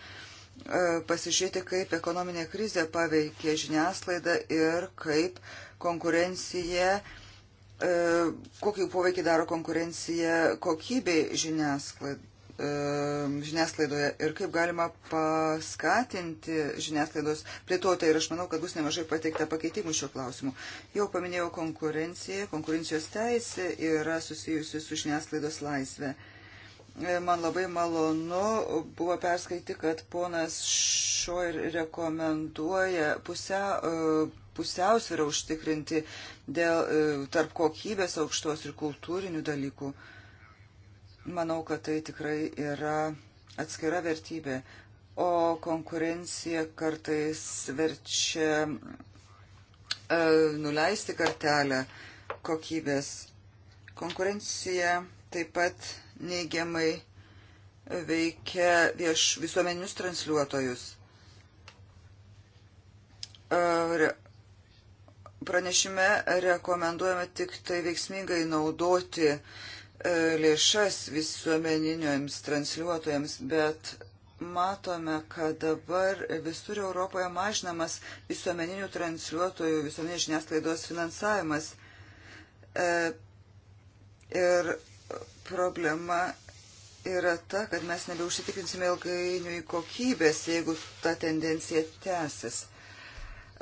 Speaker 2: E, pasižiūrėti, kaip ekonominė krizė paveikė žiniasklaidą ir kaip konkurencija, e, kokį poveikį daro konkurencija kokybei žiniasklaidai e, žiniasklaidoje ir kaip galima paskatinti žiniasklaidos plėtotę ir aš manau, kad bus nemažai pateikta pakeitimų šiuo klausimu. Jau paminėjau konkurenciją, konkurencijos teisė yra susijusi su žiniasklaidos laisvė. Uh, E, man labai malonu buvo perskaiti, kad ponas Šoir rekomenduoja pusia, e, pusiausvyrą užtikrinti dėl e, tarp kokybės aukštos ir kultūrinių dalykų. Manau, kad tai tikrai yra atskira vertybė, o konkurencija kartais verčia nuleisti kartelę kokybės. Konkurencija taip pat neigiamai veikia vieš visuomeninius transliuotojus. Pranešime rekomenduojame tik tai veiksmingai naudoti e, lėšas visuomeniniams transliuotojams, bet matome, kad dabar visur Europoje mažinamas visuomeninių transliuotojų, visuomeninės žiniasklaidos finansavimas. E, ir problema yra ta, kad mes nebeužsitikrinsime ilgainiui kokybės, jeigu ta tendencija tęsis.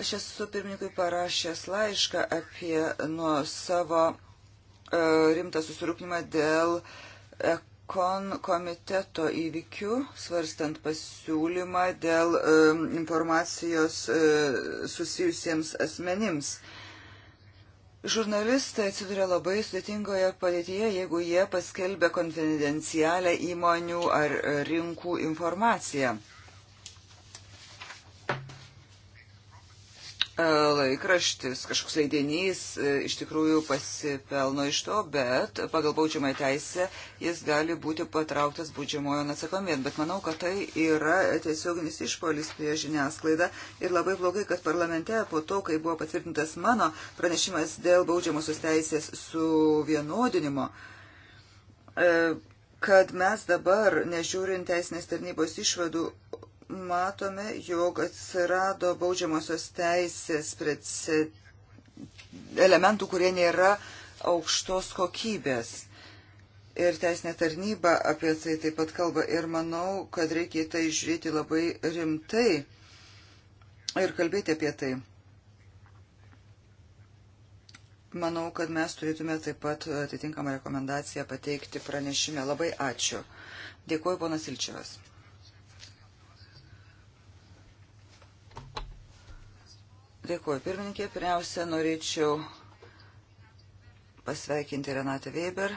Speaker 2: Aš esu pirmininkui parašęs laišką apie nuo savo e, rimtą susirūpinimą dėl kon komiteto įvykių, svarstant pasiūlymą dėl e, informacijos e, susijusiems asmenims. Žurnalistai atsiduria labai sudėtingoje padėtyje, jeigu jie paskelbia konfidencialią įmonių ar rinkų informaciją. E, laikraštis, kažkoks leidinys e, iš tikrųjų pasipelno iš to, bet pagal baudžiamą teisę jis gali būti patrauktas baudžiamojo atsakomybėn. Bet manau, kad tai yra tiesioginis išpolis prie žiniasklaidą ir labai blogai, kad parlamente po to, kai buvo patvirtintas mano pranešimas dėl baudžiamosios teisės suvienodinimo, e, kad mes dabar, nežiūrint teisinės tarnybos išvadų, matome, jog atsirado baudžiamosios teisės elementų, kurie nėra aukštos kokybės. Ir teisinė tarnyba apie tai taip pat kalba. Ir manau, kad reikia į tai žiūrėti labai rimtai ir kalbėti apie tai. Manau, kad mes turėtume taip pat atitinkamą rekomendaciją pateikti pranešime. Labai ačiū. Dėkuoju, ponas Ilčiavas. Dėkuoju, pirmininkė. Pirmiausia, norėčiau pasveikinti Renatą Weber,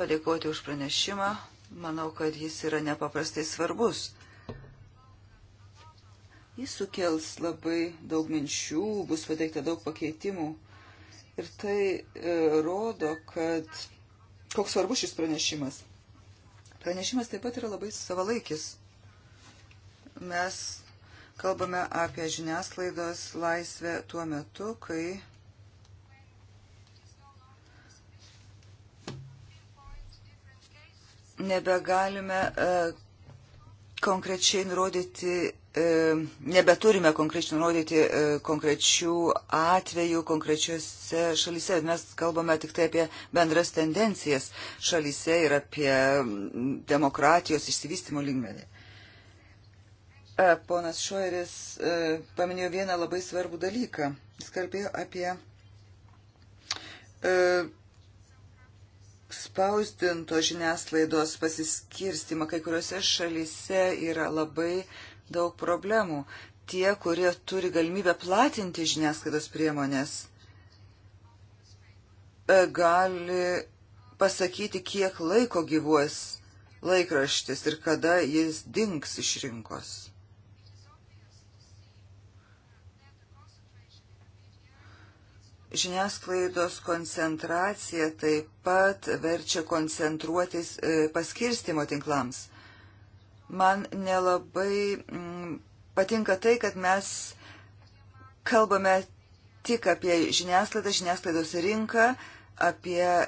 Speaker 2: padėkoti už pranešimą. Manau, kad jis yra nepaprastai svarbus. Jis sukels labai daug minčių, bus pateikta daug pakeitimų. Ir tai e, rodo, kad koks svarbus šis pranešimas. Pranešimas taip pat yra labai savalaikis. Mes Kalbame apie žiniasklaidos laisvę tuo metu, kai nebegalime e, konkrečiai nurodyti, e, nebeturime konkrečiai nurodyti e, konkrečių atvejų konkrečiose šalyse. Mes kalbame tik tai apie bendras tendencijas šalyse ir apie demokratijos išsivystimo lygmenį. E, ponas Šoeris e, paminėjo vieną labai svarbų dalyką. Jis kalbėjo apie e, spausdinto žiniasklaidos pasiskirstimą. Kai kuriuose šalyse yra labai daug problemų. Tie, kurie turi galimybę platinti žiniasklaidos priemonės, gali pasakyti, kiek laiko gyvuos laikraštis ir kada jis dinks iš rinkos. Žiniasklaidos koncentracija taip pat verčia koncentruotis e, paskirstimo tinklams. Man nelabai mm, patinka tai, kad mes kalbame tik apie žiniasklaidą, žiniasklaidos rinką, apie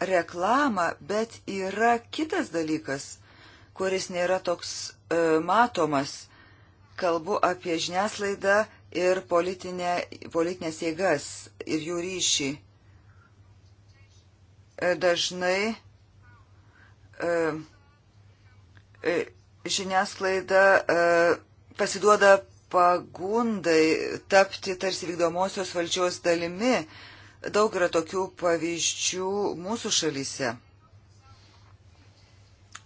Speaker 2: reklamą, bet yra kitas dalykas, kuris nėra toks e, matomas. Kalbu apie žiniasklaidą ir politinę, politinės jėgas ir jų ryšį. E, dažnai e, e, žiniasklaida pasiduoda pagundai tapti tarsi vykdomosios valdžios dalimi. Daug yra tokių pavyzdžių mūsų šalyse.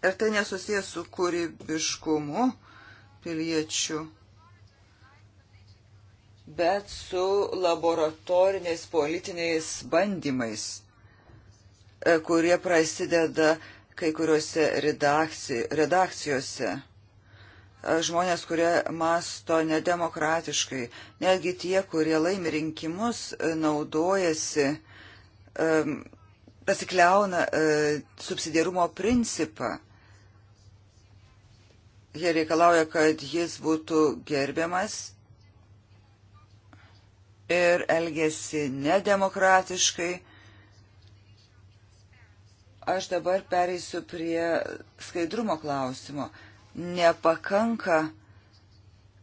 Speaker 2: Ir tai nesusijęs su kūrybiškumu piliečių bet su laboratoriniais politiniais bandymais, e, kurie prasideda kai kuriuose redakcijose. E, žmonės, kurie masto nedemokratiškai, netgi tie, kurie laimi rinkimus, e, naudojasi, pasikliauna subsidiarumo principą. Jie reikalauja, kad jis būtų gerbiamas ir elgesi nedemokratiškai. Aš dabar pereisiu prie skaidrumo klausimo. Nepakanka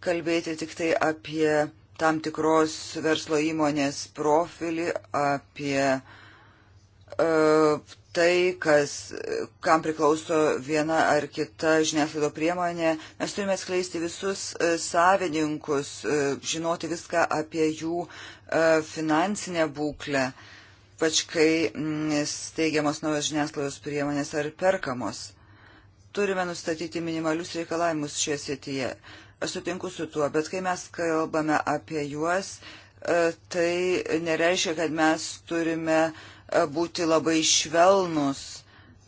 Speaker 2: kalbėti tik tai apie tam tikros verslo įmonės profilį, apie uh, tai, kas, kam priklauso viena ar kita žiniasklaido priemonė. Mes turime atskleisti visus e, savininkus, e, žinoti viską apie jų e, finansinę būklę, pač kai steigiamos naujos žiniasklaidos priemonės ar perkamos. Turime nustatyti minimalius reikalavimus šioje srityje. Aš sutinku su tuo, bet kai mes kalbame apie juos, tai nereiškia, kad mes turime uh, E, būti labai švelnus.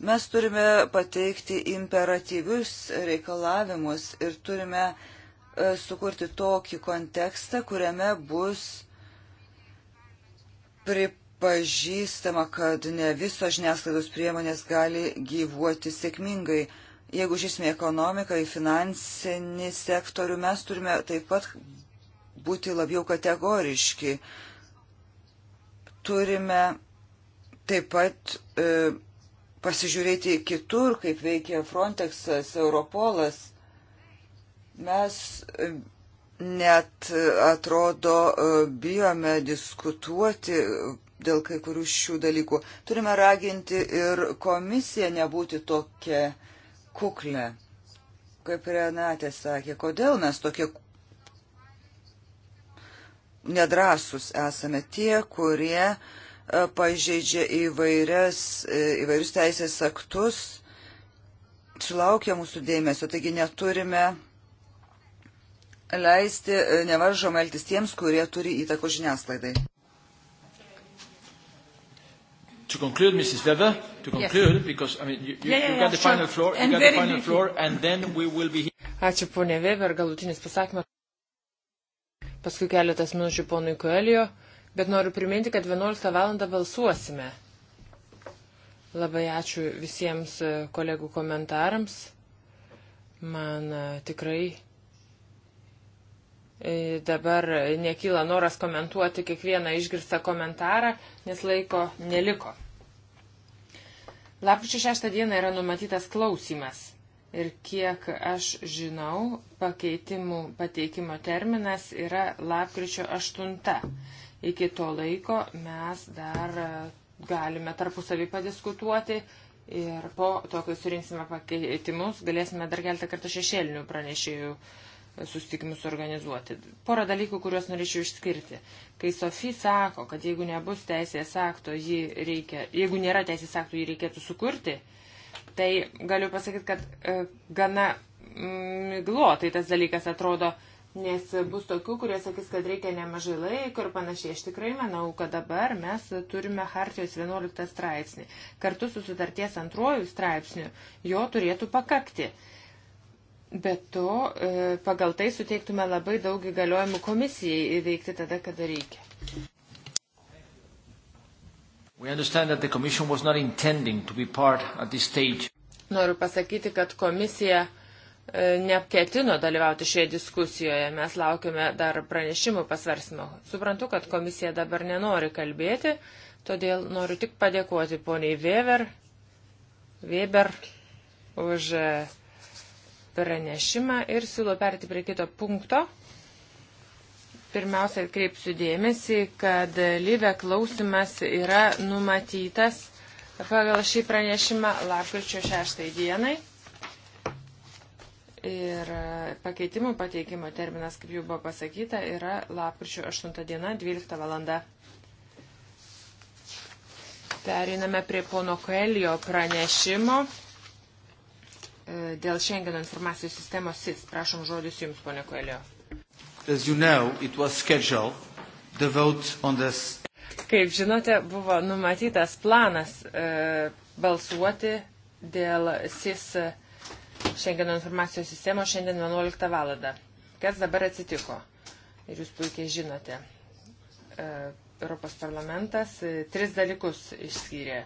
Speaker 2: Mes turime pateikti imperatyvius reikalavimus ir turime e, sukurti tokį kontekstą, kuriame bus pripažįstama, kad ne visos žiniasklaidos priemonės gali gyvuoti sėkmingai. Jeigu žiūrėsime ekonomiką, į finansinį sektorių, mes turime taip pat būti labiau kategoriški. Turime taip pat e, pasižiūrėti kitur, kaip veikia Frontexas, Europolas. Mes e, net e, atrodo e, bijome diskutuoti dėl kai kurių šių dalykų. Turime raginti ir komisiją nebūti tokia kuklė. Kaip Renatė sakė, kodėl mes tokie nedrasus esame tie, kurie uh, pažeidžia įvairias, e, įvairius teisės aktus, sulaukia mūsų dėmesio, taigi neturime leisti e, nevaržomai elgtis tiems, kurie turi įtako žiniasklaidai.
Speaker 1: To conclude, Mrs. Weber, to conclude, yes. because I mean, you, you, yeah, yeah, you got yeah, the sure. final floor, you and got the final briefly. floor, and then we will be here. Ačiū ponė Weber, galutinis pasakymas. Paskui keletas minučių ponui Koelio. Uh, bet noriu priminti, kad 11 val. balsuosime. Labai ačiū visiems e, kolegų komentarams. Man e, tikrai e, dabar nekyla noras komentuoti kiekvieną išgirstą komentarą, nes laiko neliko. Lapkričio 6 dieną yra numatytas klausimas. Ir kiek aš žinau, pakeitimų pateikimo terminas yra lapkričio 8. Iki to laiko mes dar e, galime tarpusavį padiskutuoti ir po to, kai surinksime pakeitimus, galėsime dar keltą kartą šešėlinių pranešėjų e, susitikimus organizuoti. Porą dalykų, kuriuos norėčiau išskirti. Kai Sofija sako, kad jeigu nebus teisės akto, jį reikia, jeigu nėra teisės akto, jį reikėtų sukurti, tai galiu pasakyti, kad e, gana mm, miglotai tas dalykas atrodo, nes bus tokių, kurie sakys, kad reikia nemažai laiko ir panašiai. Aš tikrai manau, kad dabar mes turime Hartijos 11 straipsnį. Kartu su sutarties antrojų straipsniu jo turėtų pakakti. Be to, e, pagal tai suteiktume labai daug įgaliojimų komisijai įveikti tada, kada reikia. Noriu pasakyti, kad komisija E, neketino dalyvauti šioje diskusijoje. Mes laukiame dar pranešimų pasvarsimo. Suprantu, kad komisija dabar nenori kalbėti, todėl noriu tik padėkoti poniai Weber, Weber už e, pranešimą ir siūlau perti prie kito punkto. Pirmiausia, atkreipsiu dėmesį, kad lyve klausimas yra numatytas pagal šį pranešimą lapkričio 6 dienai. Ir e, pakeitimų pateikimo terminas, kaip jau buvo pasakyta, yra lapkričio 8 diena, 12 valanda. Periname prie pono Koelio pranešimo e, dėl Schengeno informacijos sistemos SIS. Prašom žodis jums, pone Koelio.
Speaker 2: You know, this...
Speaker 1: Kaip žinote, buvo numatytas planas e, balsuoti dėl SIS. E, Šengeno informacijos sistemos šiandien 11 valandą. Kas dabar atsitiko? Ir jūs puikiai žinote. E, Europos parlamentas e, tris dalykus išskyrė.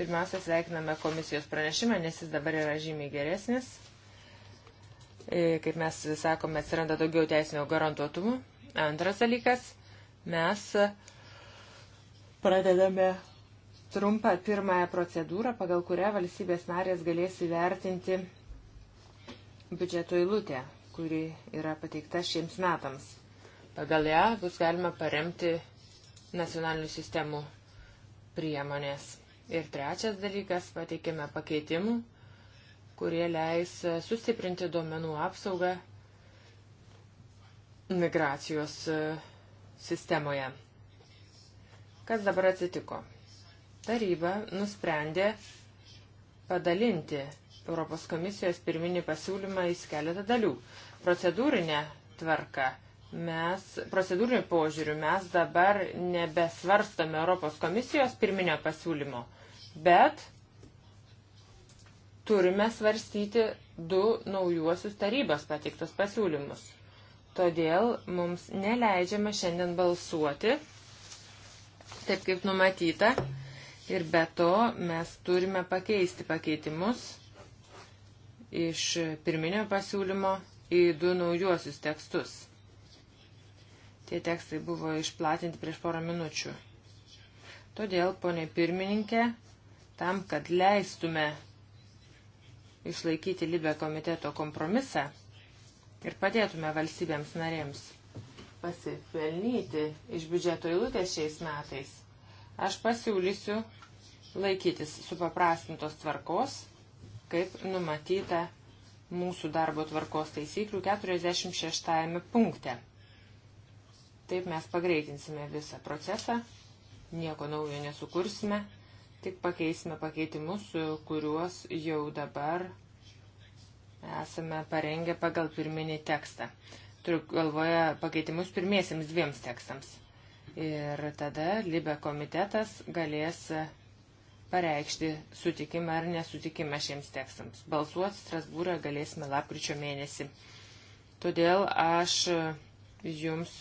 Speaker 1: Pirmiausia, sveikiname komisijos pranešimą, nes jis dabar yra žymiai geresnis. E, kaip mes sakome, atsiranda daugiau teisinio garantuotumų. Antras dalykas, mes pradedame trumpą pirmąją procedūrą, pagal kurią valstybės narės galės įvertinti biudžeto eilutė, kuri yra pateikta šiems metams. Pagal ją bus galima paremti nacionalinių sistemų priemonės. Ir trečias dalykas, pateikime pakeitimų, kurie leis sustiprinti duomenų apsaugą migracijos e, sistemoje. Kas dabar atsitiko? Taryba nusprendė padalinti Europos komisijos pirminį pasiūlymą į keletą dalių. Procedūrinė tvarka. Mes, procedūriniu požiūriu, mes dabar nebesvarstame Europos komisijos pirminio pasiūlymo, bet turime svarstyti du naujuosius tarybos pateiktus pasiūlymus. Todėl mums neleidžiama šiandien balsuoti, taip kaip numatyta, ir be to mes turime pakeisti pakeitimus iš pirminio pasiūlymo į du naujuosius tekstus. Tie tekstai buvo išplatinti prieš porą minučių. Todėl, ponė pirmininkė, tam, kad leistume išlaikyti Libė komiteto kompromisą ir padėtume valstybėms narėms pasipelnyti iš biudžeto eilutės šiais metais, aš pasiūlysiu laikytis supaprastintos tvarkos kaip numatyta mūsų darbo tvarkos taisyklių 46 punkte. Taip mes pagreitinsime visą procesą, nieko naujo nesukursime, tik pakeisime pakeitimus, kuriuos jau dabar esame parengę pagal pirminį tekstą. Turiu galvoje pakeitimus pirmiesiams dviems tekstams. Ir tada Libe komitetas galės pareikšti sutikimą ar nesutikimą šiems tekstams. Balsuoti Strasbūrą galėsime lapkričio mėnesį. Todėl aš jums,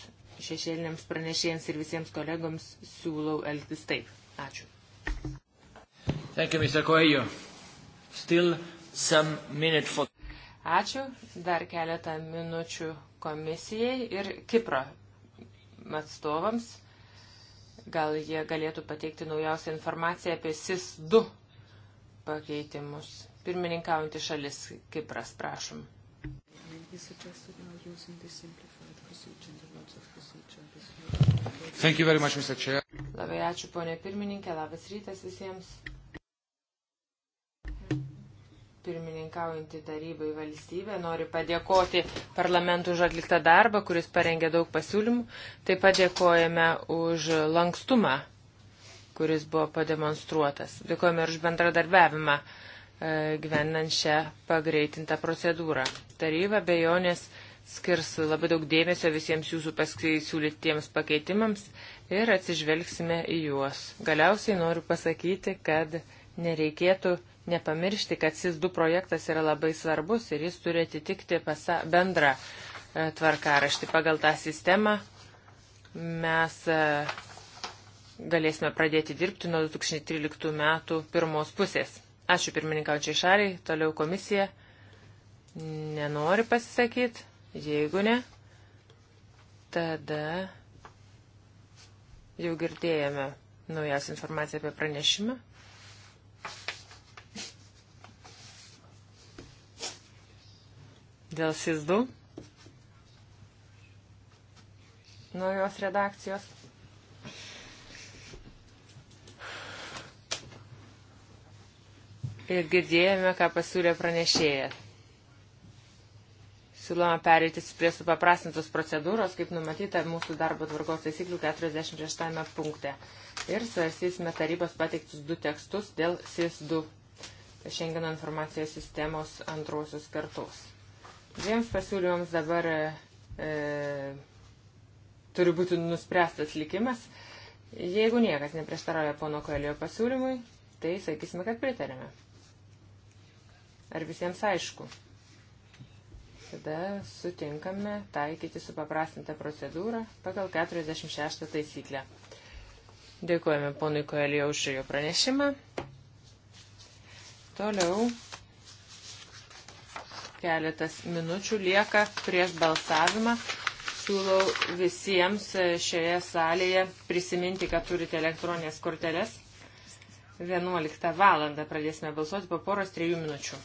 Speaker 1: šešėliniams pranešėjams ir visiems kolegoms siūlau elgtis taip. Ačiū. Thank you, Mr. Coelho. Still some minute for... Ačiū. Dar keletą minučių komisijai ir Kipro atstovams. Gal jie galėtų pateikti naujausią informaciją apie SIS-2 pakeitimus. Pirmininkaujantį šalis Kipras, prašom.
Speaker 2: Much, Labai
Speaker 1: ačiū, ponė pirmininkė, labas rytas visiems pirmininkaujantį tarybai valstybę. Noriu padėkoti parlamentui už atliktą darbą, kuris parengė daug pasiūlymų. Taip pat dėkojame už lankstumą, kuris buvo pademonstruotas. Dėkojame ir už bendradarbiavimą e, gyvenant šią pagreitintą procedūrą. Taryba be jonės skirs labai daug dėmesio visiems jūsų pasiūlytiems pakeitimams ir atsižvelgsime į juos. Galiausiai noriu pasakyti, kad nereikėtų uh, nepamiršti, kad SIS 2 projektas yra labai svarbus ir jis turi atitikti pasa, bendrą e, tvarkaraštį. Pagal tą sistemą mes e, galėsime pradėti dirbti nuo 2013 metų pirmos pusės. Ačiū pirmininkaučiai šaliai, toliau komisija nenori pasisakyti, jeigu ne, tada jau girdėjome naujas informaciją apie pranešimą. dėl SIS 2 naujos redakcijos. Ir girdėjome, ką pasiūlė pranešėjas. Siūloma perėti prie supaprastintos procedūros, kaip numatyta mūsų darbo tvarkos taisyklių 46 punkte. Ir svarstysime tarybos pateiktus du tekstus dėl SIS-2 Šengeno informacijos sistemos antrosios kartos. Dviems pasiūlymams dabar e, e, turi būti nuspręstas likimas. Jeigu niekas neprieštarauja pono Koelio pasiūlymui, tai sakysime, kad pritarėme. Ar visiems aišku? Tada sutinkame taikyti supaprastintą procedūrą pagal 46 taisyklę. Dėkojame ponui Koelio už jo pranešimą. Toliau keletas minučių lieka prieš balsavimą. Siūlau visiems šioje salėje prisiminti, kad turite elektroninės korteles. 11 valandą pradėsime balsuoti po poros trijų minučių.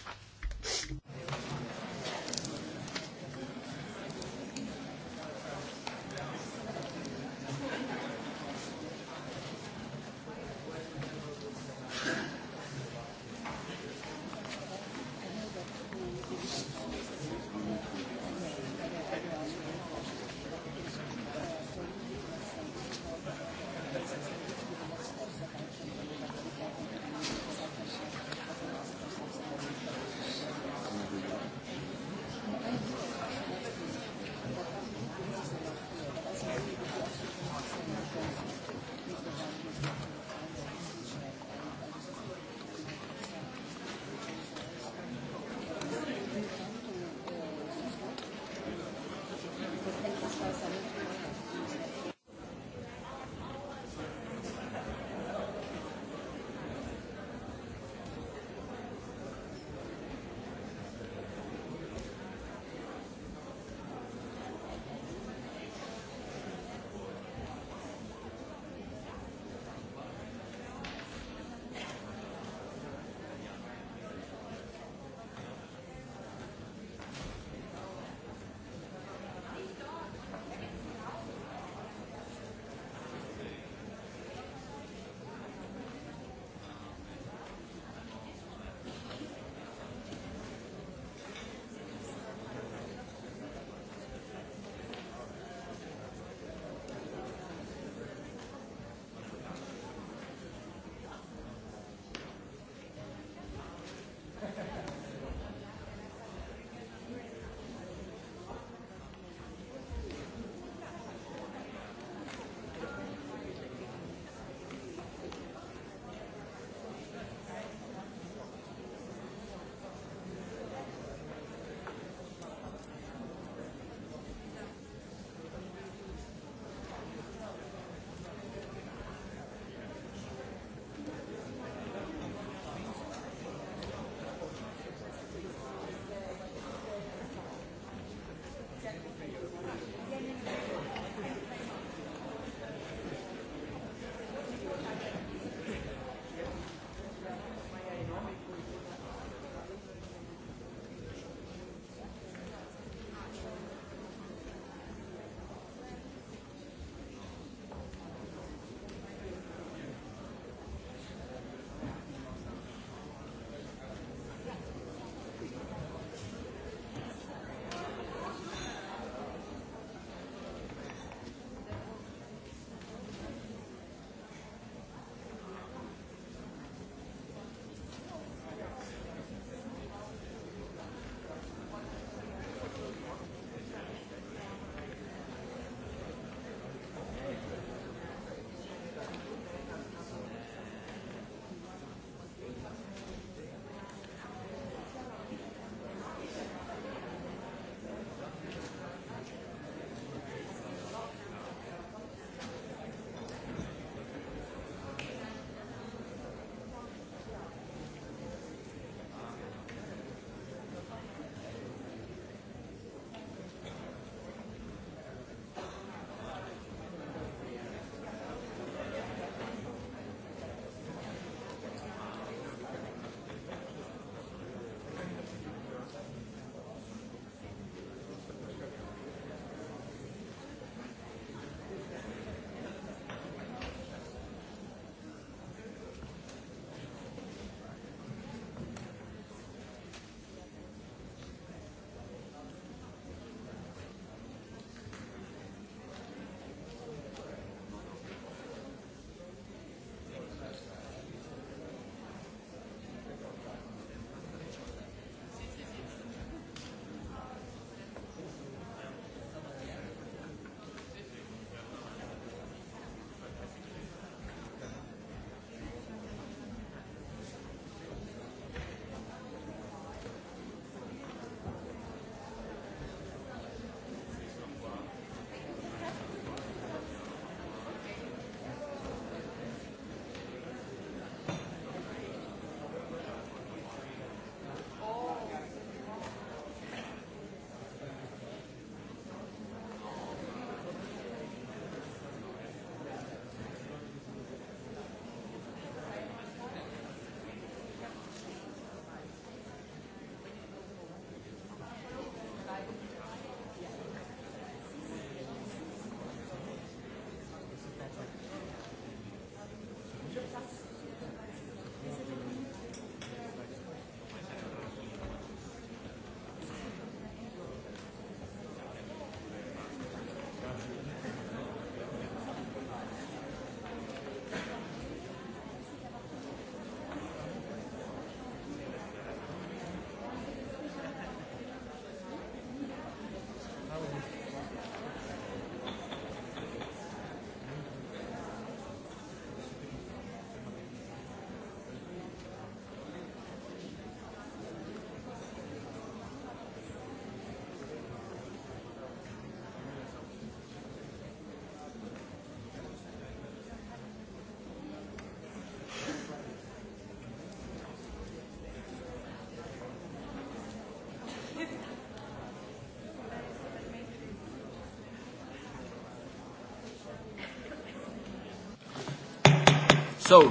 Speaker 1: So,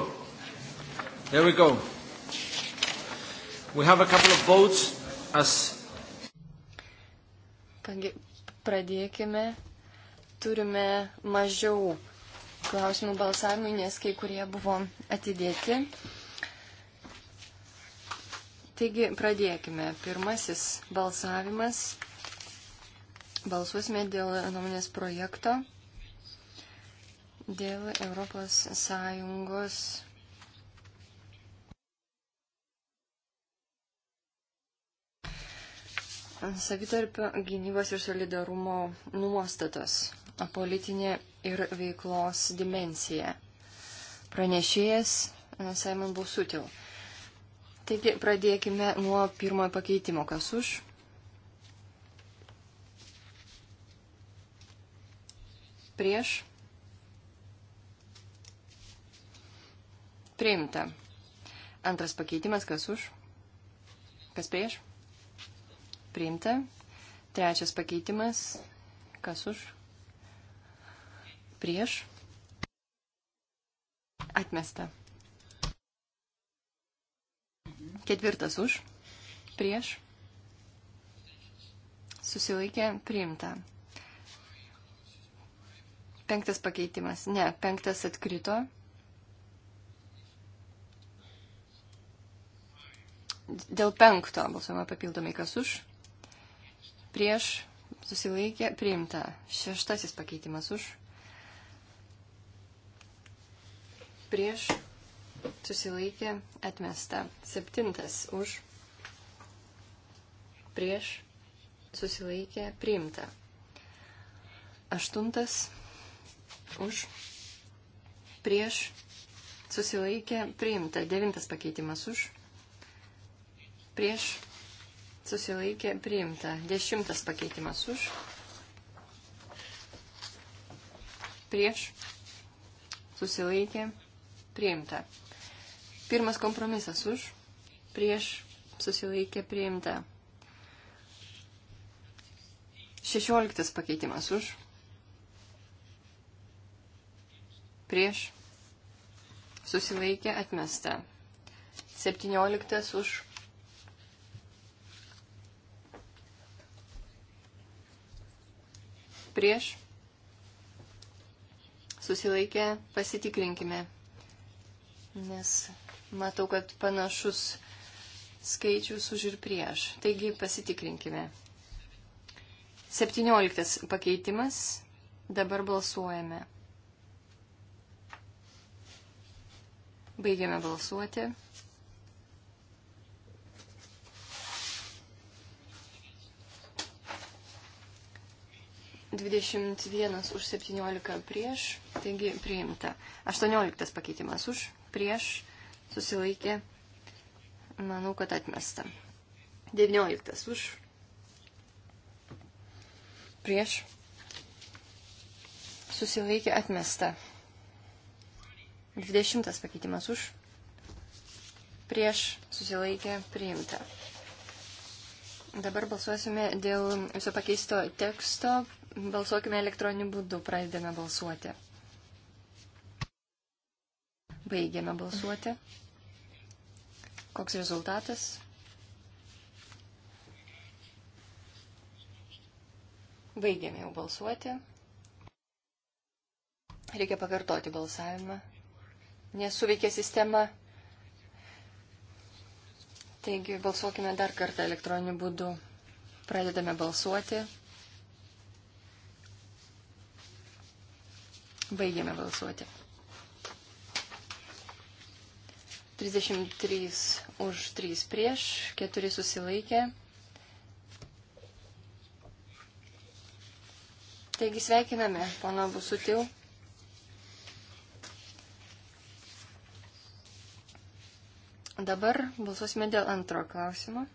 Speaker 1: there we go. We have a couple of votes as.
Speaker 3: Pagi, pradėkime. Turime mažiau klausimų balsavimui, nes kai kurie buvo atidėti. Taigi pradėkime. Pirmasis balsavimas. Balsuosime dėl nuomonės projekto dėl Europos Sąjungos savitarpio gynybos ir solidarumo nuostatos, politinė ir veiklos dimensija. Pranešėjas e, Simon Busutil. Taigi pradėkime nuo pirmojo pakeitimo. Kas už? Prieš? Priimta. Antras pakeitimas, kas už? Kas prieš? Priimta. Trečias pakeitimas, kas už? Prieš. Atmesta. Ketvirtas už. Prieš. Susilaikė priimta. Penktas pakeitimas. Ne, penktas atkrito. Dėl penkto balsuojama papildomai kas už. Prieš susilaikė priimta. Šeštasis pakeitimas už. Prieš susilaikė atmesta. Septintas už. Prieš susilaikė priimta. Aštuntas už. Prieš susilaikė priimta. Devintas pakeitimas už prieš susilaikė priimta. Dešimtas pakeitimas už, prieš susilaikė priimta. Pirmas kompromisas už, prieš susilaikė priimta. Šešioliktas pakeitimas už, prieš susilaikė atmesta. Septynioliktas už prieš, susilaikę, pasitikrinkime, nes matau, kad panašus skaičius už ir prieš. Taigi pasitikrinkime. 17 pakeitimas. Dabar balsuojame. Baigiame balsuoti. 21 už 17 prieš, taigi priimta. 18 pakeitimas už, prieš, susilaikė, manau, kad atmesta. 19 už, prieš, susilaikė, atmesta. 20 pakeitimas už, prieš, susilaikė, priimta. Dabar balsuosime dėl viso pakeisto teksto Balsuokime elektroniniu būdu, pradedame balsuoti. Baigiame balsuoti. Koks rezultatas? Baigiame jau balsuoti. Reikia pakartoti balsavimą. Nesuveikia sistema. Taigi balsuokime dar kartą elektroniniu būdu. Pradedame balsuoti. Baigėme balsuoti. 33 už 3 prieš, 4 susilaikė. Taigi sveikiname, pono Busutil. Dabar balsuosime dėl antro klausimo.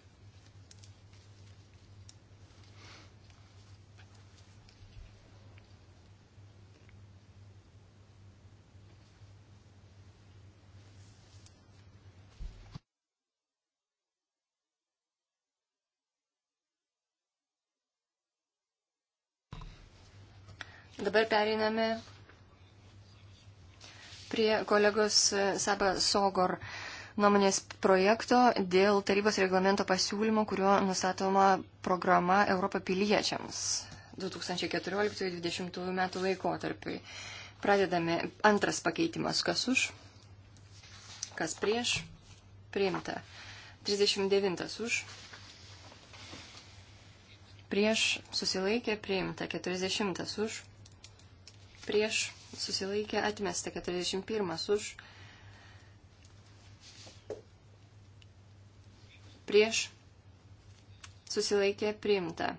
Speaker 3: Dabar periname prie kolegos Saba Sogor nuomonės projekto dėl tarybos reglamento pasiūlymo, kuriuo nustatoma programa Europą piliečiams 2014-2020 metų laikotarpiui. Pradedame antras pakeitimas. Kas už? Kas prieš? Priimta. 39 už. Prieš susilaikė priimta. 40 už prieš susilaikė atmesta 41 už, prieš susilaikė priimta.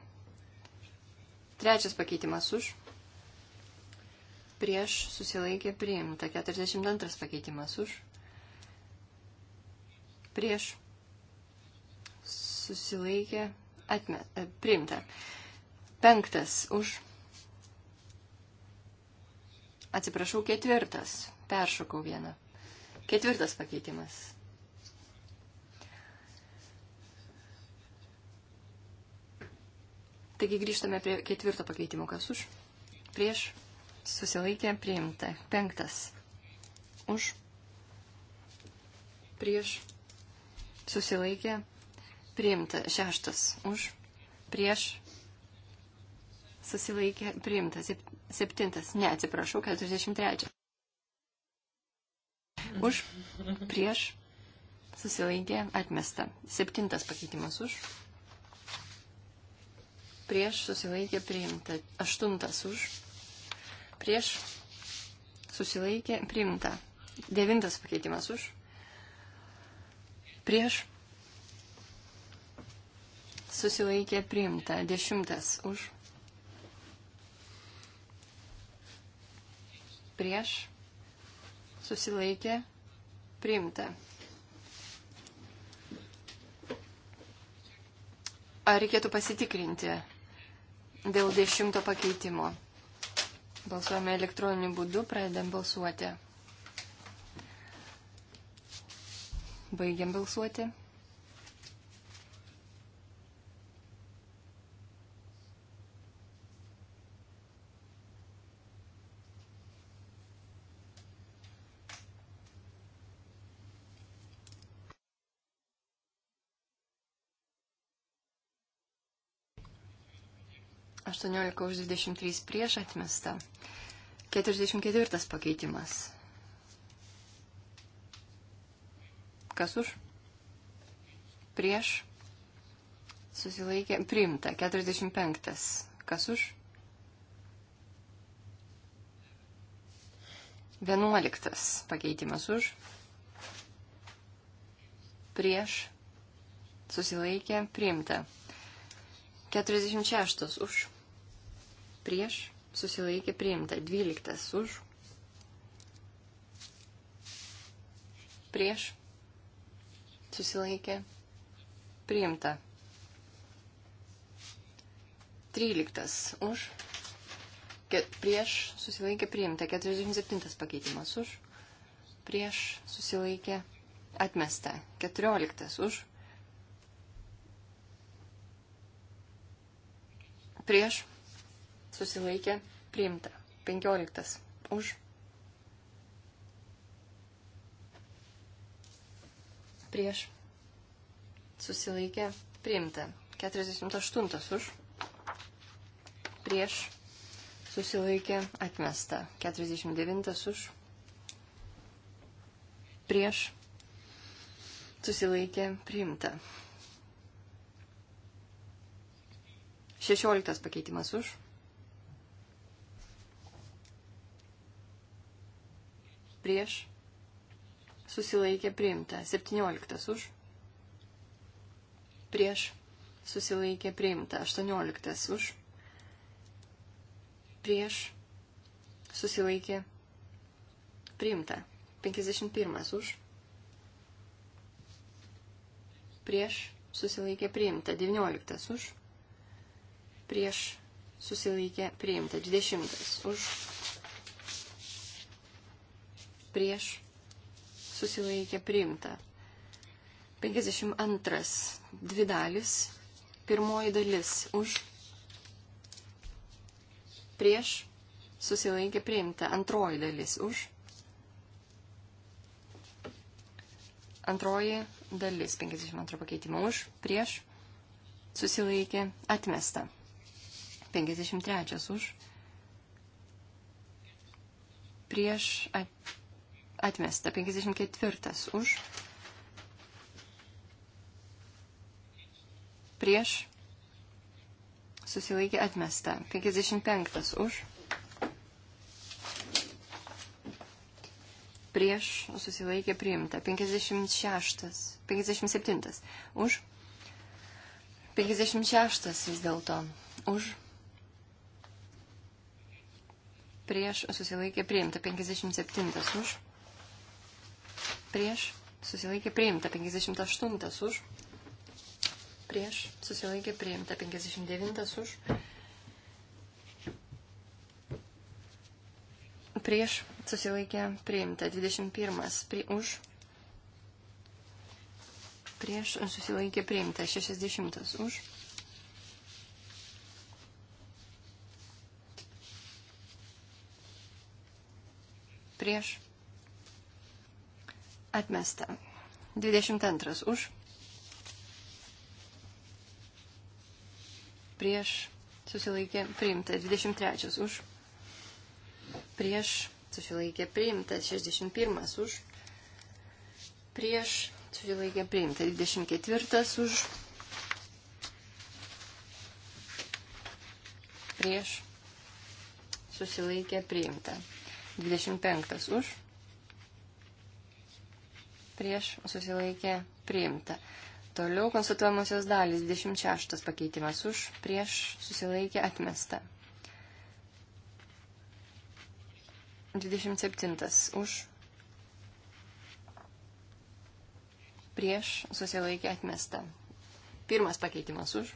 Speaker 3: Trečias pakeitimas už, prieš susilaikė priimta. 42 pakeitimas už, prieš susilaikė atme, priimta. Penktas už Atsiprašau, ketvirtas. Peršokau vieną. Ketvirtas pakeitimas. Taigi grįžtame prie ketvirto pakeitimo. Kas už? Prieš. Susilaikė priimta. Penktas. Už. Prieš. Susilaikė priimta. Šeštas. Už. Prieš susilaikė priimta. Septintas, ne, atsiprašau, 43. Už, prieš, susilaikė, atmesta. Septintas pakeitimas už, prieš, susilaikė, priimta. Aštuntas už, prieš, susilaikė, priimta. Devintas pakeitimas už, prieš, susilaikė, priimta. Dešimtas už prieš, susilaikė, priimta. Ar reikėtų pasitikrinti dėl dešimto pakeitimo? Balsuojame elektroniniu būdu, pradedam balsuoti. Baigiam balsuoti. 18 už 23 prieš atmesta. 44 pakeitimas. Kas už? Prieš. Susilaikė. Primta. 45. Kas už? 11 pakeitimas už. Prieš. Susilaikė. Primta. 46 už prieš, susilaikė priimta. 12 už, prieš, susilaikė priimta. 13 už, prieš, susilaikė priimta. 47 pakeitimas už, prieš, susilaikė atmesta. 14 už, prieš, susilaikė, priimta. 15 už, prieš, susilaikė, priimta. 48 už, prieš, susilaikė, atmesta. 49 už, prieš, susilaikė, priimta. 16 pakeitimas už prieš susilaikė priimta. 17 už prieš susilaikė priimta. 18 už prieš susilaikė priimta. 51 už prieš susilaikė priimta. 19 už prieš susilaikė priimta. 20 už prieš susilaikė priimta. 52. Dvi dalis. Pirmoji dalis už prieš susilaikė priimta. Antroji dalis už. Antroji dalis 52 pakeitimo už prieš susilaikė atmesta. 53 už prieš atmesta Atmesta. 54 už. Prieš. Susilaikė atmesta. 55 už. Prieš. Susilaikė priimta. 56. 57 už. 56 vis dėlto. Už. Prieš susilaikė priimta. 57 už prieš susilaikė priimta 58 už, prieš susilaikė priimta 59 už, prieš susilaikė priimta 21 pri, už, prieš susilaikė priimta 60 už. Prieš Atmesta. 22 už. Prieš susilaikė priimta. 23 už. Prieš susilaikė priimta. 61 už. Prieš susilaikė priimta. 24 už. Prieš susilaikė priimta. 25 už prieš susilaikė priimta. Toliau konstatuojamosios dalys 26 pakeitimas už prieš susilaikė atmesta. 27 už prieš susilaikė atmesta. Pirmas pakeitimas už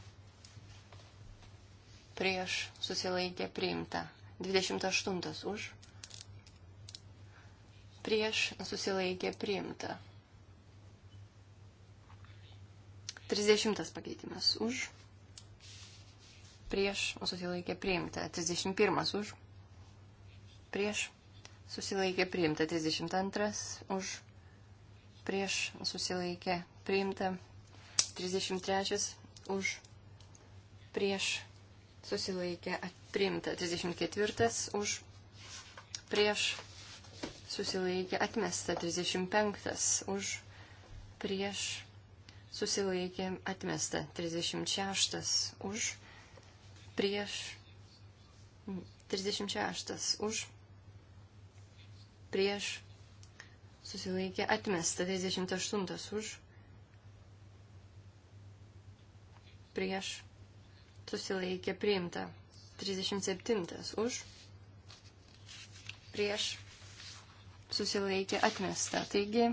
Speaker 3: prieš susilaikė priimta. 28 už prieš susilaikė priimta. 30 pakeitimas už. Prieš, o susilaikė priimta. 31 už. Prieš, susilaikė priimta. 32 už. Prieš, susilaikė priimta. 33 už. Prieš, susilaikė priimta. 34 už. Prieš, susilaikė atmesta. 35 už. Prieš, susilaikė atmesta. 36 už, prieš, 36 už, prieš, susilaikė atmesta. 38 už, prieš, susilaikė priimta. 37 už, prieš, susilaikė atmesta. Taigi,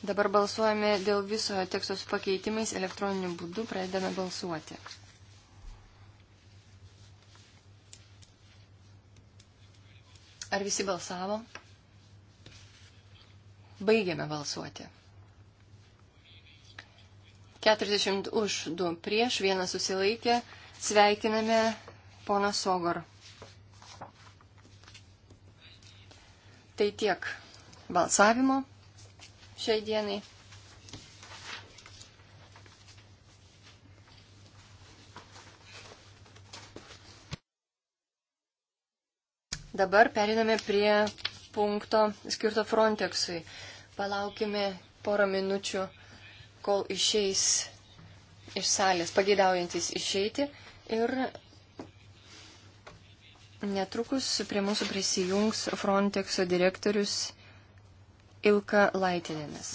Speaker 3: Dabar balsuojame dėl viso teksto su pakeitimais elektroniniu būdu, pradedame balsuoti. Ar visi balsavo? Baigiame balsuoti. 40 už 2 prieš, vieną susilaikė. Sveikiname poną Sogor. Tai tiek balsavimo šiai dienai. Dabar periname prie punkto skirto Frontexui. Palaukime porą minučių, kol išeis iš salės, pageidaujantis išeiti. Ir netrukus prie mūsų prisijungs Frontexo direktorius Ilka Laitinėmis.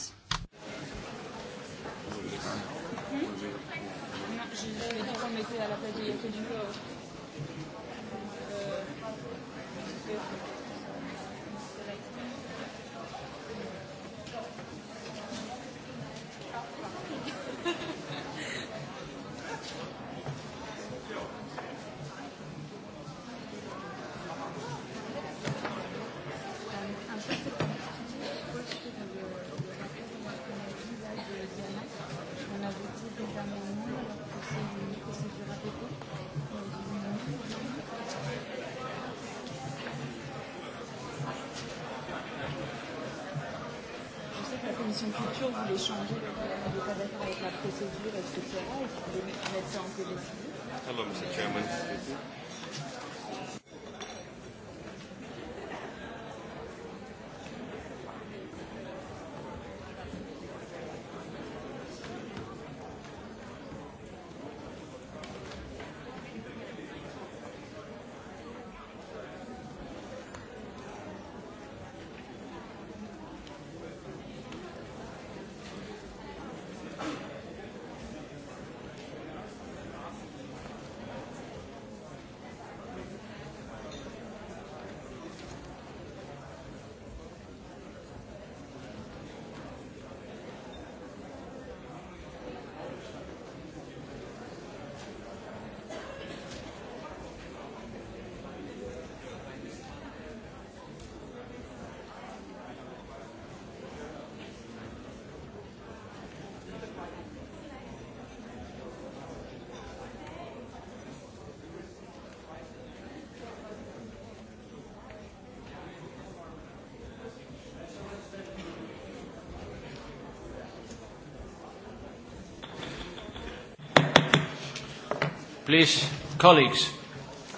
Speaker 1: Please, colleagues,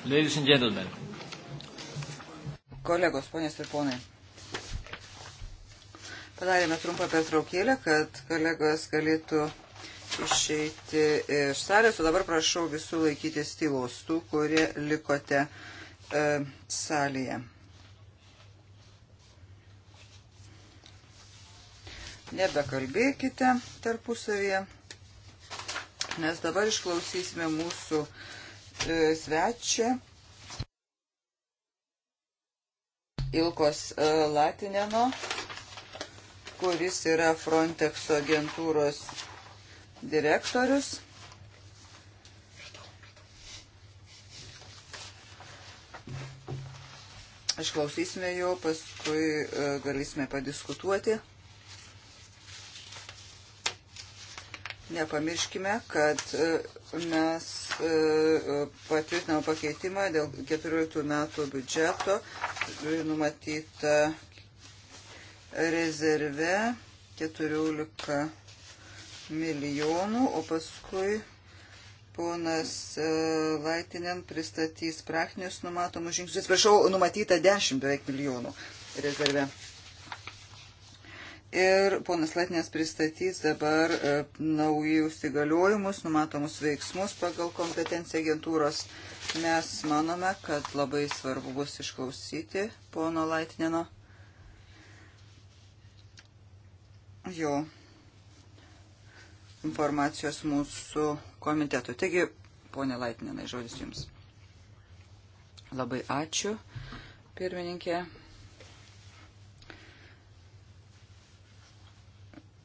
Speaker 1: ladies and gentlemen.
Speaker 2: Kolegos, ponės ir ponai. Padarėme trumpą pertraukėlę, kad kolegos galėtų išeiti iš salės, o dabar prašau visų laikytis tylos tų, kurie likote e, salėje. Nebekalbėkite tarpusavyje nes dabar išklausysime mūsų e, svečią Ilkos e, Latineno, kuris yra Frontex agentūros direktorius. Išklausysime jo, paskui e, galėsime padiskutuoti. nepamirškime, kad e, mes e, e, patvirtinam pakeitimą dėl 14 metų biudžeto numatyta rezerve 14 milijonų, o paskui ponas Laitinen pristatys praktinius numatomus žingsnius. Prašau, numatyta 10 beveik milijonų rezerve. Ir ponas Latinės pristatys dabar e, naujus įgaliojimus, numatomus veiksmus pagal kompetenciją agentūros. Mes manome, kad labai svarbu bus išklausyti pono Latinino. Jo informacijos mūsų komitetu. Taigi, ponė Laitinenai, žodis jums. Labai ačiū, pirmininkė.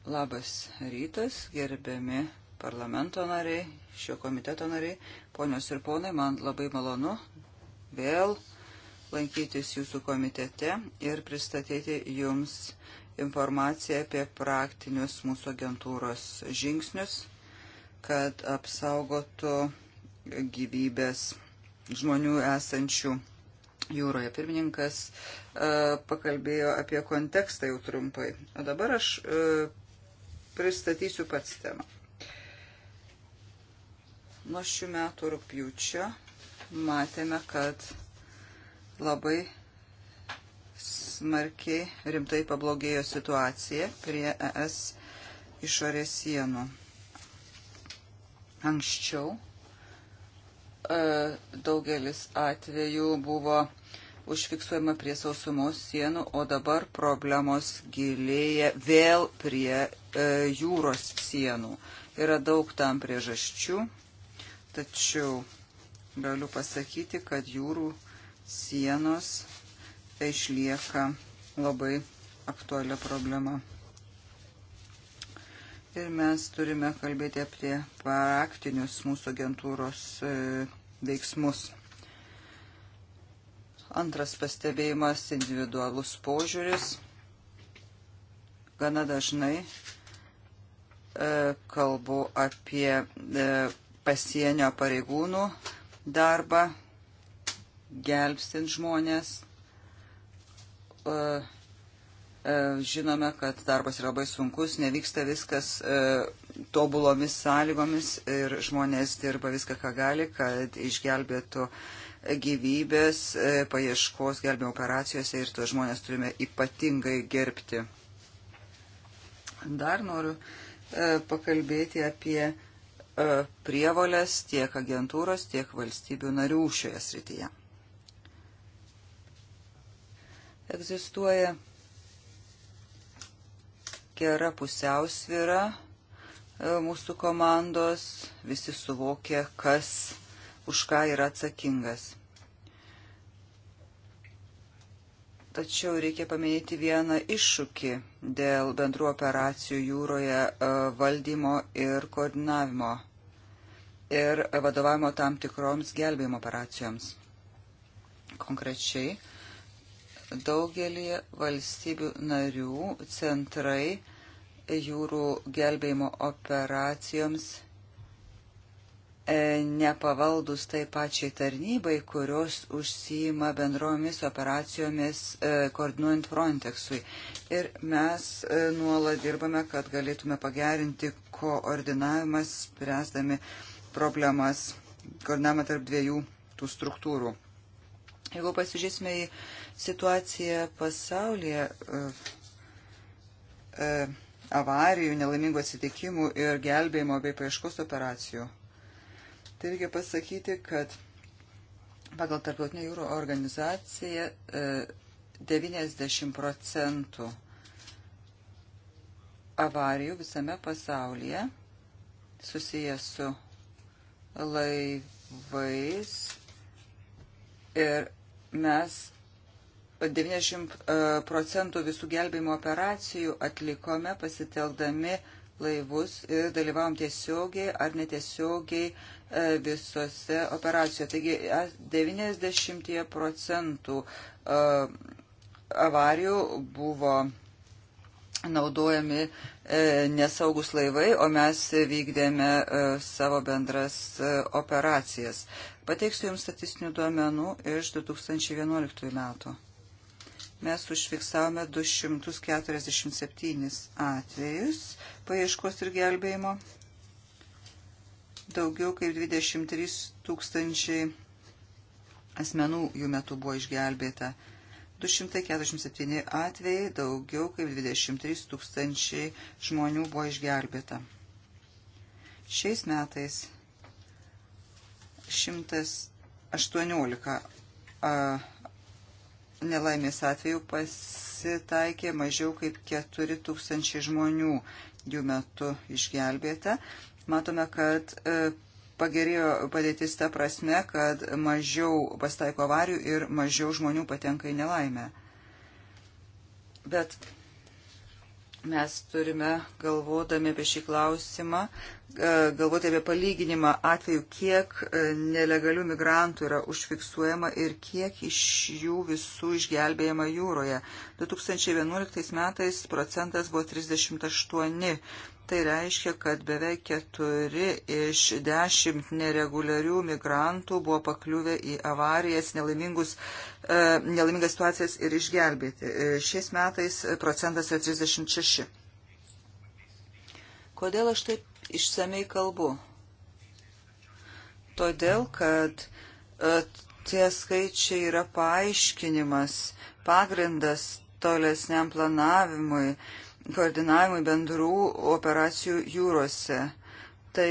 Speaker 2: Labas rytas, gerbiami parlamento nariai, šio komiteto nariai, ponios ir ponai, man labai malonu vėl lankytis jūsų komitete ir pristatyti jums informaciją apie praktinius mūsų agentūros žingsnius, kad apsaugotų gyvybės žmonių esančių jūroje. Pirmininkas e, pakalbėjo apie kontekstą jau trumpai. O dabar aš e, pristatysiu pats temą. Nuo šių metų rūpjūčio matėme, kad labai smarkiai rimtai pablogėjo situacija prie ES išorės sienų. Anksčiau e, daugelis atvejų buvo užfiksuojama prie sausumos sienų, o dabar problemos gilėja vėl prie E, jūros sienų. Yra daug tam priežasčių, tačiau galiu pasakyti, kad jūrų sienos išlieka labai aktualią problemą. Ir mes turime kalbėti apie praktinius mūsų agentūros e, veiksmus. Antras pastebėjimas - individualus požiūris. Gana dažnai E, kalbu apie e, pasienio pareigūnų darbą, gelbstint žmonės. E, žinome, kad darbas yra labai sunkus, nevyksta viskas tobulomis sąlygomis ir žmonės dirba viską, ką gali, kad išgelbėtų gyvybės paieškos gelbėjimo operacijose ir tuos žmonės turime ypatingai gerbti. Dar noriu uh, E, pakalbėti apie e, prievolės tiek agentūros, tiek valstybių narių šioje srityje. Egzistuoja gera pusiausvyra e, mūsų komandos, visi suvokia, kas už ką yra atsakingas. Tačiau reikia paminėti vieną iššūkį dėl bendrų operacijų jūroje e, valdymo ir koordinavimo ir vadovavimo tam tikroms gelbėjimo operacijoms. Konkrečiai, daugelį valstybių narių centrai jūrų gelbėjimo operacijoms E, nepavaldus tai pačiai tarnybai, kurios užsijima bendromis operacijomis e, koordinuojant Frontexui. Ir mes e, nuolat dirbame, kad galėtume pagerinti koordinavimą, spręsdami problemas, koordinavimą tarp dviejų tų struktūrų. Jeigu pasižiūrėsime į situaciją pasaulyje, avarijų, nelaimingų atsitikimų ir gelbėjimo bei paieškos operacijų Tai reikia pasakyti, kad pagal tarptautinę jūrų organizaciją 90 e, procentų avarijų visame pasaulyje susijęs su laivais ir mes 90 e, procentų visų gelbėjimo operacijų atlikome pasitelkdami laivus ir dalyvavom tiesiogiai ar netiesiogiai visose operacijose. Taigi 90 procentų e, avarijų buvo naudojami e, nesaugus laivai, o mes vykdėme e, savo bendras operacijas. Pateiksiu Jums statistinių duomenų iš 2011 metų. Mes užfiksavome 247 atvejus paieškos ir gelbėjimo daugiau kaip 23 tūkstančiai asmenų jų metu buvo išgelbėta. 247 atvejai, daugiau kaip 23 tūkstančiai žmonių buvo išgelbėta. Šiais metais 118 a, nelaimės atvejų pasitaikė mažiau kaip 4 tūkstančiai žmonių jų metu išgelbėta matome, kad e, pagerėjo padėtis ta prasme, kad mažiau pastaiko avarių ir mažiau žmonių patenka į nelaimę. Bet mes turime, galvodami apie šį klausimą, e, galvoti apie palyginimą atveju, kiek e, nelegalių migrantų yra užfiksuojama ir kiek iš jų visų išgelbėjama jūroje. 2011 metais procentas buvo 38, Tai reiškia, kad beveik keturi iš dešimt nereguliarių migrantų buvo pakliuvę į avarijas, nelaimingus, e, nelaimingas situacijas ir išgelbėti. E, šiais metais procentas yra 36. Kodėl aš taip išsamei kalbu? Todėl, kad e, tie skaičiai yra paaiškinimas, pagrindas tolesniam planavimui koordinavimui bendrų operacijų jūrose. Tai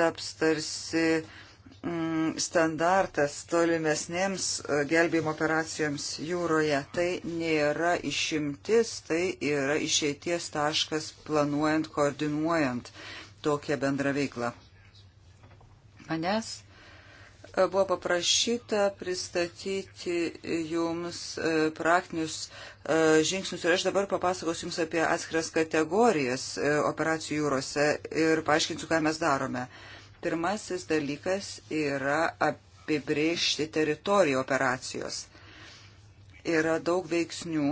Speaker 2: taps tarsi mm, standartas tolimesnėms e, gelbėjimo operacijoms jūroje. Tai nėra išimtis, tai yra išeities taškas planuojant, koordinuojant tokią bendrą veiklą. Manęs buvo paprašyta pristatyti jums e, praktinius e, žingsnius ir aš dabar papasakosiu jums apie atskiras kategorijas e, operacijų jūrose ir paaiškinsiu, ką mes darome. Pirmasis dalykas yra apibriežti teritoriją operacijos. Yra daug veiksnių,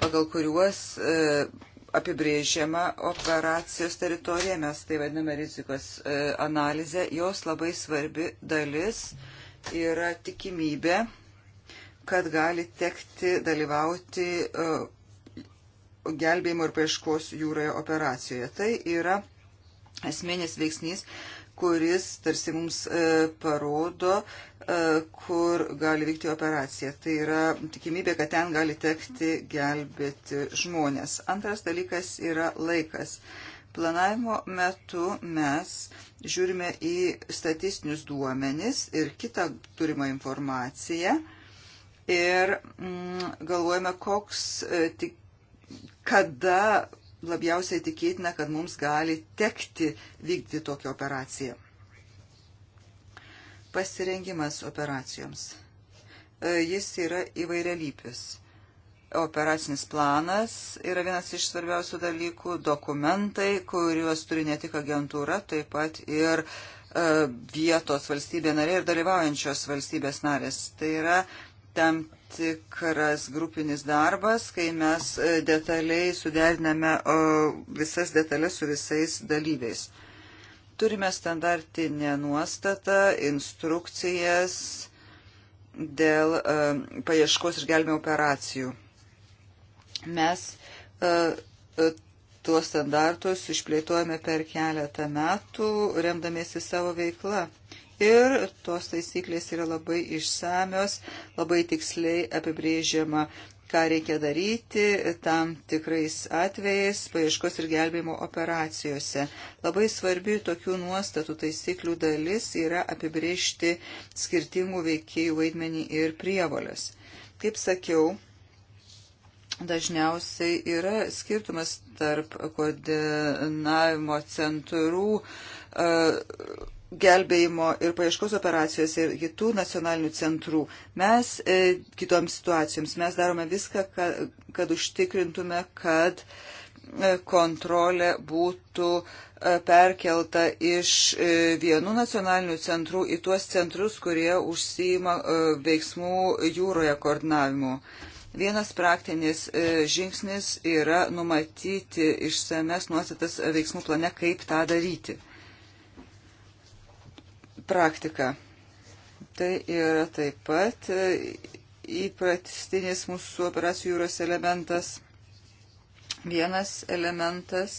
Speaker 2: pagal kuriuos apibrėžiama operacijos teritorija, mes tai vadiname rizikos e, analizė, jos labai svarbi dalis yra tikimybė, kad gali tekti dalyvauti e, gelbėjimo ir paieškos jūroje operacijoje. Tai yra esminis veiksnys, kuris tarsi mums e, parodo, kur gali vykti operacija. Tai yra tikimybė, kad ten gali tekti gelbėti žmonės. Antras dalykas yra laikas. Planavimo metu mes žiūrime į statistinius duomenis ir kitą turimą informaciją ir mm, galvojame, koks, e, tik, kada labiausiai tikėtina, kad mums gali tekti vykdyti tokią operaciją. Pasirengimas operacijoms. E, jis yra įvairialypis. Operacinis planas yra vienas iš svarbiausių dalykų, dokumentai, kuriuos turi ne tik agentūra, taip pat ir e, vietos valstybė narė ir dalyvaujančios valstybės narės. Tai yra tam tikras grupinis darbas, kai mes e, detaliai suderiname visas detalės su visais dalyviais. Turime standartinę nuostatą, instrukcijas dėl e, paieškos ir gelbėjimo operacijų. Mes e, e, tuos standartus išplėtojame per keletą metų, remdamėsi savo veiklą. Ir tos taisyklės yra labai išsamios, labai tiksliai apibrėžiama ką reikia daryti tam tikrais atvejais paieškos ir gelbėjimo operacijose. Labai svarbi tokių nuostatų taisyklių dalis yra apibriežti skirtingų veikėjų vaidmenį ir prievolės. Kaip sakiau, dažniausiai yra skirtumas tarp koordinavimo centrų gelbėjimo ir paieškos operacijos ir kitų nacionalinių centrų. Mes e, kitoms situacijoms, mes darome viską, kad, kad užtikrintume, kad e, kontrolė būtų e, perkelta iš e, vienų nacionalinių centrų į tuos centrus, kurie užsijima e, veiksmų jūroje koordinavimu. Vienas praktinis e, žingsnis yra numatyti išsames nuostatas veiksmų plane, kaip tą daryti. E, praktika. Tai yra taip pat e, įprastinis mūsų operacijų jūros elementas. Vienas elementas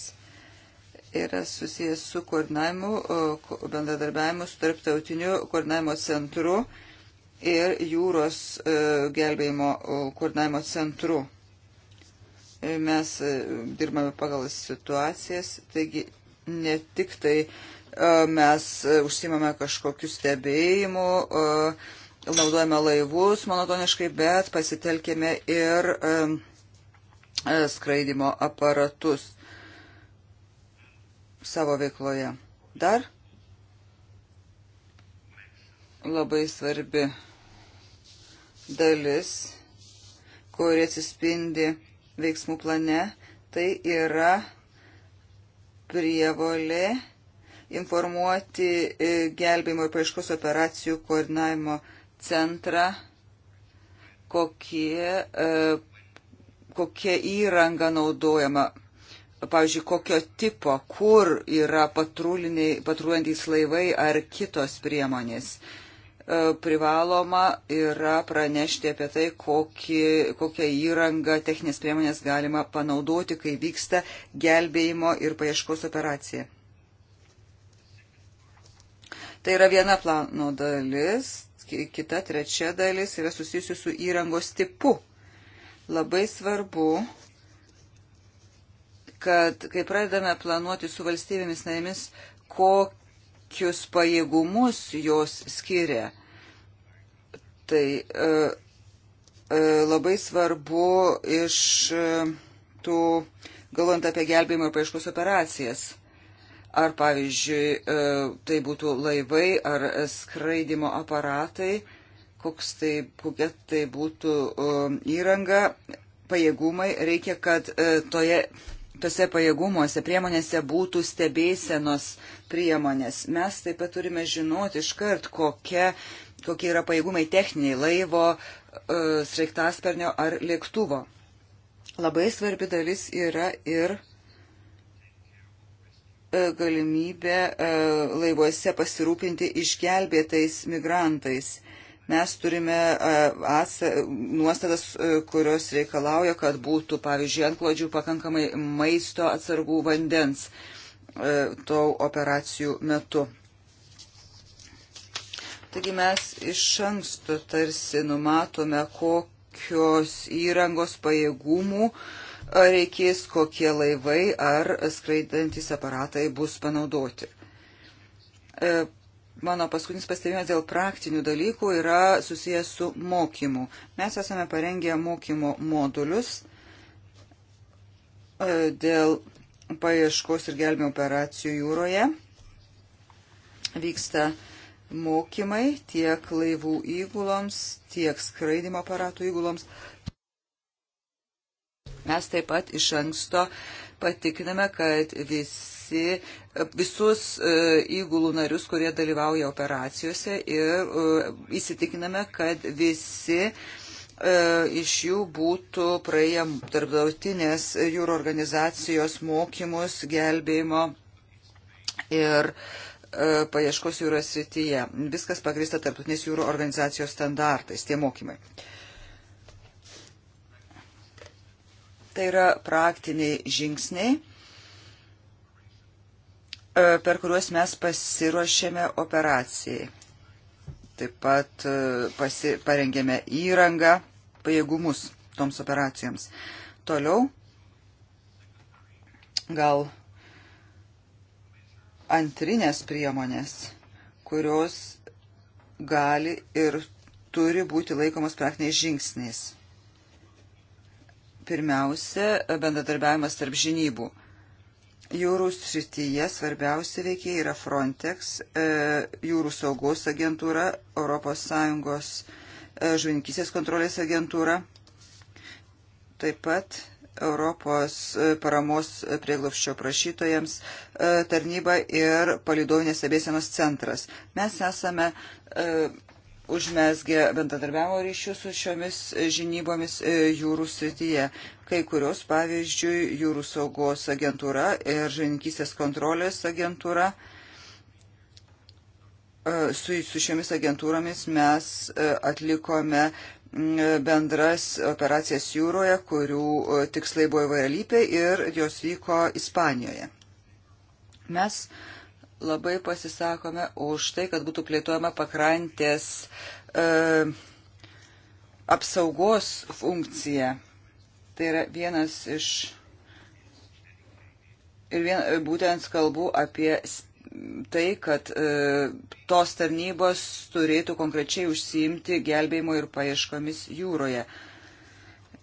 Speaker 2: yra susijęs su koordinavimu, bendradarbiavimu su tarptautiniu koordinavimo centru ir jūros e, gelbėjimo koordinavimo centru. E, mes dirbame pagal situacijas, taigi ne tik tai uh, E, mes e, užsimame kažkokiu stebėjimu, e, naudojame laivus monotoniškai, bet pasitelkėme ir skraidimo aparatus savo veikloje. Dar labai svarbi dalis, kuri atsispindi veiksmų plane, tai yra prievolė informuoti e, gelbėjimo ir paieškos operacijų koordinavimo centrą, kokie, e, kokie įranga naudojama pavyzdžiui, kokio tipo, kur yra patruliantys laivai ar kitos priemonės. E, privaloma yra pranešti apie tai, kokį, kokią įrangą techninės priemonės galima panaudoti, kai vyksta gelbėjimo ir paieškos operacija. Tai yra viena plano dalis, kita trečia dalis yra susijusi su įrangos tipu. Labai svarbu, kad kai pradedame planuoti su valstybėmis narėmis, kokius pajėgumus jos skiria, tai e, e, labai svarbu iš e, tų, galvojant apie gelbėjimo ir paaiškos operacijas, ar pavyzdžiui e, tai būtų laivai ar skraidimo aparatai, koks tai, kokia tai būtų e, įranga, pajėgumai, reikia, kad e, toje, tose pajėgumuose priemonėse būtų stebėsenos priemonės. Mes taip pat turime žinoti iškart, kokia, kokie yra pajėgumai techniniai laivo, sraigtasparnio ar lėktuvo. Labai svarbi dalis yra ir E, galimybę e, laivuose pasirūpinti išgelbėtais migrantais. Mes turime e, nuostatas, kurios reikalauja, kad būtų, pavyzdžiui, antklodžių pakankamai maisto atsargų vandens to operacijų metu. Taigi mes iš anksto tarsi numatome, kokios įrangos pajėgumų uh, reikės, kokie laivai ar skraidantis aparatai bus panaudoti. E, mano paskutinis pastebėjimas dėl praktinių dalykų yra susijęs su mokymu. Mes esame parengę mokymo modulius e, dėl paieškos ir gelbėjimo operacijų jūroje. Vyksta mokymai tiek laivų įguloms, tiek skraidimo aparatų įguloms. Mes taip pat iš anksto patikriname, kad visi, visus e, įgulų narius, kurie dalyvauja operacijose ir e, įsitikiname, kad visi e, iš jų būtų praėję tarptautinės jūro organizacijos mokymus, gelbėjimo ir paieškos jūros srityje. Viskas pagrįsta tarptautinės jūro organizacijos standartais, tie mokymai. Uh, Tai yra praktiniai žingsniai, e, per kuriuos mes pasiruošėme operacijai. Taip pat e, pasi, parengėme įrangą, pajėgumus toms operacijoms. Toliau gal antrinės priemonės, kurios gali ir turi būti laikomas praktiniais žingsniais. Pirmiausia, bendradarbiavimas tarp žinybų. Jūrų srityje svarbiausi veikiai yra Frontex, e, jūrų saugos agentūra, ES e, žuvininkysės kontrolės agentūra, taip pat Europos e, paramos prieglopščio prašytojams tarnyba ir palidovinės stebėsenos centras. Mes esame užmesgė bendradarbiavimo ryšių su šiomis žinybomis e, jūrų srityje. Kai kurios, pavyzdžiui, jūrų saugos agentūra ir žininkystės kontrolės agentūra. E, su, su šiomis agentūromis mes e, atlikome bendras operacijas jūroje, kurių tikslai buvo įvairialypė ir jos vyko Ispanijoje. Mes uh, labai pasisakome už tai, kad būtų plėtojama pakrantės e, apsaugos funkcija. Tai yra vienas iš ir vien, būtent kalbu apie tai, kad e, tos tarnybos turėtų konkrečiai užsiimti gelbėjimo ir paieškomis jūroje. E,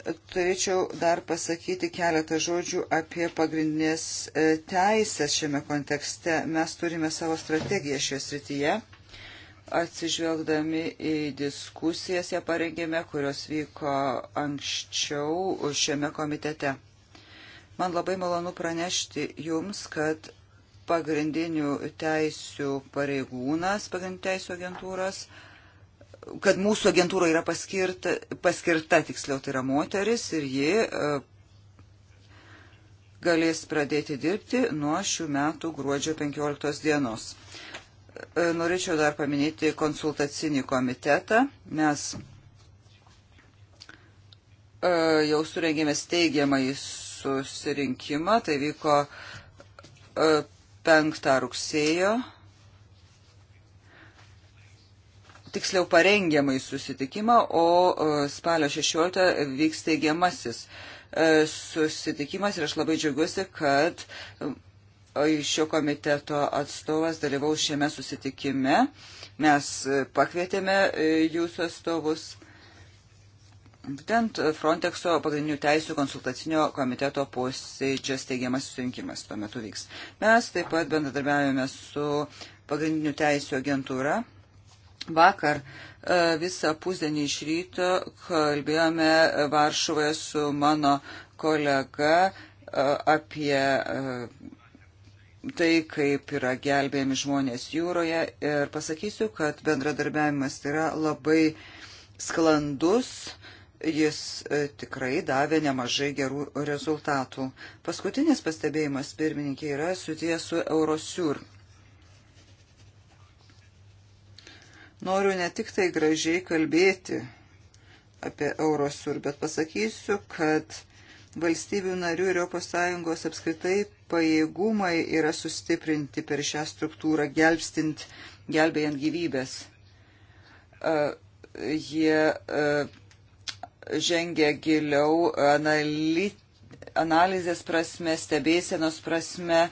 Speaker 2: Turėčiau dar pasakyti keletą žodžių apie pagrindinės e, teisės šiame kontekste. Mes turime savo strategiją šioje srityje. Atsižvelgdami į diskusijas ją parengėme, kurios vyko anksčiau šiame komitete. Man labai malonu pranešti Jums, kad pagrindinių teisių pareigūnas, pagrindinių teisų agentūros, kad mūsų agentūra yra paskirta, paskirta, tiksliau tai yra moteris ir ji e, galės pradėti dirbti nuo šių metų gruodžio 15 dienos. E, norėčiau dar paminėti konsultacinį komitetą. Mes e, jau surengėme steigiamą į susirinkimą, tai vyko 5 rugsėjo tiksliau parengiamai susitikimą, o e, spalio 16 vyks teigiamasis e, susitikimas ir aš labai džiaugiuosi, kad e, šio komiteto atstovas dalyvaus šiame susitikime. Mes pakvietėme jūsų atstovus. Būtent Frontexo pagrindinių teisų konsultacinio komiteto posėdžio steigiamas susirinkimas tuo metu vyks. Mes taip pat bendradarbiavome su pagrindinių teisų agentūra Vakar e, visą pusdienį iš ryto kalbėjome Varšuvoje su mano kolega e, apie e, tai, kaip yra gelbėjami žmonės jūroje ir pasakysiu, kad bendradarbiavimas yra labai sklandus, jis tikrai davė nemažai gerų rezultatų. Paskutinis pastebėjimas pirmininkė yra susijęs su Eurosiur Noriu ne tik tai gražiai kalbėti apie Eurosur, bet pasakysiu, kad valstybių narių ir ES apskritai pajėgumai yra sustiprinti per šią struktūrą, gelbstint, gelbėjant gyvybės. Uh, jie uh, žengia giliau analit, analizės prasme, stebėsenos prasme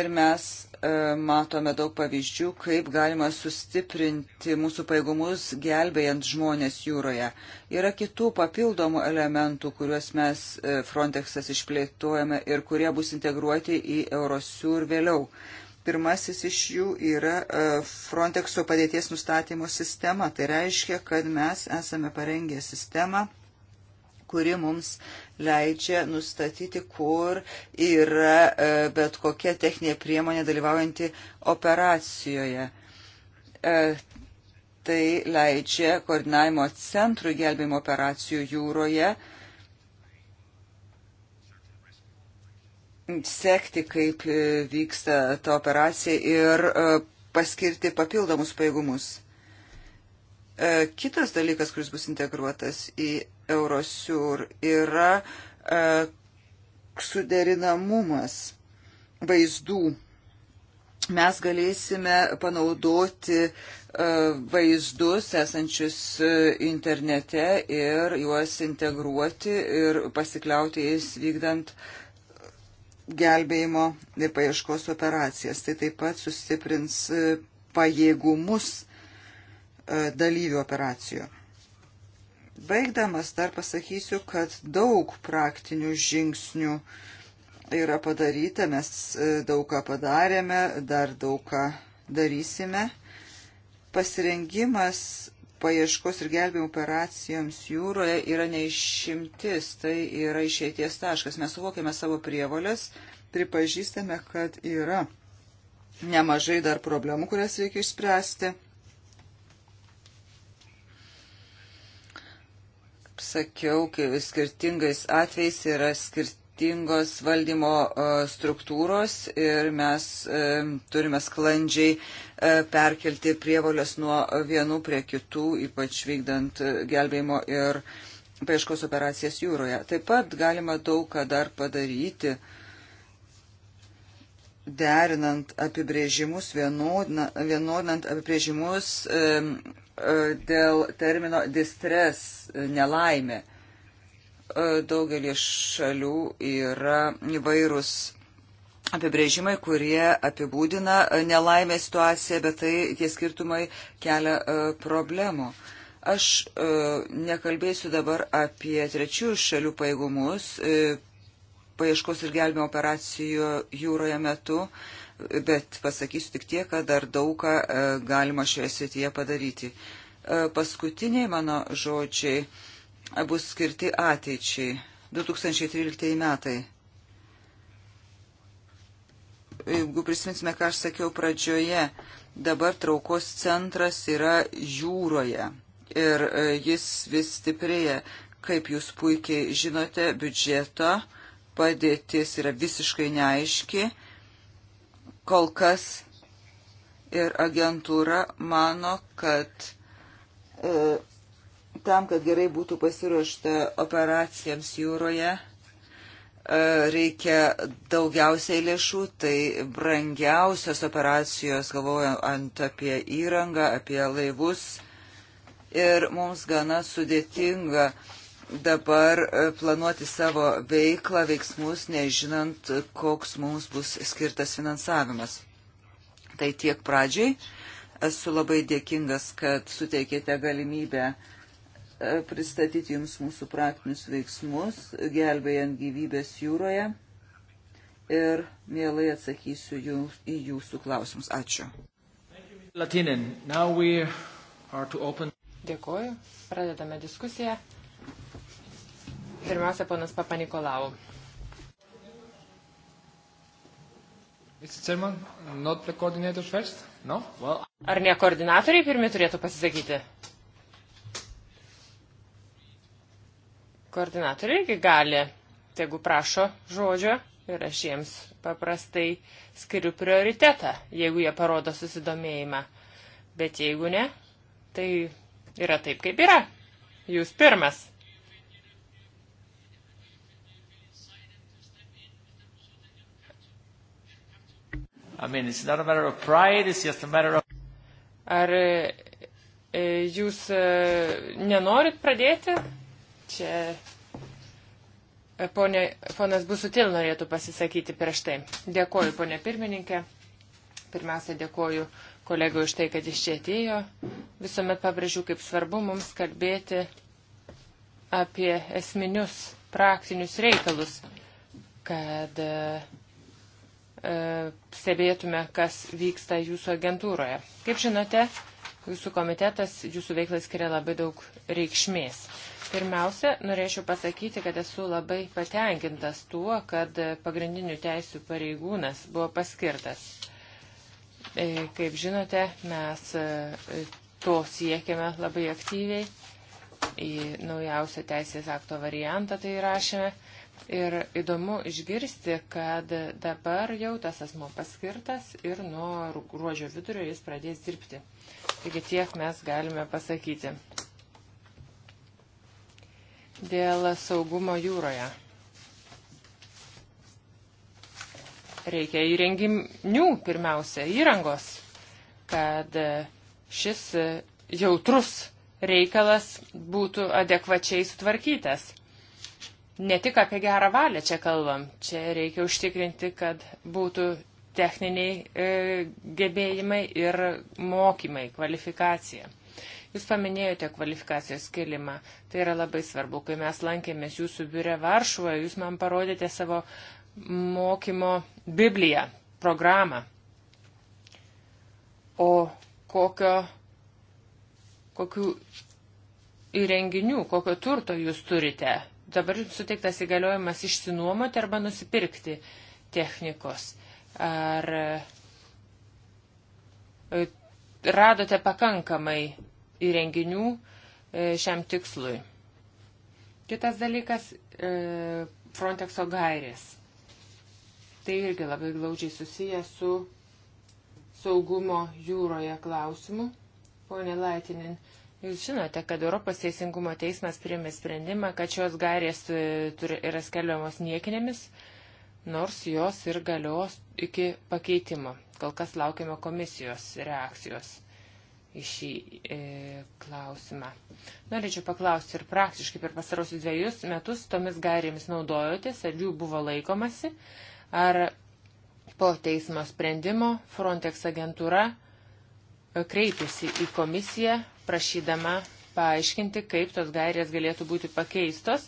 Speaker 2: ir mes E, matome daug pavyzdžių, kaip galima sustiprinti mūsų paėgumus gelbėjant žmonės jūroje. Yra kitų papildomų elementų, kuriuos mes e, Frontexas išplėtojame ir kurie bus integruoti į Eurosiūr vėliau. Pirmasis iš jų yra e, Frontexo padėties nustatymo sistema. Tai reiškia, kad mes esame parengę sistemą kuri mums leidžia nustatyti, kur yra e, bet kokia techninė priemonė dalyvaujanti operacijoje. E, tai leidžia koordinavimo centrų gelbėjimo operacijų jūroje sekti, kaip e, vyksta ta operacija ir paskirti papildomus pajėgumus. E, kitas dalykas, kuris bus integruotas į Eurosiur, yra e, suderinamumas vaizdų. Mes galėsime panaudoti e, vaizdus esančius internete ir juos integruoti ir pasikliauti jais vykdant gelbėjimo ir paieškos operacijas. Tai taip pat sustiprins pajėgumus E, dalyvių operacijų. Baigdamas dar pasakysiu, kad daug praktinių žingsnių yra padaryta, mes e, daug ką padarėme, dar daug ką darysime. Pasirengimas paieškos ir gelbėjimo operacijoms jūroje yra neišimtis, tai yra išeities taškas. Mes suvokiame savo prievolės, pripažįstame, kad yra nemažai dar problemų, kurias reikia išspręsti. sakiau, skirtingais atvejais yra skirtingos valdymo e, struktūros ir mes e, turime sklandžiai e, perkelti prievalios nuo vienų prie kitų, ypač vykdant gelbėjimo ir paieškos operacijas jūroje. Taip pat galima daug ką dar padaryti derinant apibrėžimus, vienodinant apibrėžimus e, dėl termino distres e, nelaimė. E, daugelį šalių yra įvairūs apibrėžimai, kurie apibūdina nelaimę situaciją, bet tai tie skirtumai kelia problemų. Aš nekalbėsiu dabar apie trečiųjų šalių paėgumus, paieškos ir gelbimo operacijų jūroje metu, bet pasakysiu tik tiek, kad dar daug ką e, galima šioje srityje padaryti. E, paskutiniai mano žodžiai bus skirti ateičiai 2013 metai. Jeigu prisiminsime, ką aš sakiau pradžioje, dabar traukos centras yra jūroje ir e, jis vis stiprėja. Kaip jūs puikiai žinote, biudžeto uh, padėtis yra visiškai neaiški. Kol kas ir agentūra mano, kad e, tam, kad gerai būtų pasiruošta operacijams jūroje, e, reikia daugiausiai lėšų, tai brangiausios operacijos, galvojant apie įrangą, apie laivus. Ir mums gana sudėtinga uh, dabar e, planuoti savo veiklą, veiksmus, nežinant, koks mums bus skirtas finansavimas. Tai tiek pradžiai. Esu labai dėkingas, kad suteikėte galimybę e, pristatyti Jums mūsų praktinius veiksmus, gelbėjant gyvybės jūroje. Ir mielai atsakysiu jų, į Jūsų klausimus. Ačiū. Dėkuoju.
Speaker 1: Pradedame diskusiją. Pirmiausia, ponas Papa Nikolau. No? Well... Ar ne koordinatoriai pirmi turėtų pasisakyti? Koordinatoriai irgi gali, jeigu prašo žodžio ir aš jiems paprastai skiriu prioritetą, jeigu jie parodo susidomėjimą. Bet jeigu ne, tai yra taip, kaip yra. Jūs pirmas. I mean, it's not a matter of pride, it's just a matter of. Ar e, e, jūs e, nenorit pradėti? Čia ponė, ponas Busutil norėtų pasisakyti prieš tai. Dėkoju, ponė pirmininkė. Pirmiausia, dėkoju kolegui už tai, kad jis čia atėjo. Visuomet pabrėžiu, kaip svarbu mums kalbėti apie esminius praktinius reikalus, kad uh, E, stebėtume, kas vyksta jūsų agentūroje. Kaip žinote, jūsų komitetas jūsų veiklai skiria labai daug reikšmės. Pirmiausia, norėčiau pasakyti, kad esu labai patenkintas tuo, kad pagrindinių teisų pareigūnas buvo paskirtas. E, kaip žinote, mes e, to siekiame labai aktyviai. Į naujausią teisės akto variantą tai rašėme. Ir įdomu išgirsti, kad dabar jau tas asmo paskirtas ir nuo gruodžio vidurio jis pradės dirbti. Taigi tiek mes galime pasakyti. Dėl saugumo jūroje. Reikia įrenginių pirmiausia, įrangos, kad šis jautrus reikalas būtų adekvačiai sutvarkytas ne tik apie gerą valią čia kalbam, čia reikia užtikrinti, kad būtų techniniai e, gebėjimai ir mokymai, kvalifikacija. Jūs paminėjote kvalifikacijos kelimą. Tai yra labai svarbu. Kai mes lankėmės jūsų biure Varšuvoje, jūs man parodėte savo mokymo Bibliją, programą. O kokio, kokių įrenginių, kokio turto jūs turite dabar suteiktas įgaliojimas išsinuomoti arba nusipirkti technikos. Ar e, radote pakankamai įrenginių e, šiam tikslui? Kitas dalykas e, - Frontexo gairės. Tai irgi labai glaudžiai susiję su saugumo jūroje klausimu. Pone Laitinin, Jūs žinote, kad Europos Teisingumo teismas priėmė sprendimą, kad šios gairės yra skelbiamos niekinėmis, nors jos ir galios iki pakeitimo. Kol kas laukiame komisijos reakcijos į šį e, klausimą. Norėčiau paklausti ir praktiškai per pasarosius dviejus metus tomis gairėmis naudojotės, ar jų buvo laikomasi, ar po teismo sprendimo Frontex agentūra kreipėsi į komisiją prašydama paaiškinti, kaip tos gairės galėtų būti pakeistos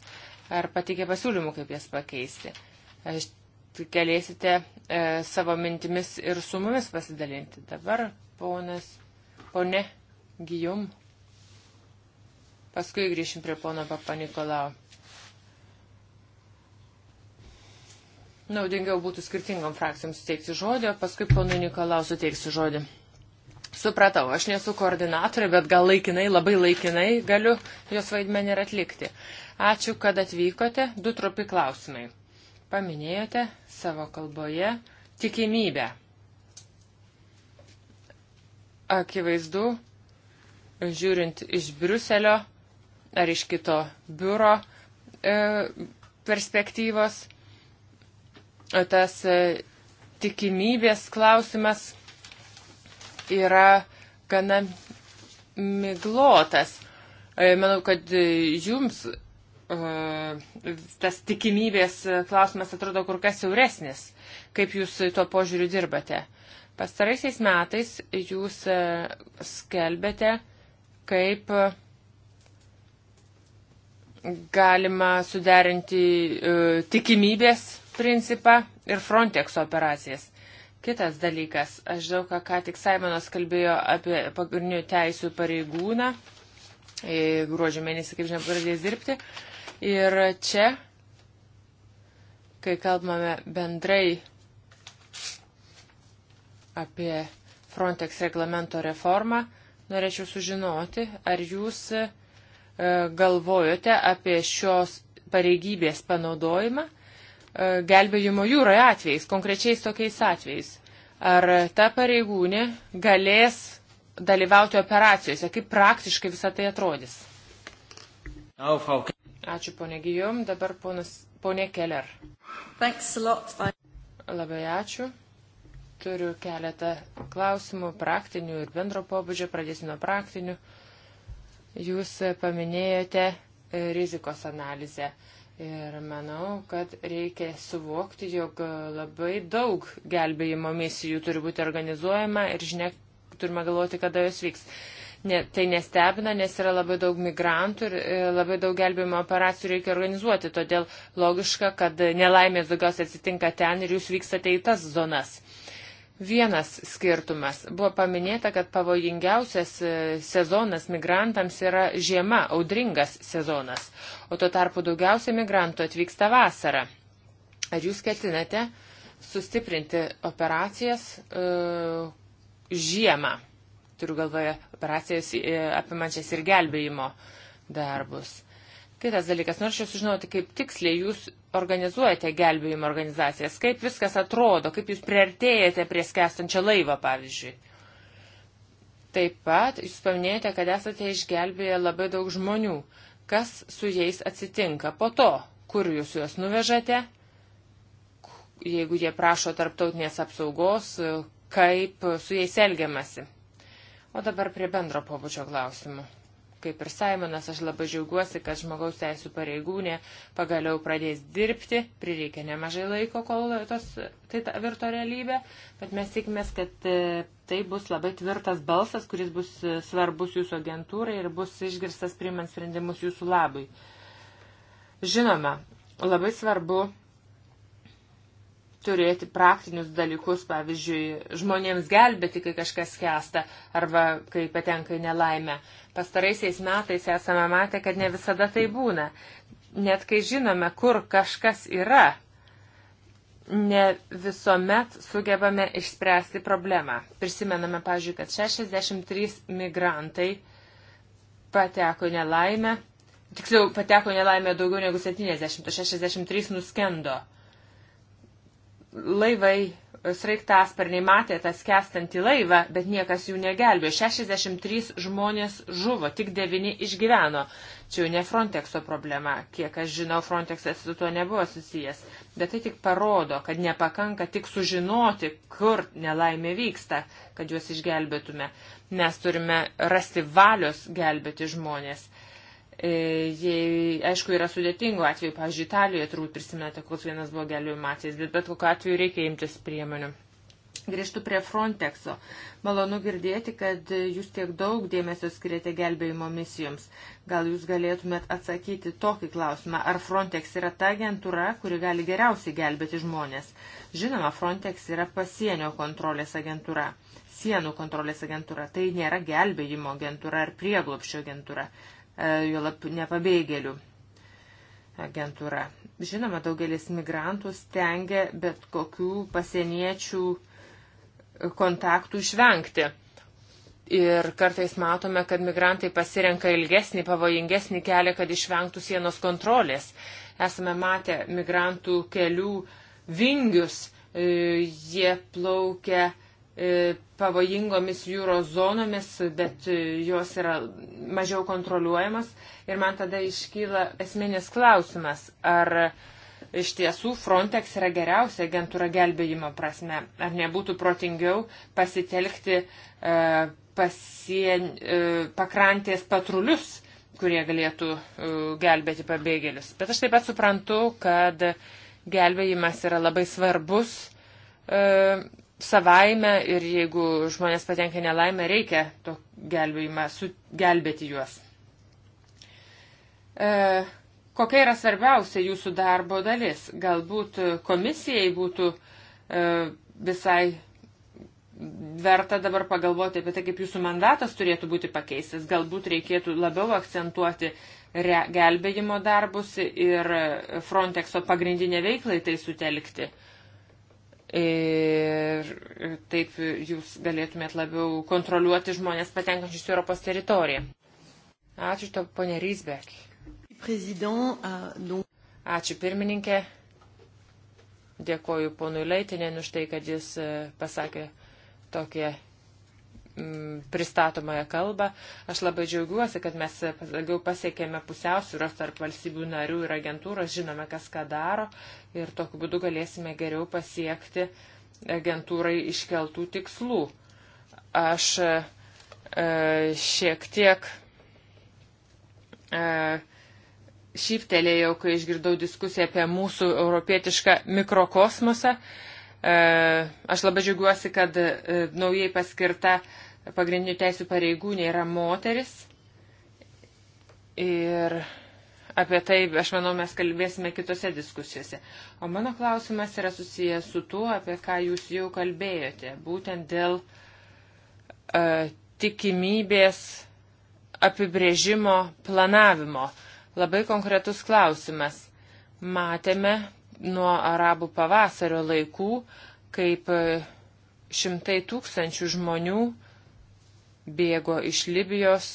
Speaker 1: ar patikė pasiūlymų, kaip jas pakeisti. Aš galėsite e, savo mintimis ir su mumis pasidalinti. Dabar ponas, pone Gijum. Paskui grįšim prie pono papa Nikolao. Naudingiau būtų skirtingom frakcijom suteikti žodį, o paskui ponui Nikolau suteiksiu žodį. Supratau, aš nesu koordinatorė, bet gal laikinai, labai laikinai galiu jos vaidmenį ir atlikti. Ačiū, kad atvykote. Du trupi klausimai. Paminėjote savo kalboje tikimybę. Akivaizdu, žiūrint iš Briuselio ar iš kito biuro e, perspektyvos, tas e, tikimybės klausimas yra gana miglotas. E, manau, kad jums e, tas tikimybės klausimas atrodo kur kas siauresnis, kaip jūs tuo požiūriu dirbate. Pastaraisiais metais jūs e, skelbėte, kaip galima suderinti tikimybės principą ir Frontex operacijas. Kitas dalykas, aš daug ką, ką tik Simonas kalbėjo apie pagrindinių teisų pareigūną, e, gruodžio mėnesį, kaip žinia, pradės dirbti. Ir čia, kai kalbame bendrai apie Frontex reglamento reformą, norėčiau sužinoti, ar jūs e, galvojote apie šios pareigybės panaudojimą gelbėjimo jūroje atvejais, konkrečiais tokiais atvejais. Ar ta pareigūnė galės dalyvauti operacijose? Kaip praktiškai visą tai atrodys? Ačiū, ponė Gijom. Dabar ponas, ponė Keller. Labai ačiū. Turiu keletą klausimų, praktinių ir bendro pobūdžio. Pradėsiu nuo praktinių. Jūs paminėjote e, rizikos analizę. Ir manau, kad reikia suvokti, jog labai daug gelbėjimo misijų turi būti organizuojama ir žinia, turime galvoti, kada jos vyks. Ne, tai nestebina, nes yra labai daug migrantų ir e, labai daug gelbėjimo operacijų reikia organizuoti. Todėl logiška, kad nelaimės daugiausiai atsitinka ten ir jūs vykstate į tas zonas. Vienas skirtumas. Buvo paminėta, kad pavojingiausias e, sezonas migrantams yra žiema, audringas sezonas, o tuo tarpu daugiausia migrantų atvyksta vasarą. Ar jūs ketinate sustiprinti operacijas uh, žiemą? Turiu galvoje operacijas uh, apimančias ir gelbėjimo darbus. Kitas dalykas, norėčiau sužinoti, kaip tiksliai jūs organizuojate gelbėjimo organizacijas, kaip viskas atrodo, kaip jūs priartėjate prie skęstančią laivą, pavyzdžiui. Taip pat jūs paminėjote, kad esate išgelbėję labai daug žmonių. Kas su jais atsitinka po to? Kur jūs juos nuvežate? Jeigu jie prašo tarptautinės apsaugos, kaip su jais elgiamasi? O dabar prie bendro pobūdžio klausimų kaip ir Simonas, aš labai džiaugiuosi, kad žmogaus teisų pareigūnė pagaliau pradės dirbti. Prireikė nemažai laiko, kol tos, tai ta virto realybė, bet mes tikimės, kad e, tai bus labai tvirtas balsas, kuris bus e, svarbus jūsų agentūrai ir bus išgirstas priimant sprendimus jūsų labui. Žinoma, labai svarbu turėti praktinius dalykus, pavyzdžiui, žmonėms gelbėti, kai kažkas kesta arba kai patenka į nelaimę. Pastaraisiais metais esame matę, kad ne visada tai būna. Net kai žinome, kur kažkas yra, ne visuomet sugebame išspręsti problemą. Prisimename, pavyzdžiui, kad 63 migrantai pateko nelaimę, tiksliau pateko nelaimę daugiau negu 70, 63 nuskendo laivai, sraigtasparniai matė tą skestantį laivą, bet niekas jų negelbėjo. 63 žmonės žuvo, tik 9 išgyveno. Čia jau ne Frontexo problema. Kiek aš žinau, Frontexas su tuo nebuvo susijęs. Bet tai tik parodo, kad nepakanka tik sužinoti, kur nelaimė vyksta, kad juos išgelbėtume. Mes turime rasti valios gelbėti žmonės. E, jei, aišku, yra sudėtingų atvejų, pavyzdžiui, Italijoje turbūt prisimenate, koks vienas buvo gelbėjimo atvejis, bet bet kokiu atveju reikia imtis priemonių. Grįžtu prie Frontexo. Malonu girdėti, kad jūs tiek daug dėmesio skiriate gelbėjimo misijoms. Gal jūs galėtumėt atsakyti tokį klausimą, ar Frontex yra ta agentūra, kuri gali geriausiai gelbėti žmonės? Žinoma, Frontex yra pasienio kontrolės agentūra, sienų kontrolės agentūra. Tai nėra gelbėjimo agentūra ar prieglopščio agentūra. E, juolap nepabėgėlių agentūra. Žinoma, daugelis migrantų stengia bet kokių pasieniečių kontaktų išvengti. Ir kartais matome, kad migrantai pasirenka ilgesnį, pavojingesnį kelią, kad išvengtų sienos kontrolės. Esame matę migrantų kelių vingius, e, jie plaukia E, pavojingomis jūros zonomis, bet e, jos yra mažiau kontroliuojamas. Ir man tada iškyla esminis klausimas, ar iš tiesų Frontex yra geriausia agentūra gelbėjimo prasme, ar nebūtų protingiau pasitelkti uh, pasien, uh, pakrantės patrulius, kurie galėtų uh, gelbėti pabėgėlius. Bet aš taip pat suprantu, kad gelbėjimas yra labai svarbus. Uh, savaime ir jeigu žmonės patenka nelaimę, reikia to gelbėjimą, gelbėti juos. E, kokia yra svarbiausia jūsų darbo dalis? Galbūt komisijai būtų e, visai verta dabar pagalvoti apie tai, kaip jūsų mandatas turėtų būti pakeistas. Galbūt reikėtų labiau akcentuoti re, gelbėjimo darbus ir Frontexo pagrindinę veiklą į tai sutelkti. E, ir taip jūs galėtumėt labiau kontroliuoti žmonės patenkančius Europos teritoriją. Ačiū to, ponė Rysbek. Ačiū pirmininkė. Dėkoju ponui Leitinėn už tai, kad jis e, pasakė tokią Mm, pristatomąją kalbą. Aš labai džiaugiuosi, kad mes daugiau pasiekėme pusiausvyros tarp valstybių narių ir agentūros, žinome, kas ką daro ir tokiu būdu galėsime geriau pasiekti agentūrai iškeltų tikslų. Aš e, šiek tiek e, šyptelėjau, kai išgirdau diskusiją apie mūsų europietišką mikrokosmosą. E, aš labai džiaugiuosi, kad e, naujai paskirta e, pagrindinių teisų pareigūnė yra moteris. Ir apie tai, aš manau, mes kalbėsime kitose diskusijose. O mano klausimas yra susijęs su tuo, apie ką jūs jau kalbėjote, būtent dėl uh, tikimybės apibrėžimo planavimo. Labai konkretus klausimas. Matėme nuo arabų pavasario laikų, kaip e, šimtai tūkstančių žmonių uh, bėgo iš Libijos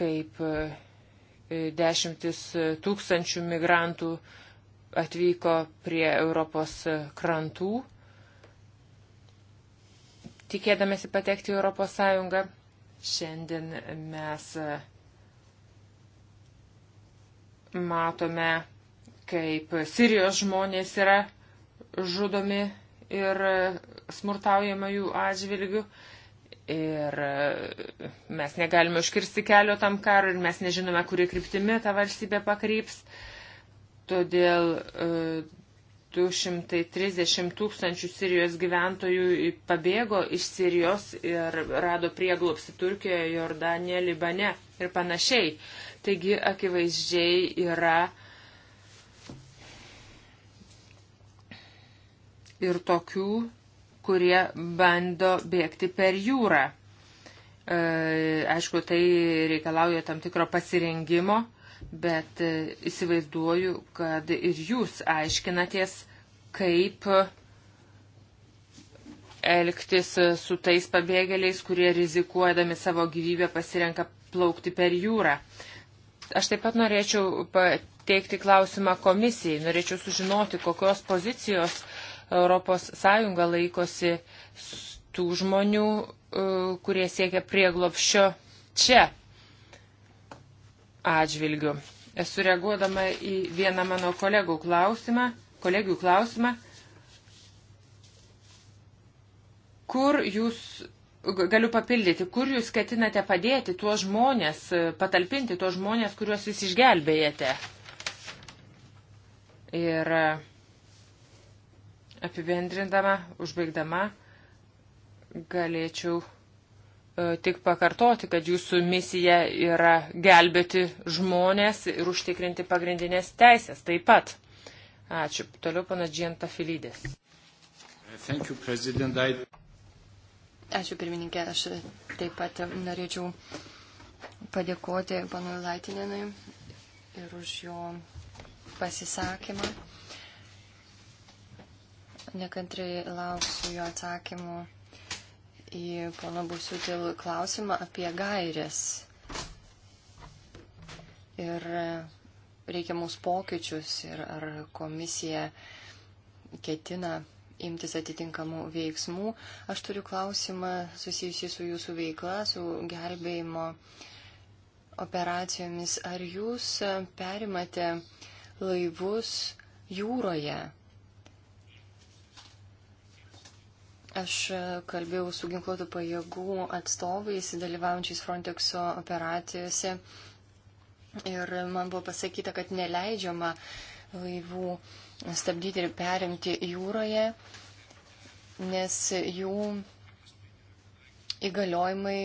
Speaker 1: kaip e, dešimtis tūkstančių migrantų atvyko prie Europos krantų, tikėdamėsi patekti į Europos Sąjungą. Šiandien mes e, matome, kaip Sirijos žmonės yra žudomi ir smurtaujama jų atžvilgių. Ir mes negalime užkirsti kelio tam karui ir mes nežinome, kurie kryptimi ta valstybė pakryps. Todėl 230 e, tūkstančių Sirijos gyventojų pabėgo iš Sirijos ir rado prieglopsi Turkijoje, Jordanijoje, Libane ir panašiai. Taigi akivaizdžiai yra uh, ir tokių, kurie bando bėgti per jūrą. E, aišku, tai reikalauja tam tikro pasirengimo, bet e, įsivaizduoju, kad ir jūs aiškinatės, kaip elgtis su tais pabėgėliais, kurie rizikuodami savo gyvybę pasirenka plaukti per jūrą. Aš taip pat norėčiau pateikti klausimą komisijai. Norėčiau sužinoti, kokios pozicijos uh, ES laikosi tų žmonių, e, kurie siekia prieglopščio čia atžvilgiu. Esu reaguodama į vieną mano kolegų klausimą, kolegių klausimą, kur jūs, galiu papildyti, kur jūs ketinate padėti tuos žmonės, e, patalpinti tuos žmonės, kuriuos jūs išgelbėjate. Ir uh, Apibendrindama, užbaigdama, galėčiau e, tik pakartoti, kad jūsų misija yra gelbėti žmonės ir užtikrinti pagrindinės teisės taip pat. Ačiū. Toliau panas Džienta Filydės.
Speaker 3: Ačiū pirmininkė, aš taip pat norėčiau padėkoti panui Laitinenui ir už jo pasisakymą nekantriai lauksiu jo atsakymų į pono Busutil klausimą apie gairės ir reikiamus pokyčius ir ar komisija ketina imtis atitinkamų veiksmų. Aš turiu klausimą susijusį su jūsų veikla, su gelbėjimo operacijomis. Ar jūs perimate laivus jūroje? Aš e, kalbėjau su ginkluotų pajėgų atstovais, dalyvaujančiais Frontexo operacijose. Ir man buvo pasakyta, kad neleidžiama laivų stabdyti ir perimti jūroje, nes jų įgaliojimai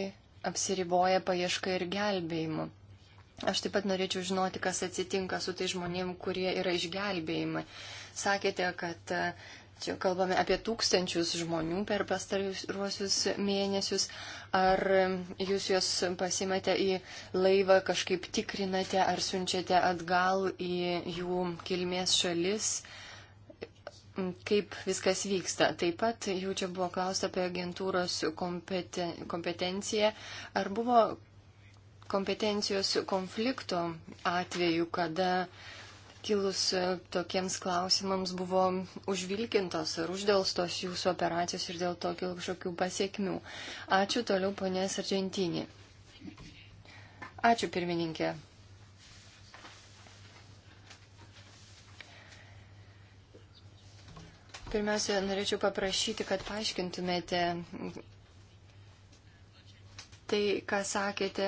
Speaker 3: apsiriboja paieška ir gelbėjimu. Aš taip pat norėčiau žinoti, kas atsitinka su tai žmonėm, kurie yra išgelbėjimai. Sakėte, kad Čia kalbame apie tūkstančius žmonių per pastaruosius mėnesius. Ar jūs juos pasimate į laivą, kažkaip tikrinate, ar siunčiate atgal į jų kilmės šalis? Kaip viskas vyksta? Taip pat jau čia buvo klausta apie agentūros kompeten kompetenciją. Ar buvo kompetencijos konflikto atveju, kada uh, kilus e, tokiems klausimams buvo užvilkintos ar uždėlstos jūsų operacijos ir dėl to kilo kažkokių pasiekmių. Ačiū toliau, ponės Argentinį. Ačiū, pirmininkė. Pirmiausia, norėčiau paprašyti, kad paaiškintumėte tai, ką sakėte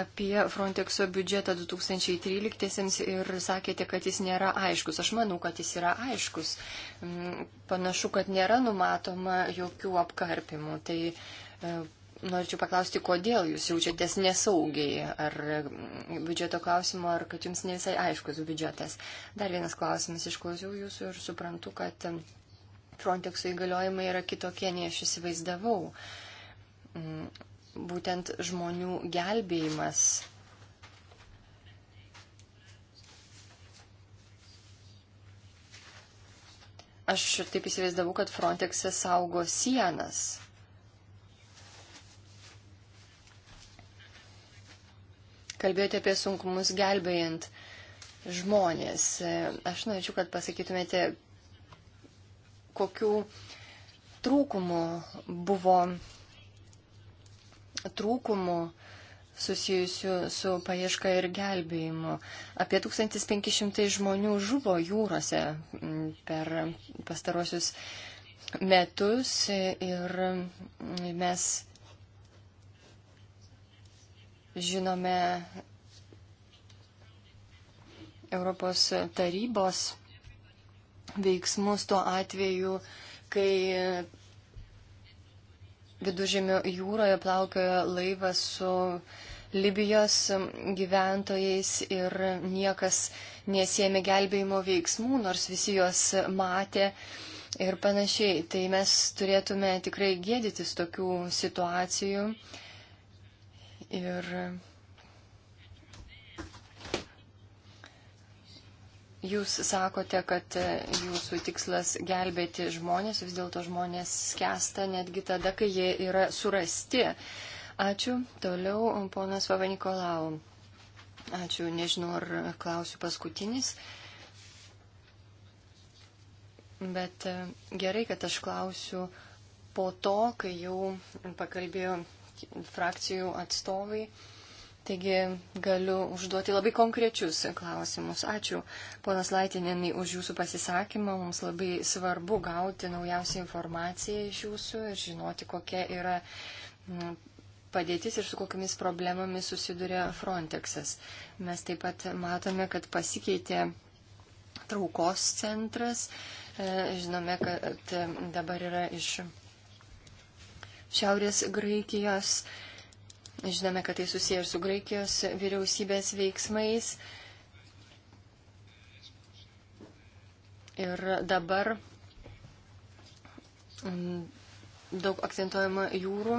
Speaker 3: apie Frontexo biudžetą 2013 ir sakėte, kad jis nėra aiškus. Aš manau, kad jis yra aiškus. Mm, panašu, kad nėra numatoma jokių apkarpimų. Tai e, norėčiau paklausti, kodėl jūs jaučiatės nesaugiai, ar mm, biudžeto klausimo, ar kad jums ne visai aiškus biudžetas. Dar vienas klausimas, išklausiau jūsų ir suprantu, kad Frontexo įgaliojimai yra kitokie, nei aš įsivaizdavau mm, būtent žmonių gelbėjimas. Aš taip įsivaizdavau, kad Frontexe saugo sienas. Kalbėjote apie sunkumus gelbėjant žmonės. Aš norėčiau, kad pasakytumėte, kokių trūkumų buvo trūkumų susijusių su paieška ir gelbėjimu. Apie 1500 žmonių žuvo jūrose per pastarosius metus ir mes žinome Europos tarybos veiksmus tuo atveju, kai Vidužėmio jūroje plaukioja laivas su Libijos gyventojais ir niekas nesėmė gelbėjimo veiksmų, nors visi juos matė ir panašiai. Tai mes turėtume tikrai gėdytis tokių situacijų. Ir Jūs sakote, kad e, jūsų tikslas gelbėti žmonės, vis dėlto žmonės skęsta netgi tada, kai jie yra surasti. Ačiū. Toliau ponas Vava Nikolau. Ačiū. Nežinau, ar klausiu paskutinis. Bet e, gerai, kad aš klausiu po to, kai jau pakalbėjo frakcijų atstovai. Uh, Taigi galiu užduoti labai konkrečius klausimus. Ačiū, ponas Laitinėnai, už jūsų pasisakymą. Mums labai svarbu gauti naujausią informaciją iš jūsų ir žinoti, kokia yra mm, padėtis ir su kokiamis problemomis susiduria Frontexas. Mes taip pat matome, kad pasikeitė traukos centras. E, žinome, kad dabar yra iš Šiaurės Graikijos Žinome, kad tai susiję ir su Graikijos vyriausybės veiksmais. Ir dabar mm, daug akcentuojama jūrų.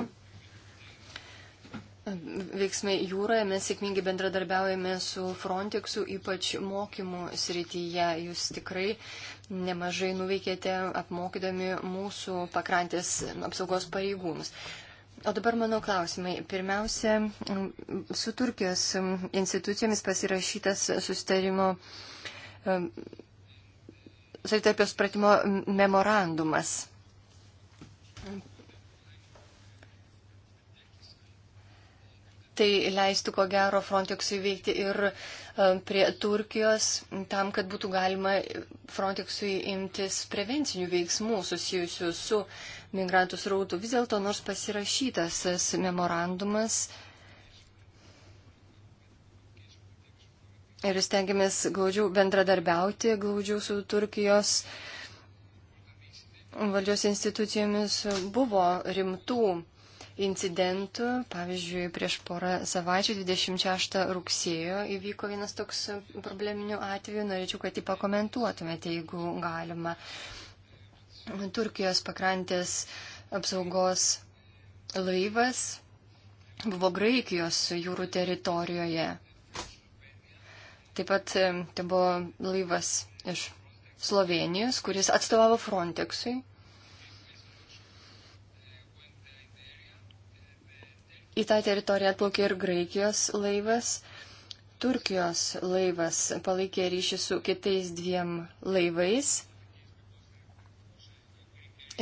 Speaker 3: Veiksmai jūroje mes sėkmingai bendradarbiaujame su Frontexu, ypač mokymų srityje. Jūs tikrai nemažai nuveikėte apmokydami mūsų pakrantės apsaugos pareigūnus. O dabar mano klausimai. Pirmiausia, mm, su Turkijos mm, institucijomis pasirašytas sustarimo mm, savitarpio supratimo memorandumas. Tai leistų, ko gero, Frontexui veikti ir uh, Um, prie Turkijos tam, kad būtų galima Frontexui imtis prevencinių veiksmų susijusių su migrantų srautu. Vis dėlto, nors pasirašytas tas memorandumas ir stengiamės glaudžiau bendradarbiauti glaudžiau su Turkijos valdžios institucijomis, buvo rimtų incidentų. Pavyzdžiui, prieš porą savaičių, 26 rugsėjo, įvyko vienas toks probleminių atvejų. Norėčiau, kad jį pakomentuotumėte, jeigu galima. Turkijos pakrantės apsaugos laivas buvo Graikijos jūrų teritorijoje. Taip pat e, tai buvo laivas iš Slovenijos, kuris atstovavo Frontexui. į tą teritoriją atplaukė ir Graikijos laivas. Turkijos laivas palaikė ryšį su kitais dviem laivais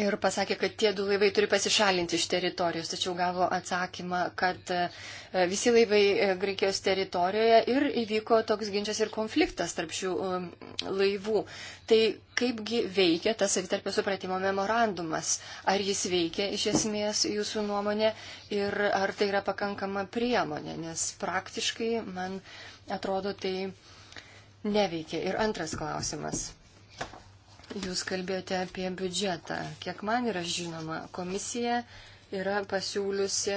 Speaker 3: ir pasakė, kad tie du laivai turi pasišalinti iš teritorijos, tačiau gavo atsakymą, kad e, visi laivai e, Graikijos teritorijoje ir įvyko toks ginčas ir konfliktas tarp šių e, laivų. Tai kaipgi veikia tas savitarpio supratimo memorandumas? Ar jis veikia iš esmės jūsų nuomonė ir ar tai yra pakankama priemonė? Nes praktiškai, man atrodo, tai neveikia. Ir antras klausimas. Jūs kalbėjote apie biudžetą. Kiek man yra žinoma, komisija yra pasiūliusi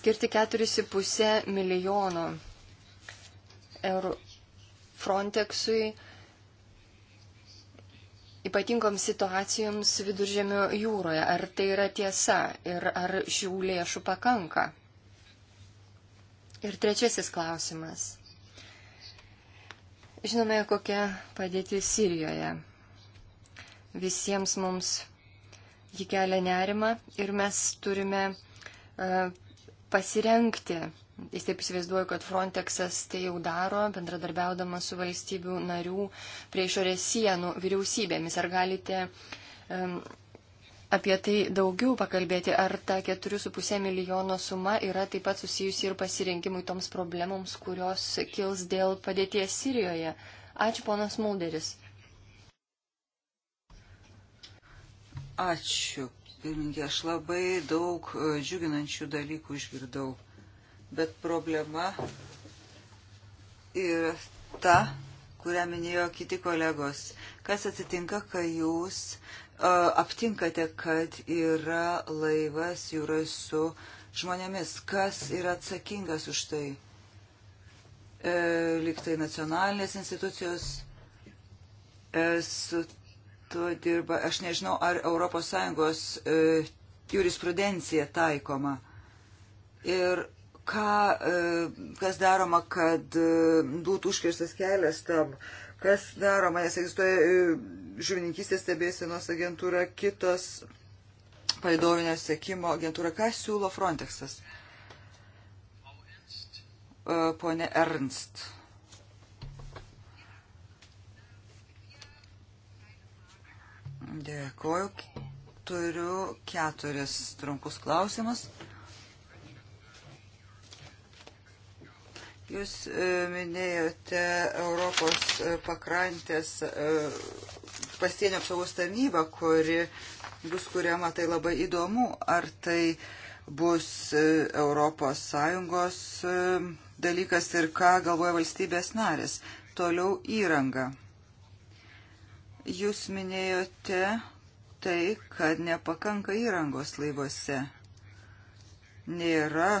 Speaker 3: skirti 4,5 milijono eurų Frontexui ypatingoms situacijoms viduržėmio jūroje. Ar tai yra tiesa ir ar šių lėšų pakanka? Ir trečiasis klausimas. Žinome, kokia padėtis Sirijoje. Visiems mums jį kelia nerima ir mes turime uh, e, pasirenkti. Jis taip įsivaizduoja, kad Frontexas tai jau daro, bendradarbiaudamas su valstybių narių prie išorės sienų vyriausybėmis. Ar galite um, apie tai daugiau pakalbėti, ar ta 4,5 milijono suma yra taip pat susijusi ir pasirinkimui toms problemoms, kurios kils dėl padėties Sirijoje. Ačiū, ponas Mulderis.
Speaker 2: Ačiū, pirmininkė. Aš labai daug e, džiuginančių dalykų išgirdau. Bet problema yra ta, kurią minėjo kiti kolegos. Kas atsitinka, kai jūs aptinkate, kad yra laivas jūroje su žmonėmis. Kas yra atsakingas už tai? E, liktai nacionalinės institucijos e, su tuo dirba. Aš nežinau, ar ES e, jurisprudencija taikoma. Ir ką, e, kas daroma, kad e, būtų užkirstas kelias tam kas daroma, nes egzistuoja e, žuvininkystės stebėsienos agentūra, kitos palidovinio sekimo agentūra. Ką siūlo Frontexas? E, pone Ernst. Dėkoju. Turiu keturis trumpus klausimus. Jūs e, minėjote Europos e, pakrantės e, pasienio apsaugos tarnybą, kuri bus kuriama, tai labai įdomu, ar tai bus Europos Sąjungos dalykas ir ką galvoja valstybės narės. Toliau įranga. Jūs minėjote tai, kad nepakanka įrangos laivuose. Nėra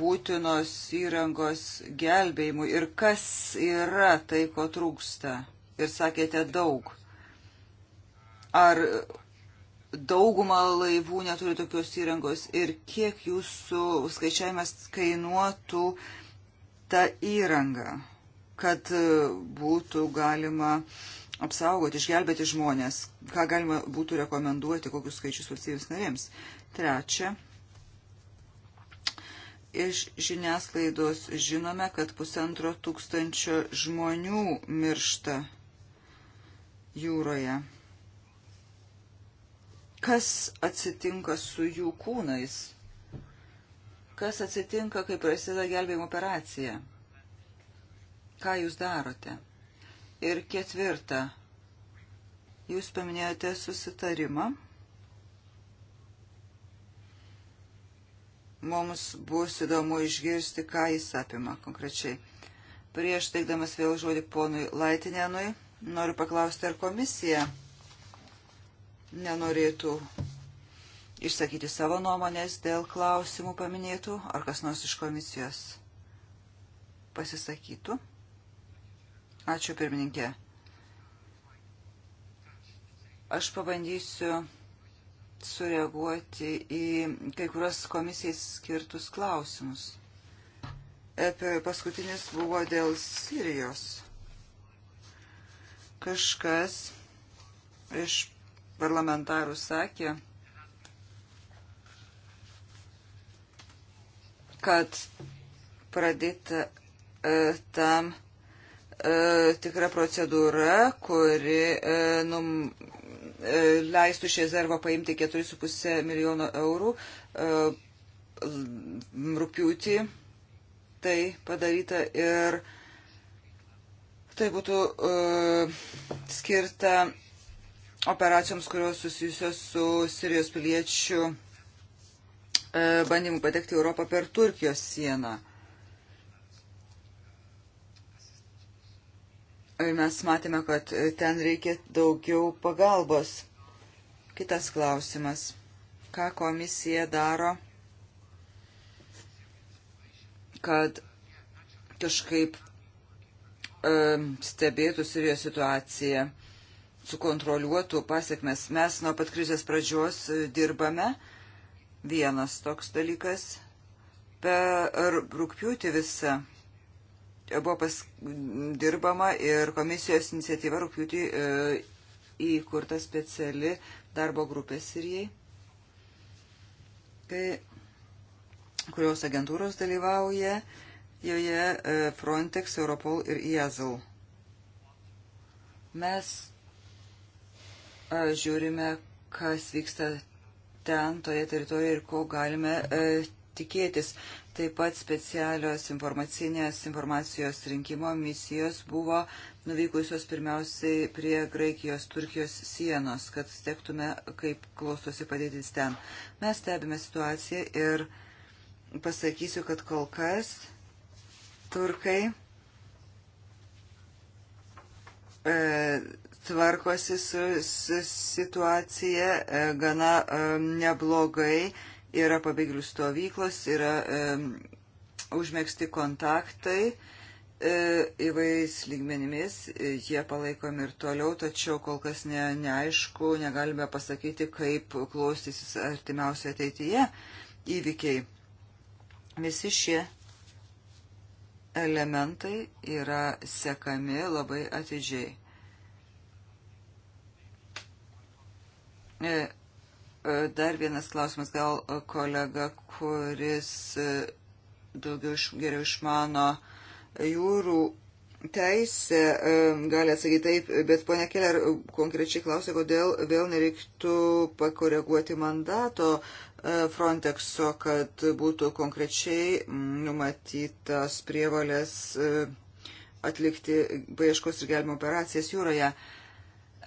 Speaker 2: būtinos įrangos gelbėjimui ir kas yra tai, ko trūksta. Ir sakėte daug. Ar dauguma laivų neturi tokios įrangos ir kiek jūsų skaičiavimas kainuotų ta įranga, kad e, būtų galima apsaugoti, išgelbėti žmonės, ką galima būtų rekomenduoti, kokius skaičius valstybės narėms. Trečia, Iš žiniasklaidos žinome, kad pusantro tūkstančio žmonių miršta jūroje. Kas atsitinka su jų kūnais? Kas atsitinka, kai prasideda gelbėjimo operacija? Ką jūs darote? Ir ketvirta, jūs paminėjote susitarimą Mums bus įdomu išgirsti, ką jis apima konkrečiai. Prieš teikdamas vėl žodį ponui Laitinenui, noriu paklausti, ar komisija nenorėtų išsakyti savo nuomonės dėl klausimų paminėtų, ar kas nors iš komisijos pasisakytų. Ačiū pirmininkė. Aš pabandysiu sureaguoti į kai kurios komisijai skirtus klausimus. Paskutinis buvo dėl Sirijos. Kažkas iš parlamentarų sakė, kad pradėta e, tam e, tikra procedūra, kuri e, num, E, leistų iš rezervo paimti 4,5 milijono eurų. E, Rūpiūtį tai padaryta ir tai būtų e, skirta operacijoms, kurios susijusios su Sirijos piliečių bandymų patekti Europą per Turkijos sieną. mes matėme, kad ten reikia daugiau pagalbos. Kitas klausimas. Ką komisija daro, kad kažkaip stebėtų Sirijos situaciją, sukontroliuotų pasiekmes. Mes nuo pat krizės pradžios e, dirbame. Vienas toks dalykas. Per rūpjūtį visą buvo dirbama ir komisijos iniciatyva rūpjūtį e, įkurta speciali darbo grupė Sirijai, kai, kurios agentūros dalyvauja joje e, Frontex, Europol ir IASL. Mes e, žiūrime, kas vyksta ten, toje teritorijoje ir ko galime tikėtis. Taip pat specialios informacinės informacijos rinkimo misijos buvo nuvykusios pirmiausiai prie Graikijos, Turkijos sienos, kad stektume, kaip klausosi padėtis ten. Mes stebime situaciją ir pasakysiu, kad kol kas turkai e, tvarkosi su, su situacija e, gana e, neblogai yra pabėgėlių stovyklos, yra e, užmėgsti kontaktai e, įvairiais lygmenimis, jie palaikomi ir toliau, tačiau kol kas ne, neaišku, negalime pasakyti, kaip klostysis artimiausioje ateityje įvykiai. Visi šie elementai yra sekami labai atidžiai. E, Dar vienas klausimas, gal e, kolega, kuris e, daugiau iš, geriau išmano jūrų teisę, e, gali atsakyti taip, bet ponia Keller konkrečiai klausė, kodėl vėl nereiktų pakoreguoti mandato Frontexo, kad būtų konkrečiai numatytas prievalės atlikti paieškos ir gelbimo operacijas jūroje. Uh,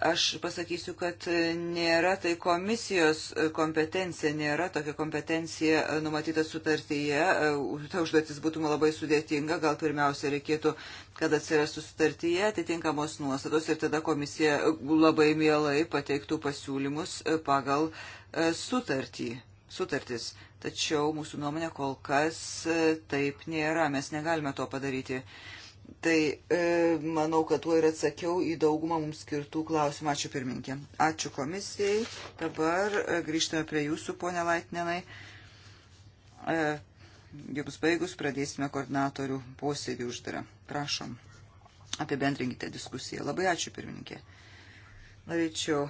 Speaker 2: Aš pasakysiu, kad nėra tai komisijos kompetencija, nėra tokia kompetencija numatyta sutartyje. Ta užduotis būtų labai sudėtinga, gal pirmiausia reikėtų, kad atsirastų sutartyje atitinkamos nuostatos ir tada komisija labai mielai pateiktų pasiūlymus pagal e, sutartį. Sutartis. Tačiau mūsų nuomonė kol kas e, taip nėra, mes negalime to padaryti. Uh, Tai e, manau, kad tuo ir atsakiau į daugumą mums skirtų klausimų. Ačiū pirminkė. Ačiū komisijai. Dabar e, grįžtame prie jūsų, ponė Laitinenai. E, jums baigus pradėsime koordinatorių posėdį uždarą. Prašom, apibendrinkite diskusiją. Labai ačiū pirminkė. Norėčiau e,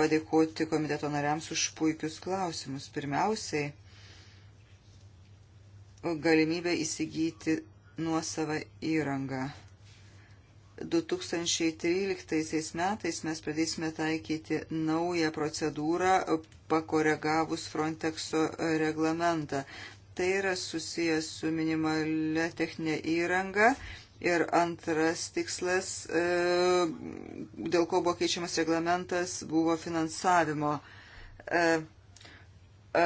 Speaker 2: padėkoti komiteto nariams už puikius klausimus. Pirmiausiai, galimybę įsigyti nuosavą įrangą. 2013 metais mes pradėsime taikyti naują procedūrą, pakoregavus Frontexo reglamentą. Tai yra susijęs su minimale techninė įranga. Ir antras tikslas, e, dėl ko buvo keičiamas reglamentas, buvo finansavimo e, e,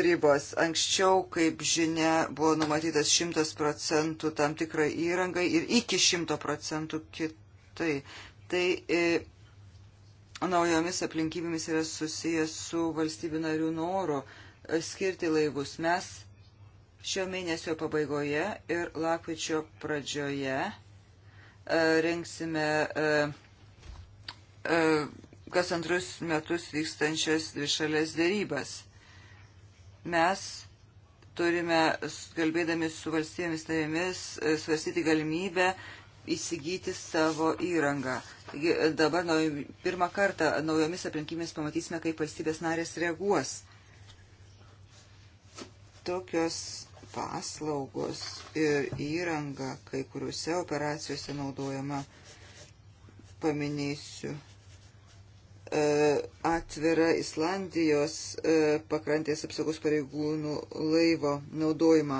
Speaker 2: ribos. Anksčiau, kaip žinia, buvo numatytas 100 procentų tam tikrai įrangai ir iki 100 procentų kitai. Tai e, naujomis aplinkybėmis yra susijęs su valstybių narių noro e, skirti laivus. Mes šio mėnesio pabaigoje ir lakvičio pradžioje e, rengsime e, e, kas antrus metus vykstančias dvišalės dėrybas Mes turime, kalbėdami su valstybėmis narėmis, svarstyti galimybę įsigyti savo įrangą. Taigi dabar nu, pirmą kartą naujomis aplinkybėmis pamatysime, kaip valstybės narės reaguos. Tokios paslaugos ir įranga kai kuriuose operacijose naudojama, paminėsiu E, atvira Islandijos e, pakrantės apsaugos pareigūnų laivo naudojimą.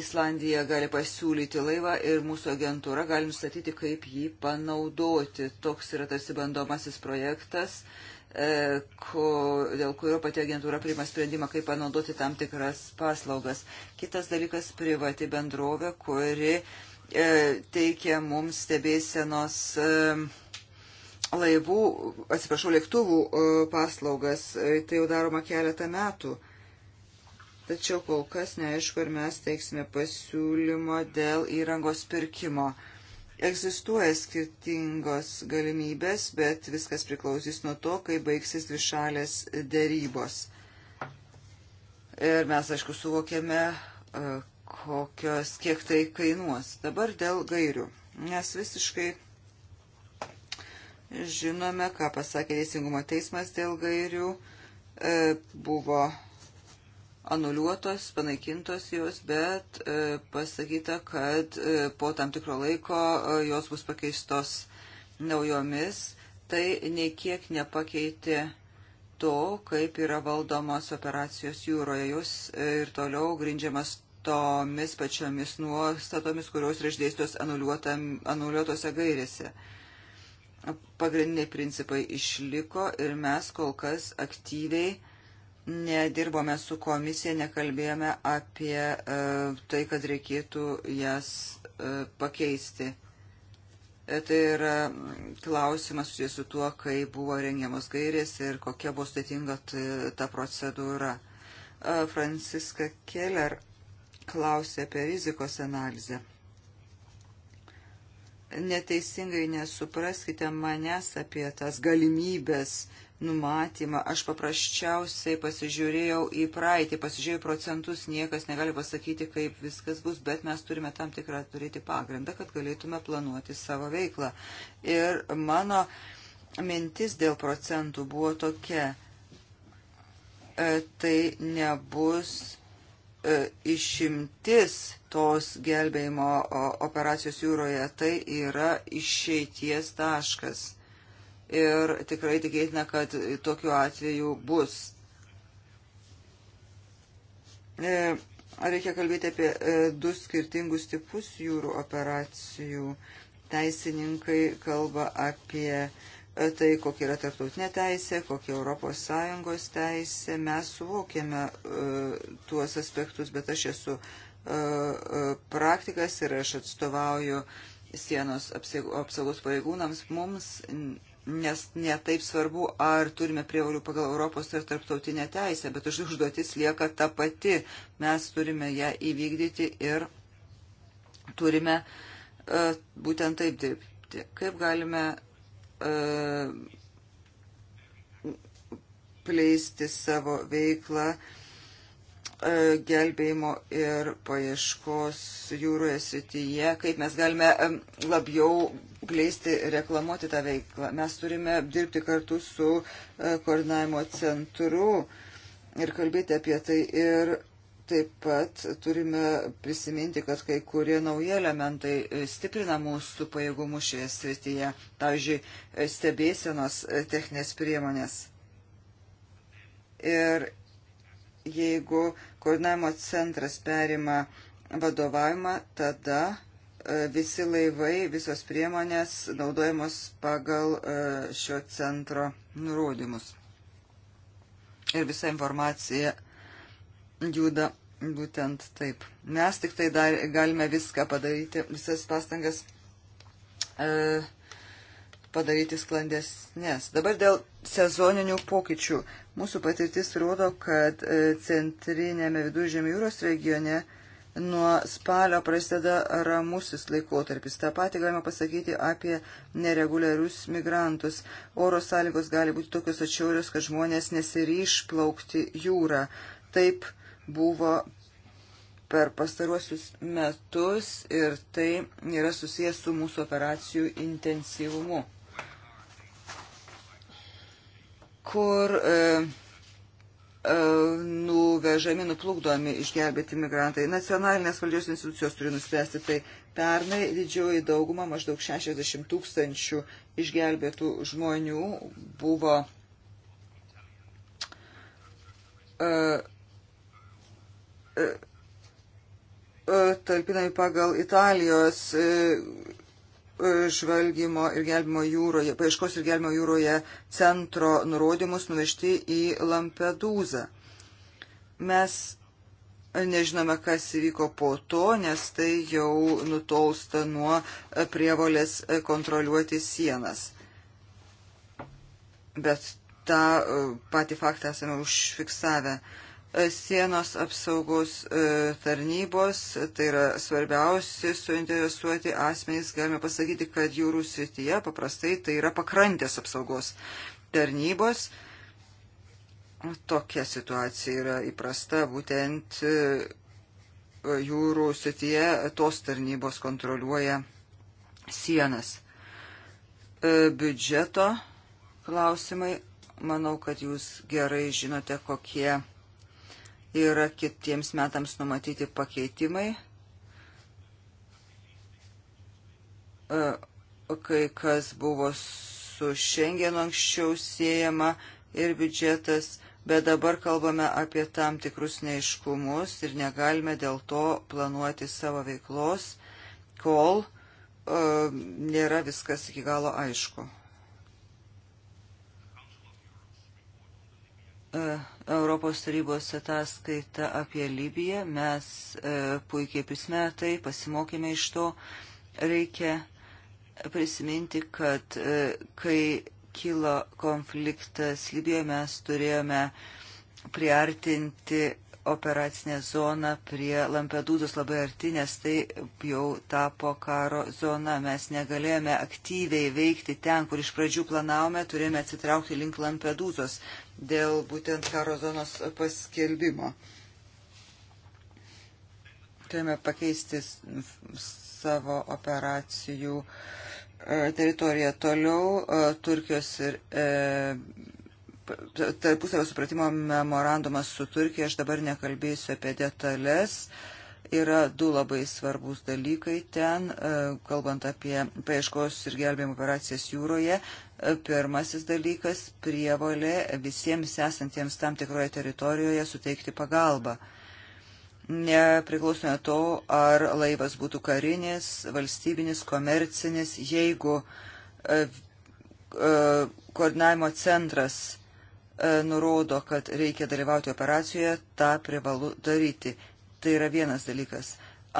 Speaker 2: Islandija gali pasiūlyti laivą ir mūsų agentūra gali nustatyti, kaip jį panaudoti. Toks yra tarsi bandomasis projektas, e, ko, dėl kurio pati agentūra priima sprendimą, kaip panaudoti tam tikras paslaugas. Kitas dalykas - privati bendrovė, kuri teikia mums stebėsenos. E, laivų, atsiprašau, lėktuvų e, paslaugas. E, tai jau daroma keletą metų. Tačiau kol kas neaišku, ar mes teiksime pasiūlymo dėl įrangos pirkimo. Egzistuoja skirtingos galimybės, bet viskas priklausys nuo to, kai baigsis dvišalės dėrybos. Ir mes, aišku, suvokėme, e, kokios, kiek tai kainuos. Dabar dėl gairių. Nes visiškai Žinome, ką pasakė Teisingumo teismas dėl gairių. E, buvo anuliuotos, panaikintos jos, bet e, pasakyta, kad e, po tam tikro laiko e, jos bus pakeistos naujomis. Tai niekiek nepakeitė to, kaip yra valdomos operacijos jūroje. Jūs e, ir toliau grindžiamas tomis pačiomis nuostatomis, kurios yra išdėstos anuliuotose gairėse. E, pagrindiniai principai išliko ir mes kol kas aktyviai nedirbome su komisija, nekalbėjome apie e, tai, kad reikėtų jas e, pakeisti. E, tai yra klausimas susijęs su tuo, kai buvo rengiamos gairės ir kokia buvo sudėtinga ta procedūra. Franciska Keller klausė apie rizikos analizę neteisingai nesupraskite manęs apie tas galimybės numatymą. Aš paprasčiausiai pasižiūrėjau į praeitį, pasižiūrėjau procentus, niekas negali pasakyti, kaip viskas bus, bet mes turime tam tikrą turėti pagrindą, kad galėtume planuoti savo veiklą. Ir mano mintis dėl procentų buvo tokia. E, tai nebus E, išimtis tos gelbėjimo operacijos jūroje tai yra išeities taškas. Ir tikrai tikėtina, kad tokiu atveju bus. E, reikia kalbėti apie e, du skirtingus tipus jūrų operacijų. Teisininkai kalba apie E, tai, kokia yra tarptautinė teisė, kokia Europos Sąjungos teisė. Mes suvokiame uh, tuos aspektus, bet aš esu uh, praktikas ir aš atstovauju sienos apsaugos pareigūnams. Mums nes netaip svarbu, ar turime prievalių pagal Europos ar tarptautinę teisę, bet užduotis lieka ta pati. Mes turime ją įvykdyti ir turime uh, būtent taip dirbti. Kaip galime E, plėsti savo veiklą e, gelbėjimo ir paieškos jūroje srityje, kaip mes galime e, labiau plėsti, reklamuoti tą veiklą. Mes turime dirbti kartu su koordinavimo centru ir kalbėti apie tai ir Taip pat turime prisiminti, kad kai kurie nauji elementai stiprina mūsų pajėgumus šioje srityje, pavyzdžiui, stebėsenos techninės priemonės. Ir jeigu koordinavimo centras perima vadovavimą, tada e, visi laivai, visos priemonės naudojamos pagal e, šio centro nurodymus. Ir visa informacija juda Būtent taip. Mes tik tai dar galime viską padaryti, visas pastangas e, padaryti sklandesnės. Dabar dėl sezoninių pokyčių. Mūsų patirtis rodo, kad e, centrinėme viduržėmio jūros regione nuo spalio prasideda ramusis laikotarpis. Ta pati galima pasakyti apie nereguliarius migrantus. Oro sąlygos gali būti tokios atšiaurios, kad žmonės nesiryš plaukti jūrą. Taip buvo per pastaruosius metus ir tai yra susijęs su mūsų operacijų intensyvumu, kur e, e, nuvežami, nuplukdomi išgelbėti migrantai. Nacionalinės valdžios institucijos turi nuspręsti tai. Pernai didžioji dauguma, maždaug 60 tūkstančių išgelbėtų žmonių buvo uh, e, E, e, talpinami pagal Italijos e, žvalgymo ir gelbimo jūroje, paieškos ir gelbimo jūroje centro nurodymus nuvežti į Lampedūzą. Mes nežinome, kas įvyko po to, nes tai jau nutolsta nuo prievolės kontroliuoti sienas. Bet tą patį faktą esame užfiksavę. Uh, sienos apsaugos e, tarnybos, tai yra svarbiausi suinteresuoti asmenys, galime pasakyti, kad jūrų srityje paprastai tai yra pakrantės apsaugos tarnybos. Tokia situacija yra įprasta būtent e, jūrų srityje, tos tarnybos kontroliuoja sienas. E, biudžeto klausimai, manau, kad jūs gerai žinote, kokie yra kitiems metams numatyti pakeitimai. E, kai kas buvo su šiandien anksčiau siejama ir biudžetas, bet dabar kalbame apie tam tikrus neiškumus ir negalime dėl to planuoti savo veiklos, kol e, nėra viskas iki galo aišku. E, Europos tarybos ataskaita apie Libiją. Mes e, puikiai prisme tai, pasimokėme iš to. Reikia prisiminti, kad e, kai kilo konfliktas Libijoje, mes turėjome priartinti operacinę zoną prie Lampedūzos labai arti, nes tai jau tapo karo zona. Mes negalėjome aktyviai veikti ten, kur iš pradžių planavome, turėjome atsitraukti link Lampedūzos dėl būtent karo zonos paskelbimo. Turime pakeisti savo operacijų e, teritoriją toliau. E, Turkijos ir e, tarpusavio supratimo memorandumas su Turkija, aš dabar nekalbėsiu apie detalės. E, Yra du labai svarbus dalykai ten, e, kalbant apie paieškos ir gelbėjimo operacijas jūroje. E, pirmasis dalykas - prievolė visiems esantiems tam tikroje teritorijoje suteikti pagalbą nepriklausomai to, ar laivas būtų karinis, valstybinis, komercinis, jeigu e, e, koordinavimo centras e, nurodo, kad reikia dalyvauti operacijoje, tą privalu daryti. Tai yra vienas dalykas.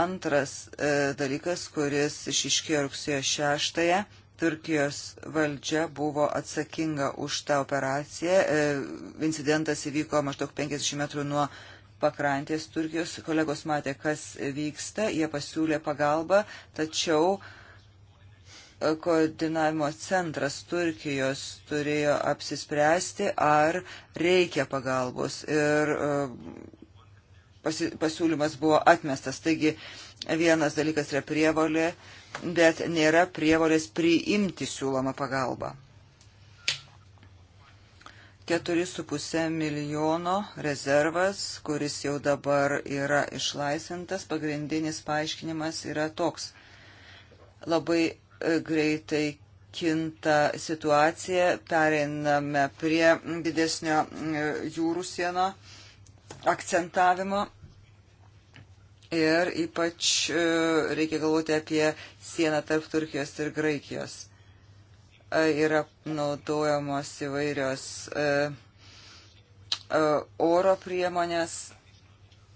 Speaker 2: Antras e, dalykas, kuris išiškėjo rugsėjo 6-ąją, Turkijos valdžia buvo atsakinga už tą operaciją. E, incidentas įvyko maždaug 50 metrų nuo pakrantės Turkijos. Kolegos matė, kas vyksta, jie pasiūlė pagalbą, tačiau e, koordinavimo centras Turkijos turėjo apsispręsti, ar reikia pagalbos. Ir e, pasi, pasiūlymas buvo atmestas. Taigi vienas dalykas yra prievolė, bet nėra prievolės priimti siūlomą pagalbą. 4,5 milijono rezervas, kuris jau dabar yra išlaisintas, pagrindinis paaiškinimas yra toks. Labai e, greitai kinta situacija, pereiname prie didesnio e, jūrų sieno akcentavimo ir ypač e, reikia galvoti apie sieną tarp Turkijos ir Graikijos. E, yra naudojamos įvairios e, oro priemonės,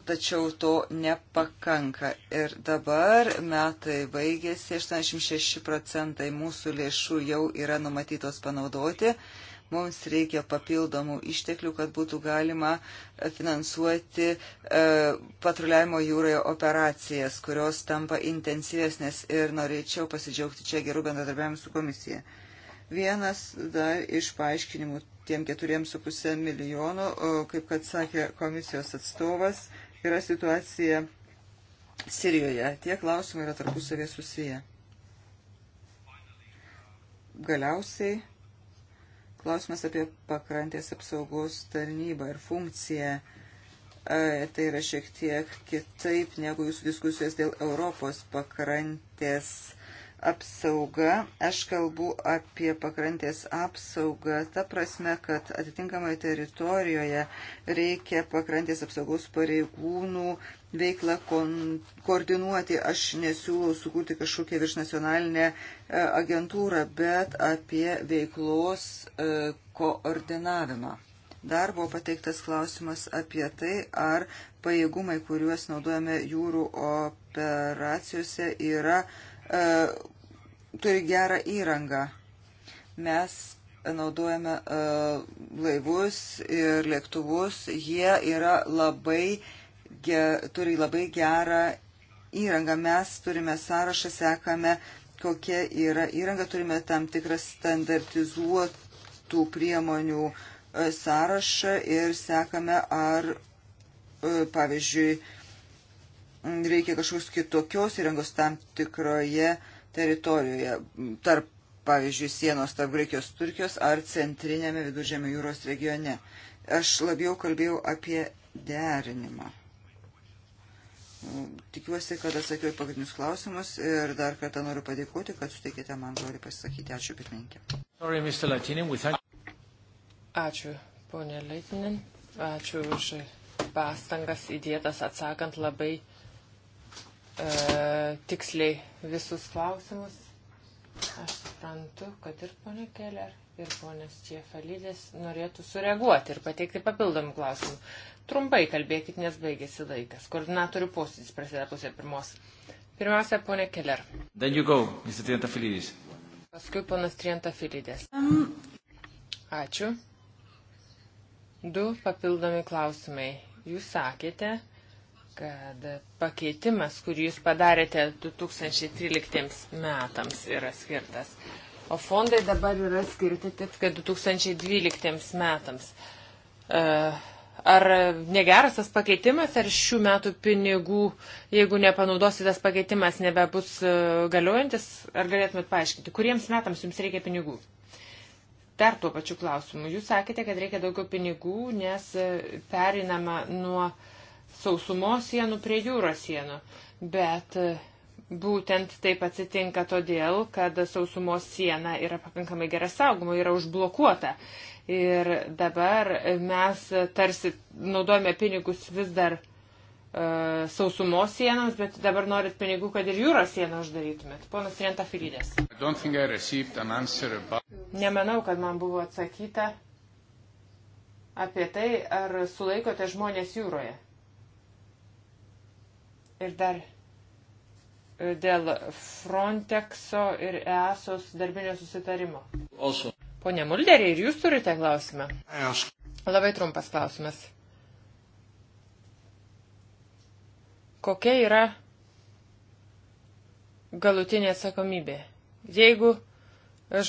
Speaker 2: tačiau to nepakanka. Ir dabar metai baigėsi, 86 procentai mūsų lėšų jau yra numatytos panaudoti. Mums reikia papildomų išteklių, kad būtų galima finansuoti e, patruliavimo jūroje operacijas, kurios tampa intensyvesnės ir norėčiau pasidžiaugti čia gerų bendradarbiavimų su komisija. Vienas dar iš paaiškinimų tiem keturiems su pusė milijono, kaip kad sakė komisijos atstovas, yra situacija Sirijoje. Tie klausimai yra tarpusavė susiję. Galiausiai Klausimas apie pakrantės apsaugos tarnybą ir funkciją. E, tai yra šiek tiek kitaip negu jūsų diskusijos dėl Europos pakrantės apsauga. Aš kalbu apie pakrantės apsaugą, ta prasme, kad atitinkamoje teritorijoje reikia pakrantės apsaugos pareigūnų veiklą koordinuoti. Aš nesiūlau sukurti kažkokią viršnacionalinę e, agentūrą, bet apie veiklos e, koordinavimą. Dar buvo pateiktas klausimas apie tai, ar pajėgumai, kuriuos naudojame jūrų operacijose, yra, e, turi gerą įrangą. Mes naudojame e, laivus ir lėktuvus, jie yra labai e, ge, turi labai gerą įrangą. Mes turime sąrašą, sekame, kokia yra įranga, turime tam tikrą standartizuotų priemonių e, sąrašą ir sekame, ar, e, pavyzdžiui, reikia kažkokios kitokios įrangos tam tikroje teritorijoje, tarp, pavyzdžiui, sienos tarp Graikijos Turkijos ar centrinėme viduržėmio jūros regione. Aš labiau kalbėjau apie derinimą. Tikiuosi, kad atsakiau į pagrindinius klausimus ir dar kartą noriu padėkoti, kad suteikėte man žodį pasisakyti. Ačiū,
Speaker 1: pirmininkė. Ačiū, ponė Leitinin. Ačiū už pastangas įdėtas atsakant labai e, tiksliai visus klausimus. Aš suprantu, kad ir ponė Keller, ir ponės Čiefalydės norėtų sureaguoti ir pateikti papildomų klausimų. Trumpai kalbėkit, nes baigėsi laikas. Koordinatorių posėdis prasideda pusė pirmos. Pirmiausia, ponė Keller. Then you go, Mr. Trientafilidis. Paskui ponas Trientafilidis. Um. Ačiū. Du papildomi klausimai. Jūs sakėte, kad pakeitimas, kurį jūs padarėte 2013 metams, yra skirtas. O fondai dabar yra skirti tik 2012 metams. Uh, Ar negeras tas pakeitimas, ar šių metų pinigų, jeigu nepanaudosi tas pakeitimas, nebebus e, galiojantis, ar galėtumėt paaiškinti, kuriems metams jums reikia pinigų? Dar tuo pačiu klausimu. Jūs sakėte, kad reikia daugiau pinigų, nes e, perinama nuo sausumos sienų prie jūros sienų. Bet e, būtent taip atsitinka todėl, kad sausumos siena yra pakankamai gerai saugoma, yra užblokuota. Ir dabar mes tarsi naudojame pinigus vis dar uh, sausumos sienoms, bet dabar norit pinigų, kad ir jūros sieną uždarytumėt. Ponas Renta Filidės.
Speaker 3: An about...
Speaker 1: Nemanau, kad man buvo atsakyta apie tai, ar sulaikote žmonės jūroje. Ir dar e, dėl Frontexo ir EASOS darbinio susitarimo. Also. Pone Mulderiai, ir jūs turite klausimą? Aš. Labai trumpas klausimas. Kokia yra galutinė atsakomybė? Jeigu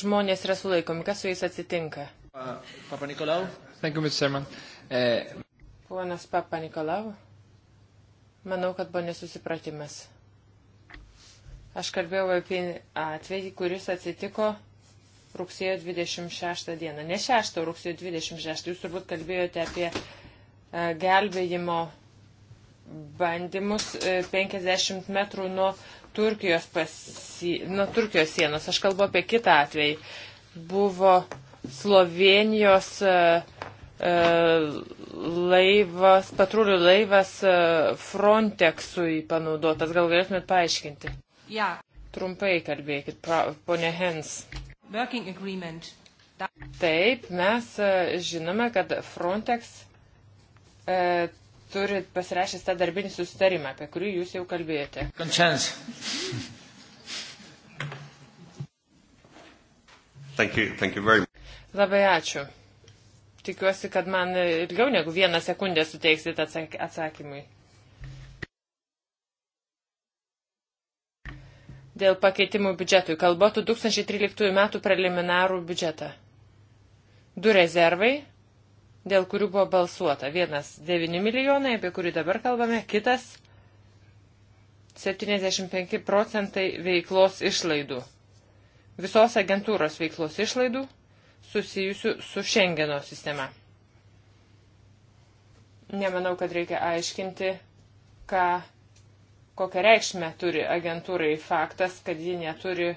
Speaker 1: žmonės yra sulaikomi, kas su jais atsitinka? Papa Nikolau. Thank you, Mr. Chairman. Eh... Ponas Papa Nikolau. Manau, kad buvo nesusipratimas. Aš kalbėjau apie atvejį, kuris atsitiko rugsėjo 26 dieną. Ne 6 rugsėjo 26. Jūs turbūt kalbėjote apie e, gelbėjimo bandymus 50 e, metrų nuo Turkijos, pasi... nuo Turkijos sienos. Aš kalbu apie kitą atvejį. Buvo Slovenijos e, laivas, patrulių laivas Frontexui panaudotas. Gal galėtumėt paaiškinti? Ja. Trumpai kalbėkit, ponė Hens
Speaker 3: working agreement.
Speaker 1: Taip, mes e, žinome, kad Frontex e, turi pasirašęs tą darbinį susitarimą, apie kurį jūs jau kalbėjote. Končians. Thank you, thank you very much. Labai ačiū. Tikiuosi, kad man ilgiau negu vieną sekundę suteiksit atsak atsakymui. Dėl pakeitimų biudžetui kalba 2013 metų preliminarų biudžetą. Du rezervai, dėl kurių buvo balsuota. Vienas 9 milijonai, apie kurį dabar kalbame, kitas 75 procentai veiklos išlaidų. Visos agentūros veiklos išlaidų susijusių su Šengeno sistema. Nemanau, kad reikia aiškinti, ką kokią reikšmę turi agentūrai faktas, kad ji neturi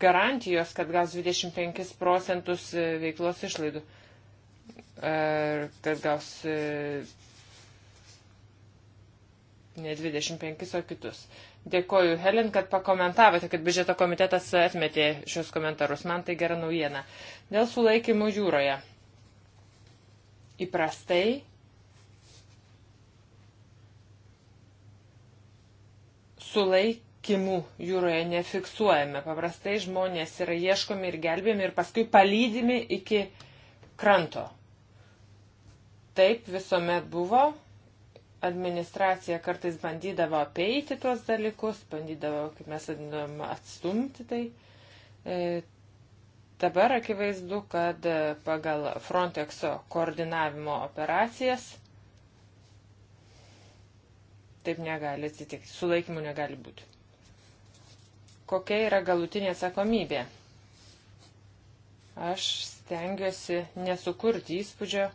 Speaker 1: garantijos, kad gaus 25 procentus e, veiklos išlaidų, kad gaus e, ne 25, o kitus. Dėkoju, Helen, kad pakomentavote, kad biudžeto komitetas atmetė šios komentarus. Man tai gera naujiena. Dėl sulaikymų jūroje. Įprastai sulaikymų jūroje nefiksuojame. Paprastai žmonės yra ieškomi ir gelbėmi ir paskui palydimi iki kranto. Taip visuomet buvo. Administracija kartais bandydavo apeiti tuos dalykus, bandydavo, kaip mes vadinam, atstumti tai. E, dabar akivaizdu, kad e, pagal Frontexo koordinavimo operacijas Taip negali atsitikti. Sulaikymų negali būti. Kokia yra galutinė atsakomybė? Aš stengiuosi nesukurti įspūdžio,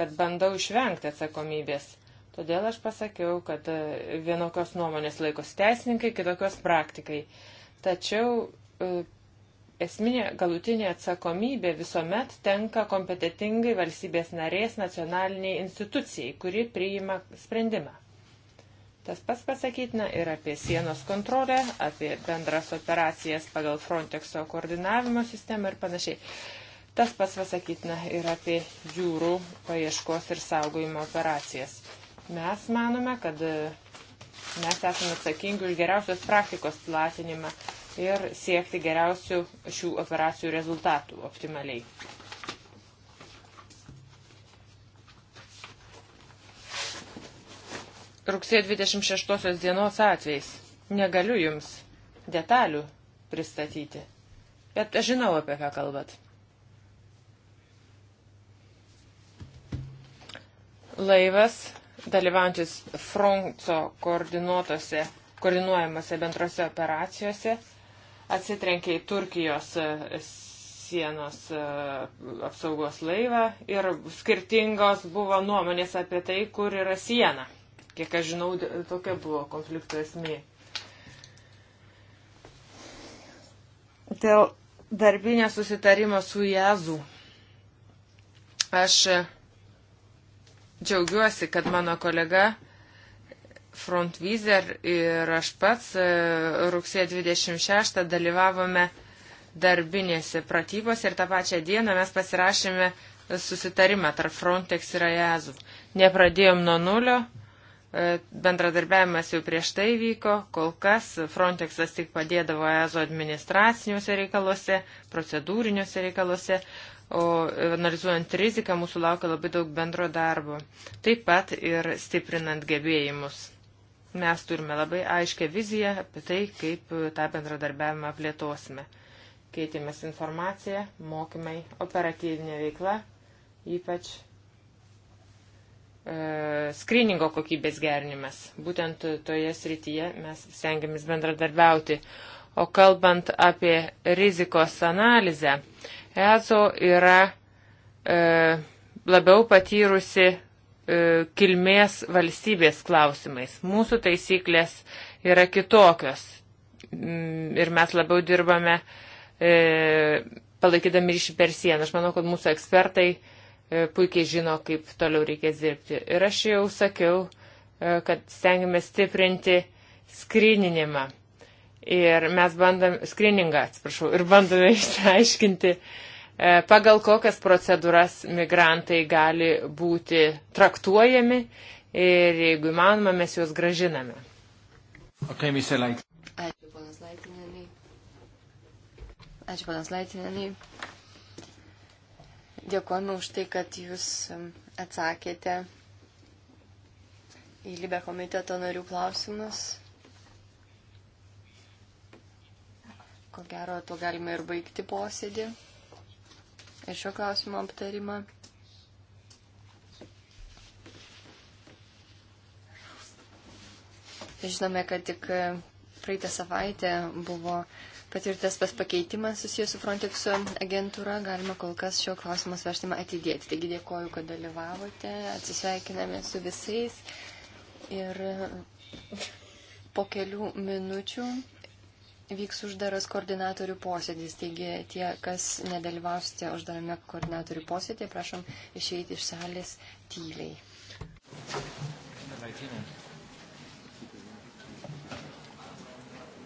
Speaker 1: kad bandau išvengti atsakomybės. Todėl aš pasakiau, kad e, vienokios nuomonės laikosi teisininkai, kitokios praktikai. Tačiau e, esminė galutinė atsakomybė visuomet tenka kompetitingai valstybės narės nacionaliniai institucijai, kuri priima sprendimą. Tas pats pasakytina ir apie sienos kontrolę, apie bendras operacijas pagal Frontexo koordinavimo sistemą ir panašiai. Tas pats pasakytina ir apie jūrų paieškos ir saugojimo operacijas. Mes manome, kad e, mes esame atsakingi už geriausios praktikos platinimą ir siekti geriausių šių operacijų rezultatų optimaliai. rugsėjo 26 dienos atvejais. Negaliu jums detalių pristatyti, bet aš žinau, apie ką kalbat. Laivas, dalyvaujantis Fronto koordinuotose, koordinuojamose bendrose operacijose, atsitrenkė į Turkijos e, sienos e, apsaugos laivą ir skirtingos buvo nuomonės apie tai, kur yra siena. Kiek aš žinau, tokia buvo konflikto esmė. Dėl darbinio susitarimo su Jazu. Aš e, džiaugiuosi, kad mano kolega Frontvizer ir aš pats e, rugsėjo 26 dalyvavome darbinėse pratybose ir tą pačią dieną mes pasirašėme susitarimą tarp Frontex ir Ajazu. Nepradėjom nuo nulio, E, bendradarbiavimas jau prieš tai vyko, kol kas Frontexas tik padėdavo EZO administraciniuose reikaluose, procedūriniuose reikaluose, o analizuojant riziką mūsų laukia labai daug bendro darbo, taip pat ir stiprinant gebėjimus. Mes turime labai aiškę viziją apie tai, kaip tą bendradarbiavimą plėtosime. Keitėmės informaciją, mokymai, operatyvinė veikla, ypač E, skriningo kokybės gerinimas. Būtent toje srityje mes stengiamės bendradarbiauti. O kalbant apie rizikos analizę, ESO yra e, labiau patyrusi e, kilmės valstybės klausimais. Mūsų taisyklės yra kitokios mm, ir mes labiau dirbame e, palaikydami ryšį per sieną. Aš manau, kad mūsų ekspertai e, E, puikiai žino, kaip toliau reikės dirbti. Ir aš jau sakiau, e, kad stengiamės stiprinti skrininimą. Ir mes bandom, skriningą, atsiprašau, ir bandome išsiaiškinti, e, pagal kokias procedūras migrantai gali būti traktuojami ir jeigu įmanoma, mes juos gražiname. Okay, Ačiū,
Speaker 3: ponas Laitinenai. Ačiū, ponas Laitinenai. Dėkojame už tai, kad jūs atsakėte į Libę komiteto narių klausimus. Ko gero, to galime ir baigti posėdį ir šio klausimo aptarimą. Žinome, kad tik praeitą savaitę buvo patirtas pas pakeitimas susijęs su Frontexo agentūra, galima kol kas šio klausimo svarstymą atidėti. Taigi dėkoju, kad dalyvavote, atsisveikiname su visais ir po kelių minučių vyks uždaras koordinatorių posėdis. Taigi tie, kas nedalyvausite uždarame koordinatorių posėdėje, prašom išeiti iš salės tyliai.
Speaker 1: Thank you.